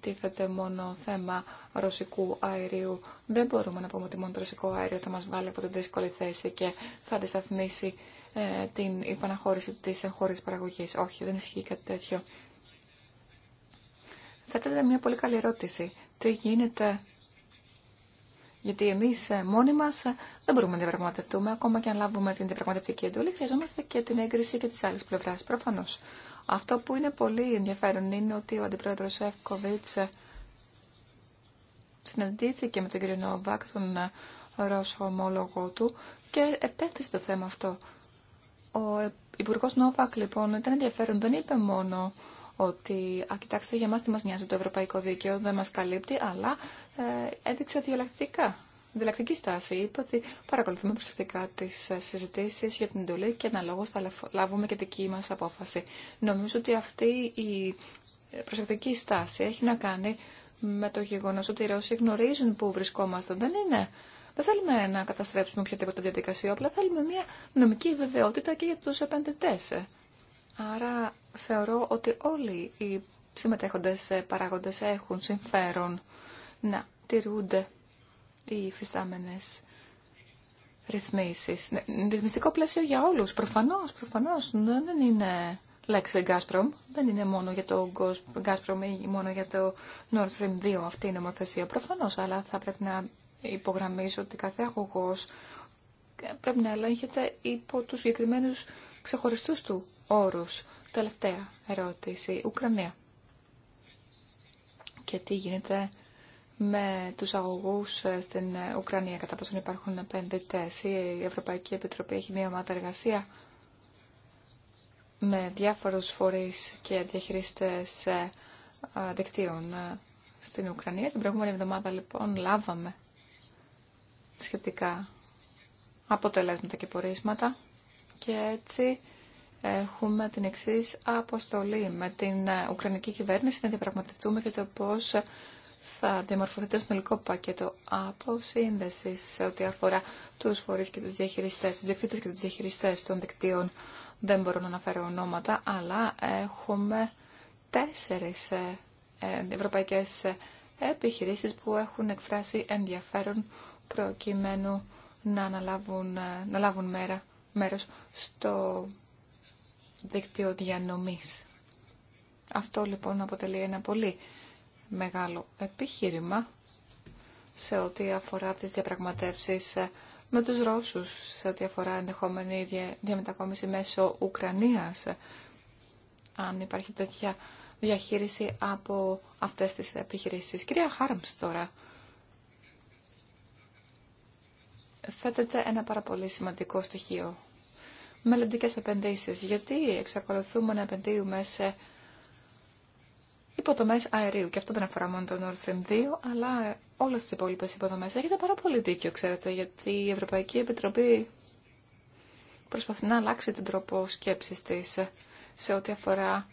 τίθεται μόνο θέμα ρωσικού αερίου. Δεν μπορούμε να πούμε ότι μόνο το ρωσικό αέριο θα μας βάλει από την δύσκολη θέση και θα αντισταθμίσει ε, την υπαναχώρηση της εγχώριας παραγωγής. Όχι, δεν ισχύει κάτι τέτοιο. Θέτεται μια πολύ καλή ερώτηση. Τι γίνεται γιατί εμεί ε, μόνοι μα ε, δεν μπορούμε να διαπραγματευτούμε. Ακόμα και αν λάβουμε την διαπραγματευτική εντολή, χρειαζόμαστε και την έγκριση και τη άλλη πλευρά. Προφανώ. Αυτό που είναι πολύ ενδιαφέρον είναι ότι ο αντιπρόεδρο Εύκοβιτ ε, συναντήθηκε με τον κύριο Νόβακ, τον Ρώσο ομόλογο του, και επέθεσε το θέμα αυτό. Ο Υπουργό Νόβακ, λοιπόν, ήταν ενδιαφέρον. Δεν είπε μόνο ότι «Α, κοιτάξτε, για μας τι μας νοιάζει το ευρωπαϊκό δίκαιο, δεν μας καλύπτει», αλλά ε, έδειξε διαλλακτικά. Διαλλακτική στάση είπε ότι παρακολουθούμε προσεκτικά τι ε, συζητήσει για την εντολή και αναλόγω θα λάβουμε και δική μα απόφαση. Νομίζω ότι αυτή η ε, προσεκτική στάση έχει να κάνει με το γεγονό ότι οι Ρώσοι γνωρίζουν πού βρισκόμαστε. Δεν είναι. Δεν θέλουμε να καταστρέψουμε οποιαδήποτε διαδικασία, απλά θέλουμε μια νομική βεβαιότητα και για του επενδυτέ. Άρα θεωρώ ότι όλοι οι συμμετέχοντες παράγοντες έχουν συμφέρον να τηρούνται οι υφιστάμενες ρυθμίσεις. Ναι, ρυθμιστικό πλαίσιο για όλους, προφανώς, προφανώς. Ναι, δεν είναι λέξη Gazprom, δεν είναι μόνο για το Gazprom ή μόνο για το Nord Stream 2 αυτή η νομοθεσία, προφανώς, αλλά θα πρέπει να υπογραμμίσω ότι κάθε αγωγός πρέπει να ελέγχεται υπό τους συγκεκριμένου ξεχωριστούς του όρους. Τελευταία ερώτηση. Ουκρανία. Και τι γίνεται με τους αγωγούς ε, στην ε, Ουκρανία, κατά πόσον υπάρχουν επενδυτές. Η Ευρωπαϊκή Επιτροπή έχει μια ομάδα εργασία με διάφορους φορείς και διαχειριστές ε, δικτύων στην Ουκρανία. Την προηγούμενη εβδομάδα λοιπόν λάβαμε σχετικά αποτελέσματα και πορίσματα και έτσι έχουμε την εξή αποστολή με την ε, Ουκρανική κυβέρνηση να διαπραγματευτούμε για το πώ θα διαμορφωθεί το συνολικό πακέτο αποσύνδεση σε ό,τι αφορά του φορεί και του διαχειριστέ, του και του διαχειριστέ των δικτύων. Δεν μπορώ να αναφέρω ονόματα, αλλά έχουμε τέσσερι ε, ε, ευρωπαϊκέ επιχειρήσει που έχουν εκφράσει ενδιαφέρον προκειμένου να αναλάβουν να λάβουν μέρα, μέρος στο δίκτυο διανομής. Αυτό λοιπόν αποτελεί ένα πολύ μεγάλο επιχείρημα σε ό,τι αφορά τις διαπραγματεύσεις με τους Ρώσους, σε ό,τι αφορά ενδεχόμενη διαμετακόμιση μέσω Ουκρανίας, αν υπάρχει τέτοια διαχείριση από αυτές τις επιχειρήσεις. Κυρία Χάρμς τώρα, θέτεται ένα πάρα πολύ σημαντικό στοιχείο μελλοντικές επενδύσεις. Γιατί εξακολουθούμε να επενδύουμε σε υποδομέ αερίου. Και αυτό δεν αφορά μόνο το Nord Stream 2, αλλά όλε τι υπόλοιπε υποδομέ Έχετε πάρα πολύ δίκιο, ξέρετε, γιατί η Ευρωπαϊκή Επιτροπή προσπαθεί να αλλάξει τον τρόπο σκέψης της σε ό,τι αφορά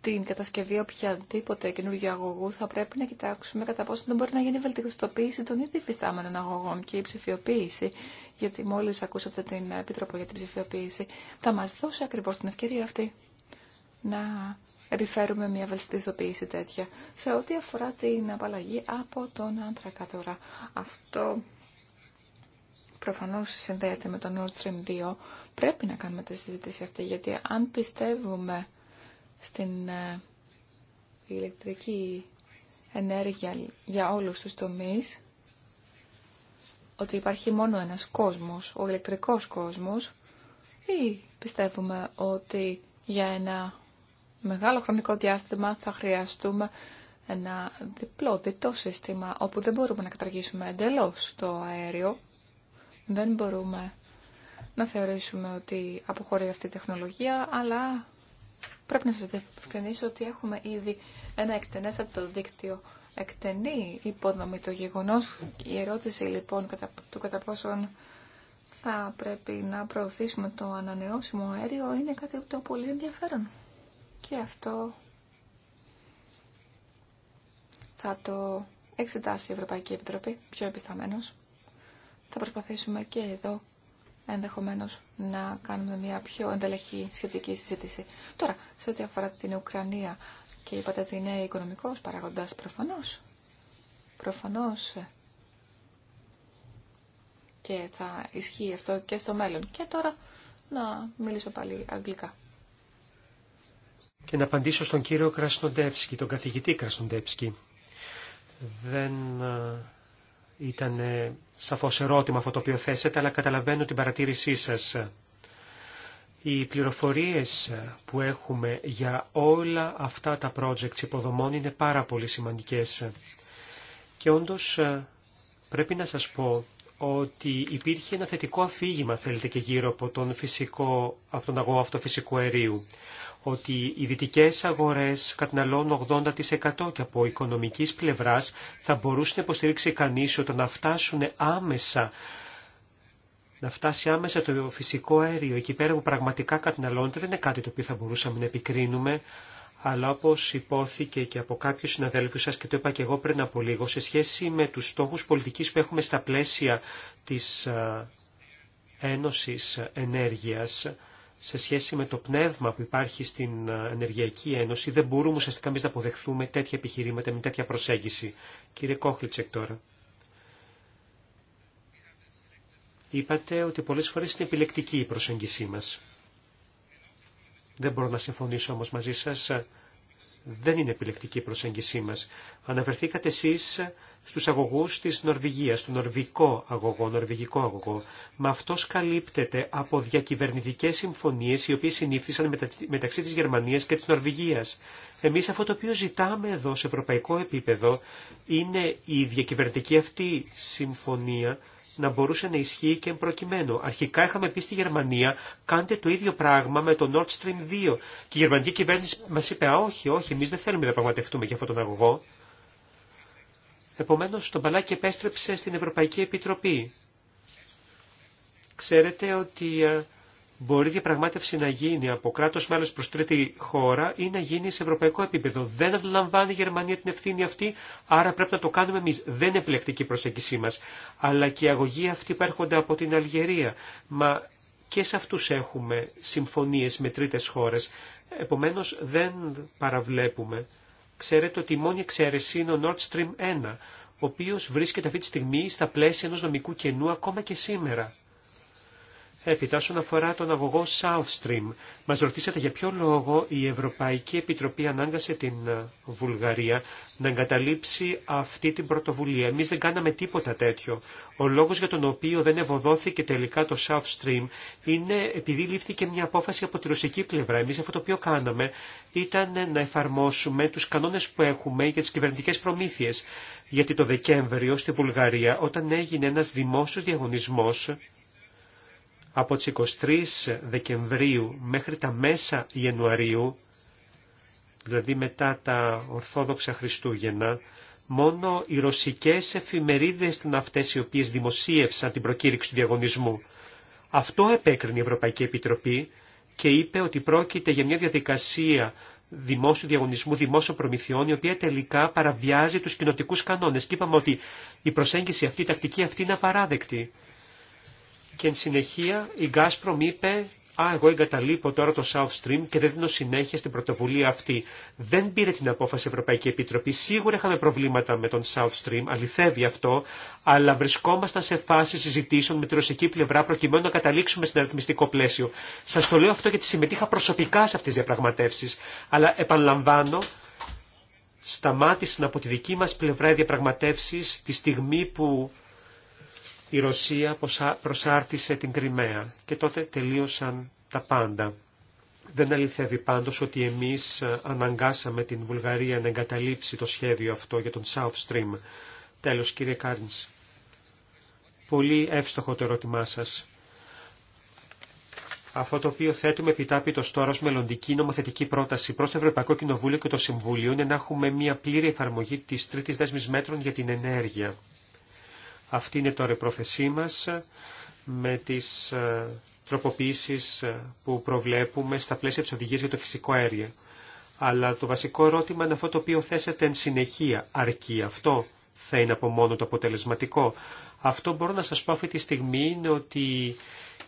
την κατασκευή οποιαδήποτε καινούργιου αγωγού θα πρέπει να κοιτάξουμε κατά πόσο δεν μπορεί να γίνει βελτιστοποίηση των ήδη φυστάμενων αγωγών και η ψηφιοποίηση, γιατί μόλι ακούσατε την Επίτροπο για την ψηφιοποίηση, θα μα δώσει ακριβώ την ευκαιρία αυτή να επιφέρουμε μια βελτιστοποίηση τέτοια σε ό,τι αφορά την απαλλαγή από τον άνθρακα τώρα. Αυτό προφανώς συνδέεται με τον Nord Stream 2. Πρέπει να κάνουμε τη συζήτηση αυτή, γιατί αν πιστεύουμε στην ε, ηλεκτρική ενέργεια για όλους τους τομείς, ότι υπάρχει μόνο ένας κόσμος, ο ηλεκτρικός κόσμος, ή πιστεύουμε ότι για ένα μεγάλο χρονικό διάστημα θα χρειαστούμε ένα διπλό, διτό σύστημα, όπου δεν μπορούμε να καταργήσουμε εντελώς το αέριο, δεν μπορούμε να θεωρήσουμε ότι αποχωρεί αυτή η τεχνολογία, αλλά Πρέπει να σας διευκρινίσω ότι έχουμε ήδη ένα εκτενέστατο δίκτυο εκτενή υποδομή το γεγονός. Η ερώτηση λοιπόν του κατά πόσον θα πρέπει να προωθήσουμε το ανανεώσιμο αέριο είναι κάτι το πολύ ενδιαφέρον. Και αυτό θα το εξετάσει η Ευρωπαϊκή Επιτροπή πιο επισταμένος. Θα προσπαθήσουμε και εδώ Ενδεχομένω να κάνουμε μια πιο εντελεχή σχετική συζήτηση. Τώρα, σε ό,τι αφορά την Ουκρανία και είπατε ότι είναι οικονομικό παραγοντά, προφανώ. Προφανώ. και θα ισχύει αυτό και στο μέλλον. Και τώρα να μιλήσω πάλι αγγλικά. Και να απαντήσω στον κύριο Κρασνοντεύσκη, τον καθηγητή Κρασνοντεύσκη. Δεν ε, ήταν ε, σαφώς ερώτημα αυτό το οποίο θέσατε, αλλά καταλαβαίνω την παρατήρησή σας. Οι πληροφορίες που έχουμε για όλα αυτά τα projects υποδομών είναι πάρα πολύ σημαντικές. Και όντως ε, πρέπει να σας πω ότι υπήρχε ένα θετικό αφήγημα, θέλετε, και γύρω από τον, φυσικό, από τον αγώνα αυτό φυσικού αερίου. Ότι οι δυτικέ αγορέ καταναλώνουν 80% και από οικονομική πλευρά θα μπορούσε να υποστηρίξει κανεί ότι να φτάσουν άμεσα να φτάσει άμεσα το φυσικό αέριο εκεί πέρα που πραγματικά καταναλώνεται δεν είναι κάτι το οποίο θα μπορούσαμε να επικρίνουμε αλλά όπως υπόθηκε και από κάποιους συναδέλφους σας και το είπα και εγώ πριν από λίγο, σε σχέση με τους στόχους πολιτικής που έχουμε στα πλαίσια της Ένωσης Ενέργειας, σε σχέση με το πνεύμα που υπάρχει στην Ενεργειακή Ένωση, δεν μπορούμε ουσιαστικά εμεί να αποδεχθούμε τέτοια επιχειρήματα με τέτοια προσέγγιση. Κύριε Κόχλιτσεκ τώρα. Είπατε ότι πολλές φορές είναι επιλεκτική η προσέγγισή μας. Δεν μπορώ να συμφωνήσω όμως μαζί σας. Δεν είναι επιλεκτική η προσέγγισή μας. Αναφερθήκατε εσείς στους αγωγούς της Νορβηγίας, του νορβικό αγωγό, νορβηγικό αγωγό. Μα αυτός καλύπτεται από διακυβερνητικές συμφωνίες οι οποίες συνήφθησαν μεταξύ της Γερμανίας και της Νορβηγίας. Εμείς αυτό το οποίο ζητάμε εδώ σε ευρωπαϊκό επίπεδο είναι η διακυβερνητική αυτή συμφωνία να μπορούσε να ισχύει και προκειμένου. Αρχικά είχαμε πει στη Γερμανία κάντε το ίδιο πράγμα με το Nord Stream 2 και η γερμανική κυβέρνηση μα είπε α, όχι, όχι, εμεί δεν θέλουμε να πραγματευτούμε για αυτόν τον αγωγό. Επομένως το μπαλάκι επέστρεψε στην Ευρωπαϊκή Επιτροπή. Ξέρετε ότι ε, μπορεί διαπραγμάτευση να γίνει από κράτος μέλος προς τρίτη χώρα ή να γίνει σε ευρωπαϊκό επίπεδο. Δεν αντιλαμβάνει η Γερμανία την ευθύνη αυτή, άρα πρέπει να το κάνουμε εμείς. Δεν είναι επιλεκτική προσέγγισή μας. Αλλά και οι αγωγοί αυτοί που έρχονται από την Αλγερία. Μα και σε αυτούς έχουμε συμφωνίες με τρίτες χώρες. Επομένως δεν παραβλέπουμε. Ξέρετε ότι η μόνη εξαίρεση είναι ο Nord Stream 1, ο οποίος βρίσκεται αυτή τη στιγμή στα πλαίσια ενός νομικού κενού ακόμα και σήμερα. Έπειτα, όσον αφορά τον αγωγό South Stream, μας ρωτήσατε για ποιο λόγο η Ευρωπαϊκή Επιτροπή ανάγκασε την ε, Βουλγαρία να εγκαταλείψει αυτή την πρωτοβουλία. Εμείς δεν κάναμε τίποτα τέτοιο. Ο λόγος για τον οποίο δεν ευωδόθηκε τελικά το South Stream είναι επειδή λήφθηκε μια απόφαση από τη ρωσική πλευρά. Εμείς αυτό το οποίο κάναμε ήταν να εφαρμόσουμε τους κανόνες που έχουμε για τις κυβερνητικές προμήθειες. Γιατί το Δεκέμβριο στη Βουλγαρία, όταν έγινε ένας δημόσιο διαγωνισμό από τις 23 Δεκεμβρίου μέχρι τα μέσα Ιανουαρίου, δηλαδή μετά τα Ορθόδοξα Χριστούγεννα, μόνο οι ρωσικές εφημερίδες ήταν αυτές οι οποίες δημοσίευσαν την προκήρυξη του διαγωνισμού. Αυτό επέκρινε η Ευρωπαϊκή Επιτροπή και είπε ότι πρόκειται για μια διαδικασία δημόσιου διαγωνισμού, δημόσιων προμηθειών, η οποία τελικά παραβιάζει τους κοινοτικούς κανόνες. Και είπαμε ότι η προσέγγιση αυτή, η τακτική αυτή είναι απαράδεκτη και εν συνεχεία η Gazprom είπε «Α, εγώ εγκαταλείπω τώρα το South Stream και δεν δίνω συνέχεια στην πρωτοβουλία αυτή». Δεν πήρε την απόφαση η Ευρωπαϊκή Επιτροπή. Σίγουρα είχαμε προβλήματα με τον South Stream, αληθεύει αυτό, αλλά βρισκόμασταν σε φάση συζητήσεων με τη ρωσική πλευρά προκειμένου να καταλήξουμε στην αριθμιστικό πλαίσιο. Σας το λέω αυτό γιατί συμμετείχα προσωπικά σε αυτές τις διαπραγματεύσεις. Αλλά επαναλαμβάνω, σταμάτησαν από τη δική μας πλευρά οι διαπραγματεύσεις τη στιγμή που η Ρωσία προσάρτησε την Κρυμαία και τότε τελείωσαν τα πάντα. Δεν αληθεύει πάντως ότι εμείς ε, αναγκάσαμε την Βουλγαρία να εγκαταλείψει το σχέδιο αυτό για τον South Stream. Τέλος κύριε Κάρντς. Πολύ εύστοχο το ερώτημά σας. Αυτό το οποίο θέτουμε επιτάπητο τώρα ως μελλοντική νομοθετική πρόταση προς το Ευρωπαϊκό Κοινοβούλιο και το Συμβούλιο είναι να έχουμε μια πλήρη εφαρμογή της τρίτης δέσμης μέτρων για την ενέργεια. Αυτή είναι τώρα η πρόθεσή μας με τις ε, τροποποιήσεις ε, που προβλέπουμε στα πλαίσια της οδηγίας για το φυσικό αέριο. Αλλά το βασικό ερώτημα είναι αυτό το οποίο θέσετε εν συνεχεία. Αρκεί αυτό θα είναι από μόνο το αποτελεσματικό. Αυτό μπορώ να σας πω αυτή τη στιγμή είναι ότι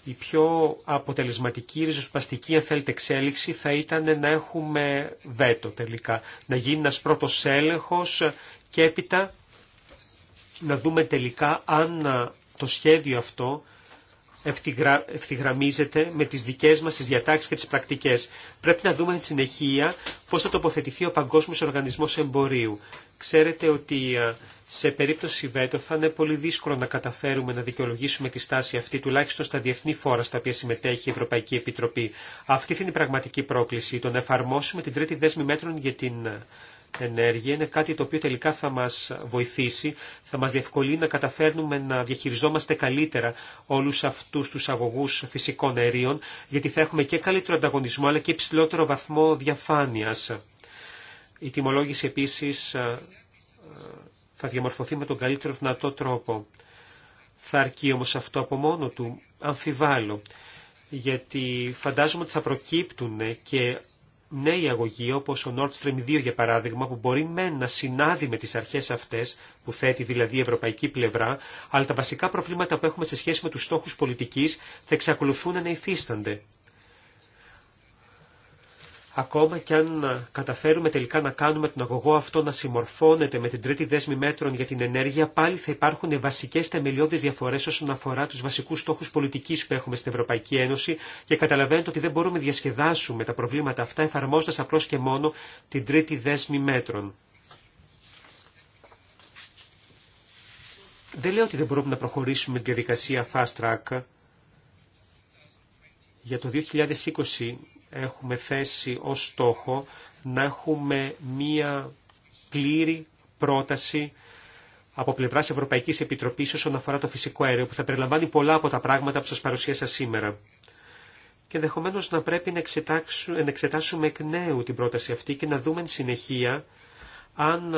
η πιο αποτελεσματική ριζοσπαστική αν θέλετε εξέλιξη θα ήταν να έχουμε βέτο τελικά. Να γίνει ένας πρώτος έλεγχος και έπειτα να δούμε τελικά αν το σχέδιο αυτό ευθυγραμμίζεται με τις δικές μας τις διατάξεις και τις πρακτικές. Πρέπει να δούμε τη συνεχεία πώς θα τοποθετηθεί ο Παγκόσμιος Οργανισμός Εμπορίου. Ξέρετε ότι σε περίπτωση βέτο θα είναι πολύ δύσκολο να καταφέρουμε να δικαιολογήσουμε τη στάση αυτή, τουλάχιστον στα διεθνή φόρα στα οποία συμμετέχει η Ευρωπαϊκή Επιτροπή. Αυτή θα είναι η πραγματική πρόκληση, το να εφαρμόσουμε την τρίτη δέσμη μέτρων για την ενέργεια είναι κάτι το οποίο τελικά θα μας βοηθήσει, θα μας διευκολύνει να καταφέρνουμε να διαχειριζόμαστε καλύτερα όλους αυτούς τους αγωγούς φυσικών αερίων, γιατί θα έχουμε και καλύτερο ανταγωνισμό αλλά και υψηλότερο βαθμό διαφάνειας. Η τιμολόγηση επίσης ε, θα διαμορφωθεί με τον καλύτερο δυνατό τρόπο. Θα αρκεί όμως αυτό από μόνο του, αμφιβάλλω, γιατί φαντάζομαι ότι θα προκύπτουν και νέοι αγωγοί όπως ο Nord Stream 2 για παράδειγμα που μπορεί μεν να συνάδει με τις αρχές αυτές που θέτει δηλαδή η ευρωπαϊκή πλευρά αλλά τα βασικά προβλήματα που έχουμε σε σχέση με τους στόχους πολιτικής θα εξακολουθούν να υφίστανται ακόμα και αν καταφέρουμε τελικά να κάνουμε τον αγωγό αυτό να συμμορφώνεται με την τρίτη δέσμη μέτρων για την ενέργεια, πάλι θα υπάρχουν βασικές θεμελιώδεις διαφορές όσον αφορά τους βασικούς στόχους πολιτικής που έχουμε στην Ευρωπαϊκή Ένωση και καταλαβαίνετε ότι δεν μπορούμε να διασκεδάσουμε τα προβλήματα αυτά εφαρμόζοντας απλώς και μόνο την τρίτη δέσμη μέτρων. Δεν λέω ότι δεν μπορούμε να προχωρήσουμε τη διαδικασία fast track. Για το 2020 έχουμε θέσει ως στόχο να έχουμε μία πλήρη πρόταση από πλευράς Ευρωπαϊκής Επιτροπής όσον αφορά το φυσικό αέριο που θα περιλαμβάνει πολλά από τα πράγματα που σας παρουσίασα σήμερα. Και ενδεχομένω να πρέπει να, να εξετάσουμε εκ νέου την πρόταση αυτή και να δούμε εν συνεχεία αν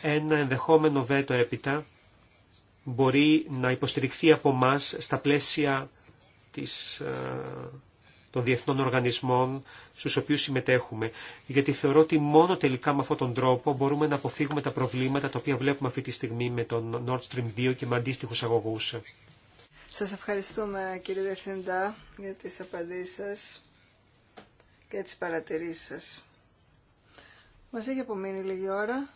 ε, ένα ενδεχόμενο βέτο έπειτα μπορεί να υποστηριχθεί από μας στα πλαίσια της ε, των διεθνών οργανισμών στους οποίους συμμετέχουμε, γιατί θεωρώ ότι μόνο τελικά με αυτόν τον τρόπο μπορούμε να αποφύγουμε τα προβλήματα τα οποία βλέπουμε αυτή τη στιγμή με τον Nord Stream 2 και με αντίστοιχους αγωγούς. Σας ευχαριστούμε κύριε Διευθυντά για τις απαντήσεις σας και τις παρατηρήσεις σας. Μας έχει απομείνει λίγη ώρα.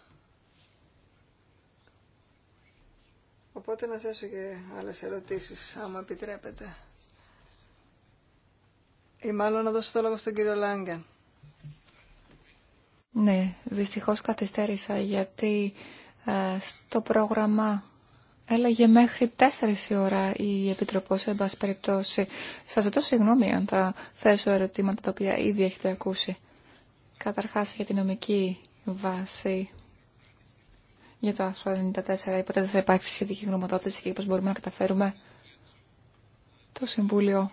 Οπότε να θέσω και άλλες ερωτήσεις, άμα επιτρέπετε. Ή μάλλον να δώσω το λόγο στον κύριο Λάγκεν. Ναι, δυστυχώς καθυστέρησα γιατί ε, στο πρόγραμμα έλεγε μέχρι 4 η ώρα η επιτροπη σε πάση περιπτώσει. Σας ζητώ συγγνώμη αν θα θέσω ερωτήματα τα οποία ήδη έχετε ακούσει. Καταρχάς για την νομική βάση για το άρθρο 94, δεν θα υπάρξει σχετική γνωμοδότηση και πώς μπορούμε να καταφέρουμε το Συμβούλιο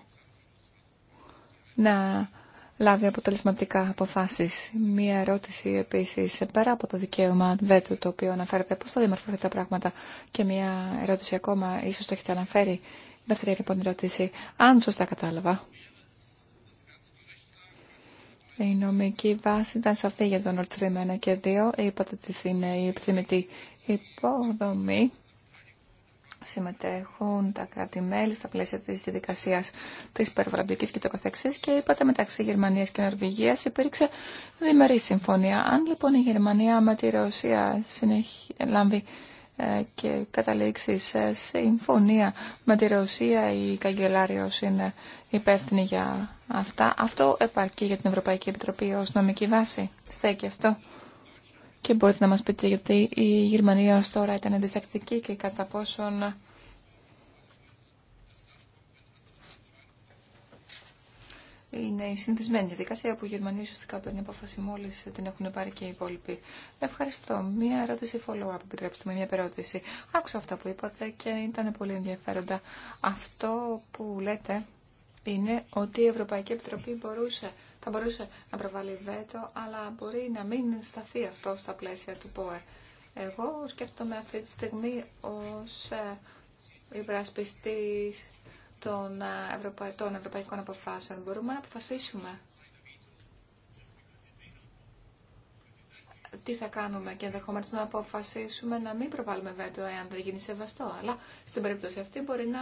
να λάβει αποτελεσματικά αποφάσεις. Μία ερώτηση επίσης, πέρα από το δικαίωμα βέτου το οποίο αναφέρεται, πώς θα διαμορφωθεί τα πράγματα. Και μία ερώτηση ακόμα, ίσως το έχετε αναφέρει, δεύτερη λοιπόν ερώτηση, αν σωστά κατάλαβα. Η νομική βάση ήταν σαφή για τον Nord 1 και δύο Είπατε ότι είναι η επιθυμητή υποδομή συμμετέχουν τα κράτη-μέλη στα πλαίσια της διαδικασία της περιβαλλοντικής και το καθεξής και είπατε μεταξύ Γερμανίας και Νορβηγίας υπήρξε διμερή συμφωνία. Αν λοιπόν η Γερμανία με τη Ρωσία συνεχί... λάμβει ε, και καταλήξει σε συμφωνία με τη Ρωσία η καγκελάριος είναι υπεύθυνη για αυτά. Αυτό επαρκεί για την Ευρωπαϊκή Επιτροπή ως νομική βάση. Στέκει αυτό. Και μπορείτε να μας πείτε γιατί η Γερμανία ως τώρα ήταν αντιστακτική και κατά πόσον είναι η συνδυσμένη διαδικασία που η Γερμανία ουσιαστικά παίρνει απόφαση μόλι την έχουν πάρει και οι υπόλοιποι. Ευχαριστώ. Μία ερώτηση follow-up, επιτρέψτε με μία περώτηση. Άκουσα αυτά που είπατε και ήταν πολύ ενδιαφέροντα. Αυτό που λέτε είναι ότι η Ευρωπαϊκή Επιτροπή μπορούσε θα μπορούσε να προβάλλει βέτο, αλλά μπορεί να μην σταθεί αυτό στα πλαίσια του ΠΟΕ. Εγώ σκέφτομαι αυτή τη στιγμή ως ε, υπερασπιστής των, ε, των ευρωπαϊκών αποφάσεων. Μπορούμε να αποφασίσουμε τι θα κάνουμε και ενδεχομένω να αποφασίσουμε να μην προβάλλουμε βέτο εάν δεν γίνει σεβαστό. Αλλά στην περίπτωση αυτή μπορεί να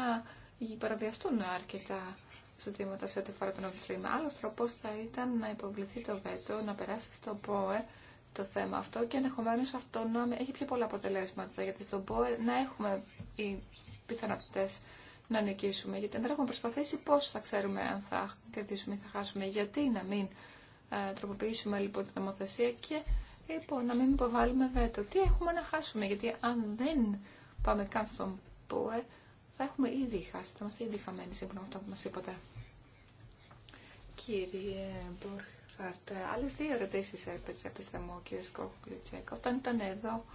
παραβιαστούν αρκετά ζητήματα σε ό,τι αφορά τον upstream. Άλλο τρόπο θα ήταν να υποβληθεί το βέτο, να περάσει στο ΠΟΕ το θέμα αυτό και ενδεχομένω αυτό να έχει πιο πολλά αποτελέσματα. Γιατί στον ΠΟΕ να έχουμε οι πιθανότητε να νικήσουμε. Γιατί αν δεν έχουμε προσπαθήσει, πώ θα ξέρουμε αν θα κερδίσουμε ή θα χάσουμε. Γιατί να μην ε, τροποποιήσουμε λοιπόν την νομοθεσία και λοιπόν, να μην υποβάλουμε βέτο. Τι έχουμε να χάσουμε, γιατί αν δεν πάμε καν στον ΠΟΕ, θα έχουμε ήδη χάσει, θα είμαστε ήδη χαμένοι σύμφωνα με αυτό που μας είπατε. Κύριε Μπορχαρτ, άλλες δύο ερωτήσεις επιτρέπεστε μου, κύριε Σκόχκλητσέκ. Όταν ήταν εδώ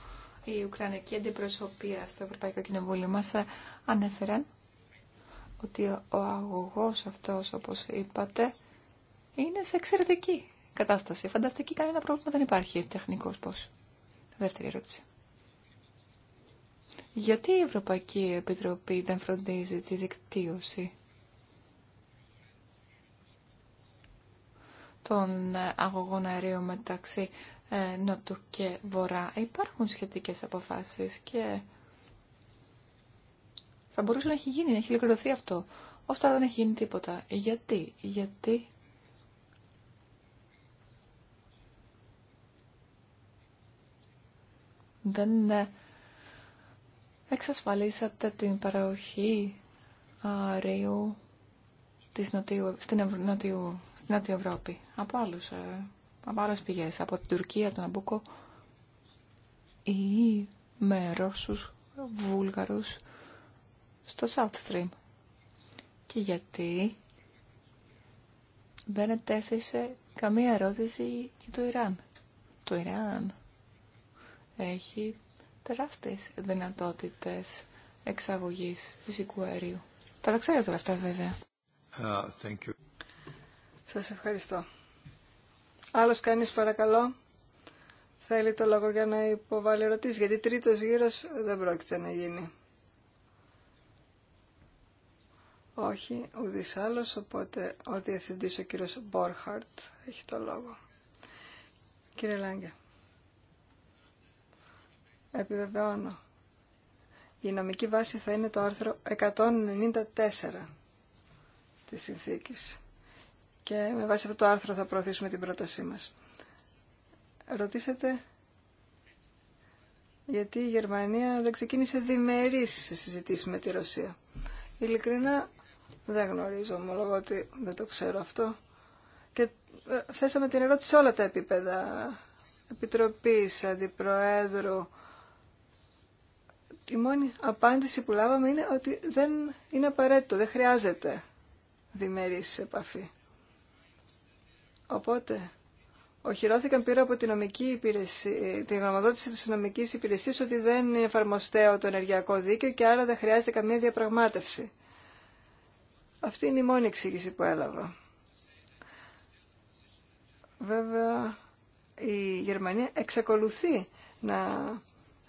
η Ουκρανική Αντιπροσωπεία στο Ευρωπαϊκό Κοινοβούλιο μας ε, ανέφεραν ότι ο αγωγός αυτός, όπως είπατε, είναι σε εξαιρετική κατάσταση. Φανταστική, κανένα πρόβλημα δεν υπάρχει τεχνικός πώς. Δεύτερη ερώτηση. Γιατί η Ευρωπαϊκή Επιτροπή δεν φροντίζει τη δικτύωση των αγωγών αερίων μεταξύ ε, Νότου και Βορρά. Υπάρχουν σχετικές αποφάσεις και θα μπορούσε να έχει γίνει, να έχει ολοκληρωθεί αυτό. Ωστόσο δεν έχει γίνει τίποτα. Γιατί, γιατί δεν ε, εξασφαλίσατε την παροχή αερίου της στην, στην Νότια Ευρώπη από, άλλους, ε, από πηγές, από την Τουρκία, τον Αμπούκο ή με Ρώσους, Βούλγαρους στο South Stream. Και γιατί δεν ετέθησε καμία ερώτηση για το Ιράν. Το Ιράν έχει τεράστιες δυνατότητες εξαγωγής φυσικού αερίου. Τα τα ξέρετε όλα αυτά βέβαια. Uh, Σας ευχαριστώ. Άλλος κανείς παρακαλώ θέλει το λόγο για να υποβάλει ερωτήσεις, γιατί τρίτος γύρος δεν πρόκειται να γίνει. Όχι, ουδής άλλος, οπότε ο διευθυντής ο κύριος Μπόρχαρτ έχει το λόγο. Κύριε Λάγκε. Επιβεβαιώνω. Η νομική βάση θα είναι το άρθρο 194 της συνθήκης. Και με βάση αυτό το άρθρο θα προωθήσουμε την πρότασή μας. Ρωτήσατε γιατί η Γερμανία δεν ξεκίνησε διμερείς συζητήσεις με τη Ρωσία. Ειλικρινά δεν γνωρίζω, ομολογώ ότι δεν το ξέρω αυτό. Και ε, θέσαμε την ερώτηση σε όλα τα επίπεδα. Επιτροπής, Αντιπροέδρου, η μόνη απάντηση που λάβαμε είναι ότι δεν είναι απαραίτητο, δεν χρειάζεται διμερής επαφή. Οπότε, οχυρώθηκαν πήρα από τη, νομική υπηρεσία, τη γνωμοδότηση της νομικής υπηρεσίας ότι δεν είναι εφαρμοστέο το ενεργειακό δίκαιο και άρα δεν χρειάζεται καμία διαπραγμάτευση. Αυτή είναι η μόνη εξήγηση που έλαβα. Βέβαια, η Γερμανία εξακολουθεί να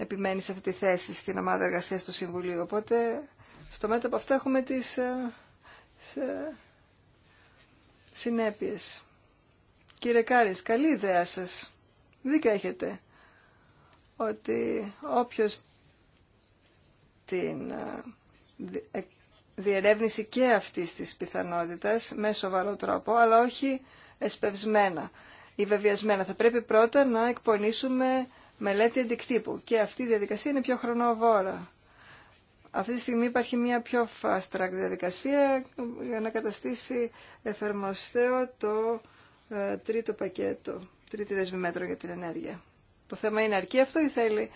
επιμένει σε αυτή τη θέση στην ομάδα εργασία του Συμβουλίου. Οπότε στο μέτωπο αυτό έχουμε τις ε, συνέπειες. Κύριε Κάρης, καλή ιδέα σα Δίκιο έχετε ότι όποιος την ε, ε, διερεύνηση και αυτή της πιθανότητας με σοβαρό τρόπο, αλλά όχι εσπευσμένα ή βεβαιασμένα. Θα πρέπει πρώτα να εκπονήσουμε μελέτη αντικτύπου και αυτή η διαδικασία είναι πιο χρονοβόρα. Αυτή τη στιγμή υπάρχει μια πιο fast track διαδικασία για να καταστήσει εφαρμοστέο το ε, τρίτο πακέτο, τρίτη δεσμή για την ενέργεια. Το θέμα είναι αρκεί αυτό ή θέλει,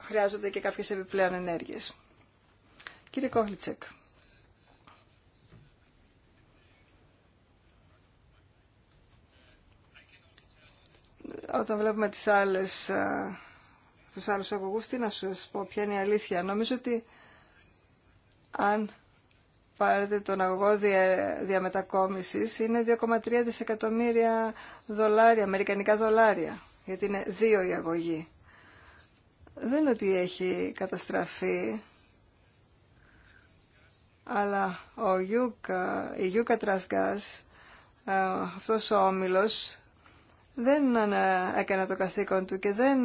χρειάζονται και κάποιες επιπλέον ενέργειες. Κύριε Κόχλιτσεκ, όταν βλέπουμε τις άλλες, τους άλλους αγωγούς, τι να σου πω, ποια είναι η αλήθεια. Νομίζω ότι αν πάρετε τον αγωγό δια, διαμετακόμισης, είναι 2,3 δισεκατομμύρια δολάρια, αμερικανικά δολάρια, γιατί είναι δύο η αγωγή. Δεν είναι ότι έχει καταστραφεί, αλλά ο Γιούκα, η Γιούκα Τρασγκάς, αυτός ο όμιλος, δεν έκανε το καθήκον του και δεν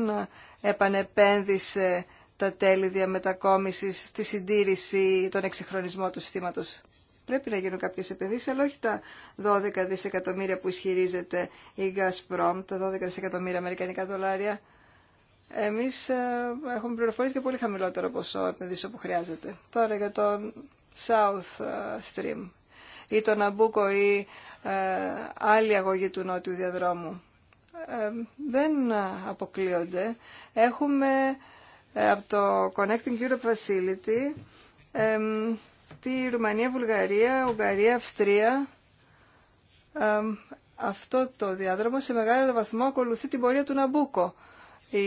επανεπένδυσε τα τέλη διαμετακόμισης στη συντήρηση, τον εξυγχρονισμό του συστήματος. Πρέπει να γίνουν κάποιες επενδύσεις, αλλά όχι τα 12 δισεκατομμύρια που ισχυρίζεται η Gazprom, τα 12 δισεκατομμύρια αμερικανικά δολάρια. Εμείς ε, έχουμε πληροφορίες για πολύ χαμηλότερο ποσό επενδύσεων που χρειάζεται. Τώρα για τον South ε, Stream ή τον Αμπούκο ή ε, άλλη αγωγή του νότιου διαδρόμου δεν αποκλείονται. Έχουμε ε, από το Connecting Europe Facility τη Ρουμανία, Βουλγαρία, Ουγγαρία, Αυστρία. Αυτό το διάδρομο σε μεγάλο βαθμό ακολουθεί την πορεία του Ναμπούκο η,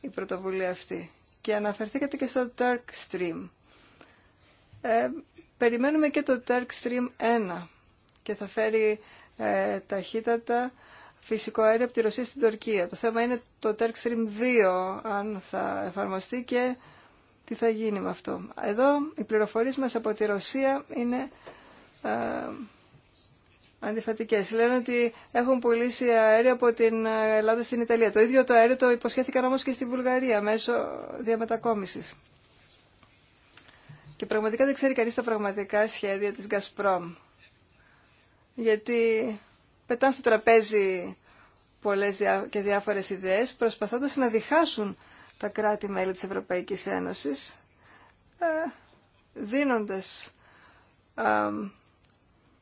η πρωτοβουλία αυτή. Και αναφερθήκατε και στο Turk Stream. περιμένουμε και το Turk Stream 1 και θα φέρει ε, ταχύτατα φυσικό αέριο από τη Ρωσία στην Τουρκία. Το θέμα είναι το Turk 2, αν θα εφαρμοστεί και τι θα γίνει με αυτό. Εδώ οι πληροφορίες μας από τη Ρωσία είναι ε, αντιφατικές. Λένε ότι έχουν πουλήσει αέριο από την Ελλάδα στην Ιταλία. Το ίδιο το αέριο το υποσχέθηκαν όμως και στην Βουλγαρία μέσω διαμετακόμισης. Και πραγματικά δεν ξέρει κανείς τα πραγματικά σχέδια της Gazprom. Γιατί πετάνε στο τραπέζι πολλές και διάφορες ιδέες, προσπαθώντας να διχάσουν τα κράτη-μέλη της Ευρωπαϊκής Ένωσης, ε, δίνοντας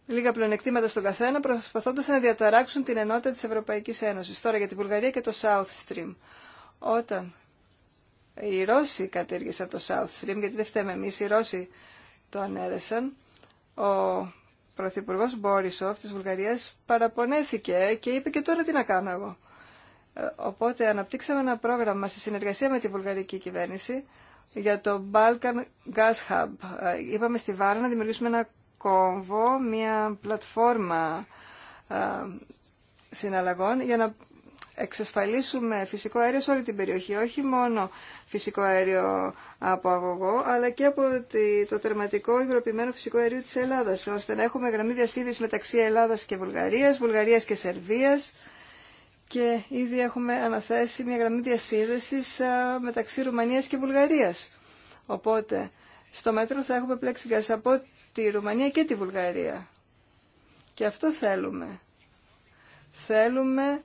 λίγα πλεονεκτήματα στον καθένα, προσπαθώντας να διαταράξουν την ενότητα της Ευρωπαϊκής Ένωσης. Τώρα για τη Βουλγαρία και το South Stream. Όταν οι Ρώσοι κατήργησαν το South Stream, γιατί δεν φταίμε εμείς, οι Ρώσοι το ανέρεσαν, ο Πρωθυπουργός Μπόρισοφ της Βουλγαρίας παραπονέθηκε και είπε και τώρα τι να κάνω εγώ. Ε, οπότε αναπτύξαμε ένα πρόγραμμα σε συνεργασία με τη βουλγαρική κυβέρνηση για το Balkan Gas Hub. Ε, είπαμε στη Βάρα να δημιουργήσουμε ένα κόμβο, μια πλατφόρμα ε, συναλλαγών για να εξασφαλίσουμε φυσικό αέριο σε όλη την περιοχή, όχι μόνο φυσικό αέριο από αγωγό, αλλά και από το τερματικό υγροποιημένο φυσικό αέριο της Ελλάδας, ώστε να έχουμε γραμμή διασύνδεση μεταξύ Ελλάδας και Βουλγαρίας, Βουλγαρίας και Σερβίας και ήδη έχουμε αναθέσει μια γραμμή διασύνδεσης μεταξύ Ρουμανίας και Βουλγαρίας. Οπότε, στο μέτρο θα έχουμε πλέξει γκάς από τη Ρουμανία και τη Βουλγαρία. Και αυτό θέλουμε. Θέλουμε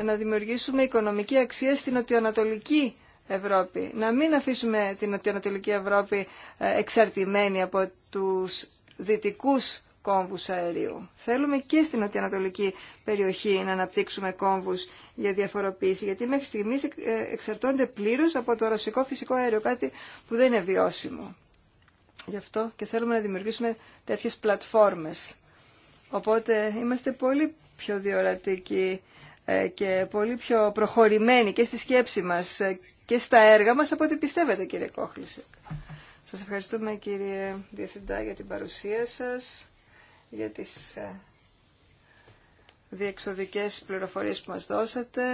να δημιουργήσουμε οικονομική αξία στην νοτιοανατολική Ευρώπη. Να μην αφήσουμε την νοτιοανατολική Ευρώπη ε, εξαρτημένη από τους δυτικούς κόμβους αερίου. Θέλουμε και στην νοτιοανατολική περιοχή να αναπτύξουμε κόμβους για διαφοροποίηση, γιατί μέχρι στιγμής ε, εξαρτώνται πλήρως από το ρωσικό φυσικό αέριο, κάτι που δεν είναι βιώσιμο. Γι' αυτό και θέλουμε να δημιουργήσουμε τέτοιες πλατφόρμες. Οπότε είμαστε πολύ πιο διορατικοί ε, και πολύ πιο προχωρημένοι και στη σκέψη μας ε, και στα έργα μας από ό,τι πιστεύετε κύριε Κόχλησεκ. Σας ευχαριστούμε κύριε Διευθυντά για την παρουσία σας, για τις ε, διεξοδικές πληροφορίες που μας δώσατε,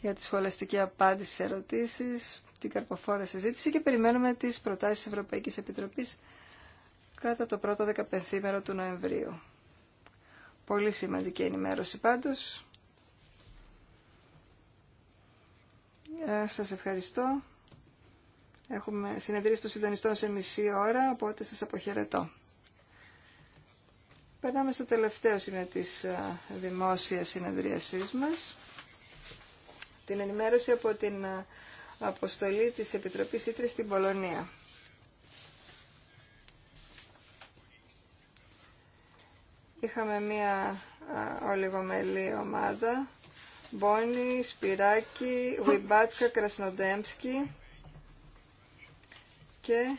για τη σχολαστική απάντηση σε ερωτήσεις, την καρποφόρα συζήτηση και περιμένουμε τις προτάσεις της Ευρωπαϊκής Επιτροπής κατά το πρώτο δεκαπενθήμερο του Νοεμβρίου. Πολύ σημαντική ενημέρωση πάντως. Ε, σας ευχαριστώ. Έχουμε συνεδρίσει των συντονιστών σε μισή ώρα, οπότε σας αποχαιρετώ. Περνάμε στο τελευταίο σημείο της ε, δημόσιας συνεδρίασής μας. Την ενημέρωση από την ε, αποστολή της Επιτροπής Ήτρες στην Πολωνία. Είχαμε μία ολιγομελή ομάδα. Μπόνι, Σπυράκη, Βιμπάτσκα, Κρασνοντέμσκι και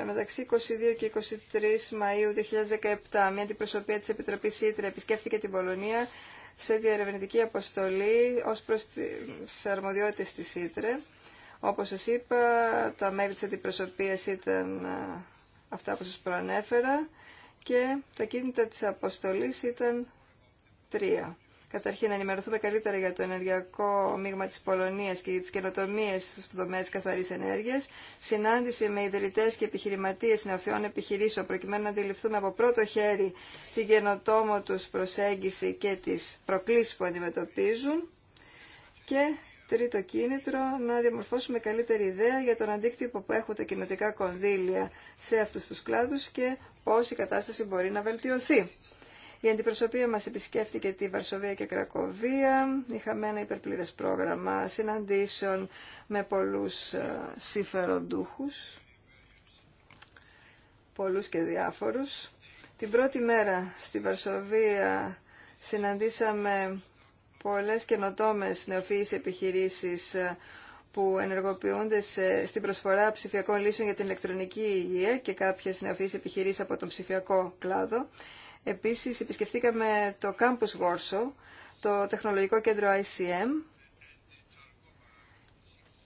ε, μεταξύ 22 και 23 Μαΐου 2017 μια αντιπροσωπεία της Επιτροπής Ήτρε επισκέφθηκε την Πολωνία σε διαρευνητική αποστολή ως προς τις αρμοδιότητες της Ήτρε. Όπως σας είπα, τα μέλη της αντιπροσωπείας ήταν ε, αυτά που σας προανέφερα και τα κίνητα της αποστολής ήταν τρία. Καταρχήν, να ενημερωθούμε καλύτερα για το ενεργειακό μείγμα τη Πολωνίας και για τις καινοτομίες στον τομέα τη καθαρής ενέργειας. Συνάντηση με ιδρυτές και επιχειρηματίες συναφιών επιχειρήσεων, προκειμένου να αντιληφθούμε από πρώτο χέρι την καινοτόμο του προσέγγιση και τι προκλήσει που αντιμετωπίζουν. Και τρίτο κίνητρο να διαμορφώσουμε καλύτερη ιδέα για τον αντίκτυπο που έχουν τα κοινοτικά κονδύλια σε αυτούς τους κλάδους και πώς η κατάσταση μπορεί να βελτιωθεί. Η αντιπροσωπεία μας επισκέφθηκε τη Βαρσοβία και Κρακοβία. Είχαμε ένα υπερπλήρες πρόγραμμα συναντήσεων με πολλούς ε, συμφεροντούχους, πολλούς και διάφορους. Την πρώτη μέρα στη Βαρσοβία συναντήσαμε πολλές καινοτόμες νεοφύης επιχειρήσεις ε, που ενεργοποιούνται σε, στην προσφορά ψηφιακών λύσεων για την ηλεκτρονική υγεία και κάποιες νεοφύης επιχειρήσεις από τον ψηφιακό κλάδο. Επίσης, επισκεφτήκαμε το Campus Warsaw, το τεχνολογικό κέντρο ICM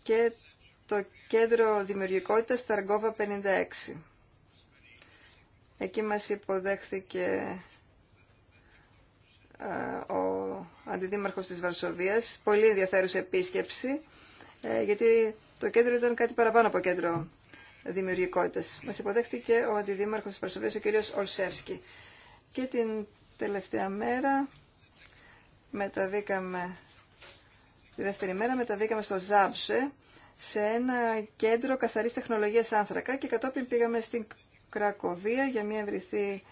και το κέντρο δημιουργικότητας Ταργόβα 56. Εκεί μας υποδέχθηκε ε, ο αντιδήμαρχος της Βαρσοβίας. Πολύ ενδιαφέρουσα επίσκεψη, ε, γιατί το κέντρο ήταν κάτι παραπάνω από κέντρο δημιουργικότητας. Μας υποδέχτηκε ο αντιδήμαρχος της Βαρσοβίας, ο κύριος Ολσεύσκη. Και την τελευταία μέρα μεταβήκαμε, τη δεύτερη μέρα μεταβήκαμε στο Ζάμψε, σε ένα κέντρο καθαρής τεχνολογίας άνθρακα και κατόπιν πήγαμε στην Κρακοβία για μια ευρυθή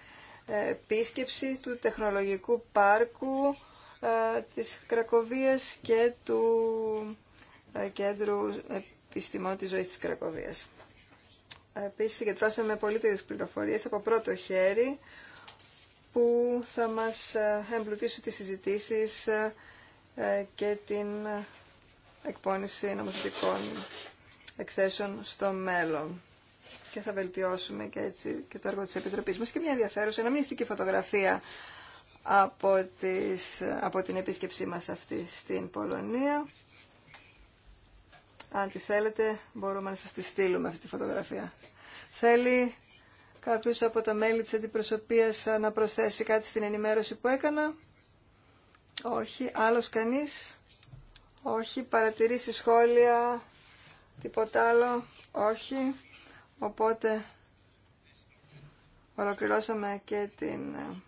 επίσκεψη του τεχνολογικού πάρκου ε, της Κρακοβίας και του ε, Κέντρου Επιστημών της Ζωής της Κρακοβίας. Επίσης συγκεντρώσαμε πολύτερες πληροφορίες από πρώτο χέρι που θα μας ε, εμπλουτίσουν τις συζητήσεις και την εκπόνηση νομοθετικών εκθέσεων στο μέλλον και θα βελτιώσουμε και έτσι και το έργο της Επιτροπής μας. Και μια ενδιαφέρουσα, ένα μυστική φωτογραφία από, τις, από την επίσκεψή μας αυτή στην Πολωνία. Αν τη θέλετε, μπορούμε να σας τη στείλουμε αυτή τη φωτογραφία. Θέλει κάποιος από τα μέλη της αντιπροσωπείας να προσθέσει κάτι στην ενημέρωση που έκανα. Όχι. Άλλος κανείς. Όχι. Παρατηρήσει σχόλια. Τίποτα άλλο. Όχι. Οπότε ολοκληρώσαμε και την ε,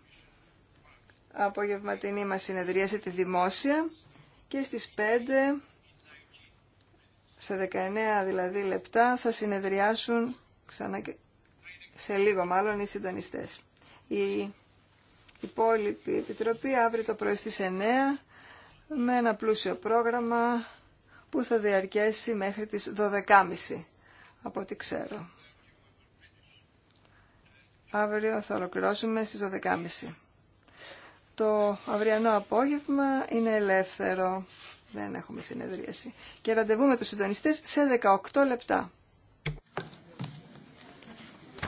απογευματινή μας συνεδρία σε τη δημόσια και στις 5 σε 19 δηλαδή λεπτά θα συνεδριάσουν ξανά και σε λίγο μάλλον οι συντονιστές. Η υπόλοιπη επιτροπή αύριο το πρωί στις 9 με ένα πλούσιο πρόγραμμα που θα διαρκέσει μέχρι τις 12.30 από ό,τι ξέρω. Αύριο θα ολοκληρώσουμε στις 12.30. Το αυριανό απόγευμα είναι ελεύθερο. Δεν έχουμε συνεδρίαση. Και ραντεβού με τους συντονιστές σε 18 λεπτά.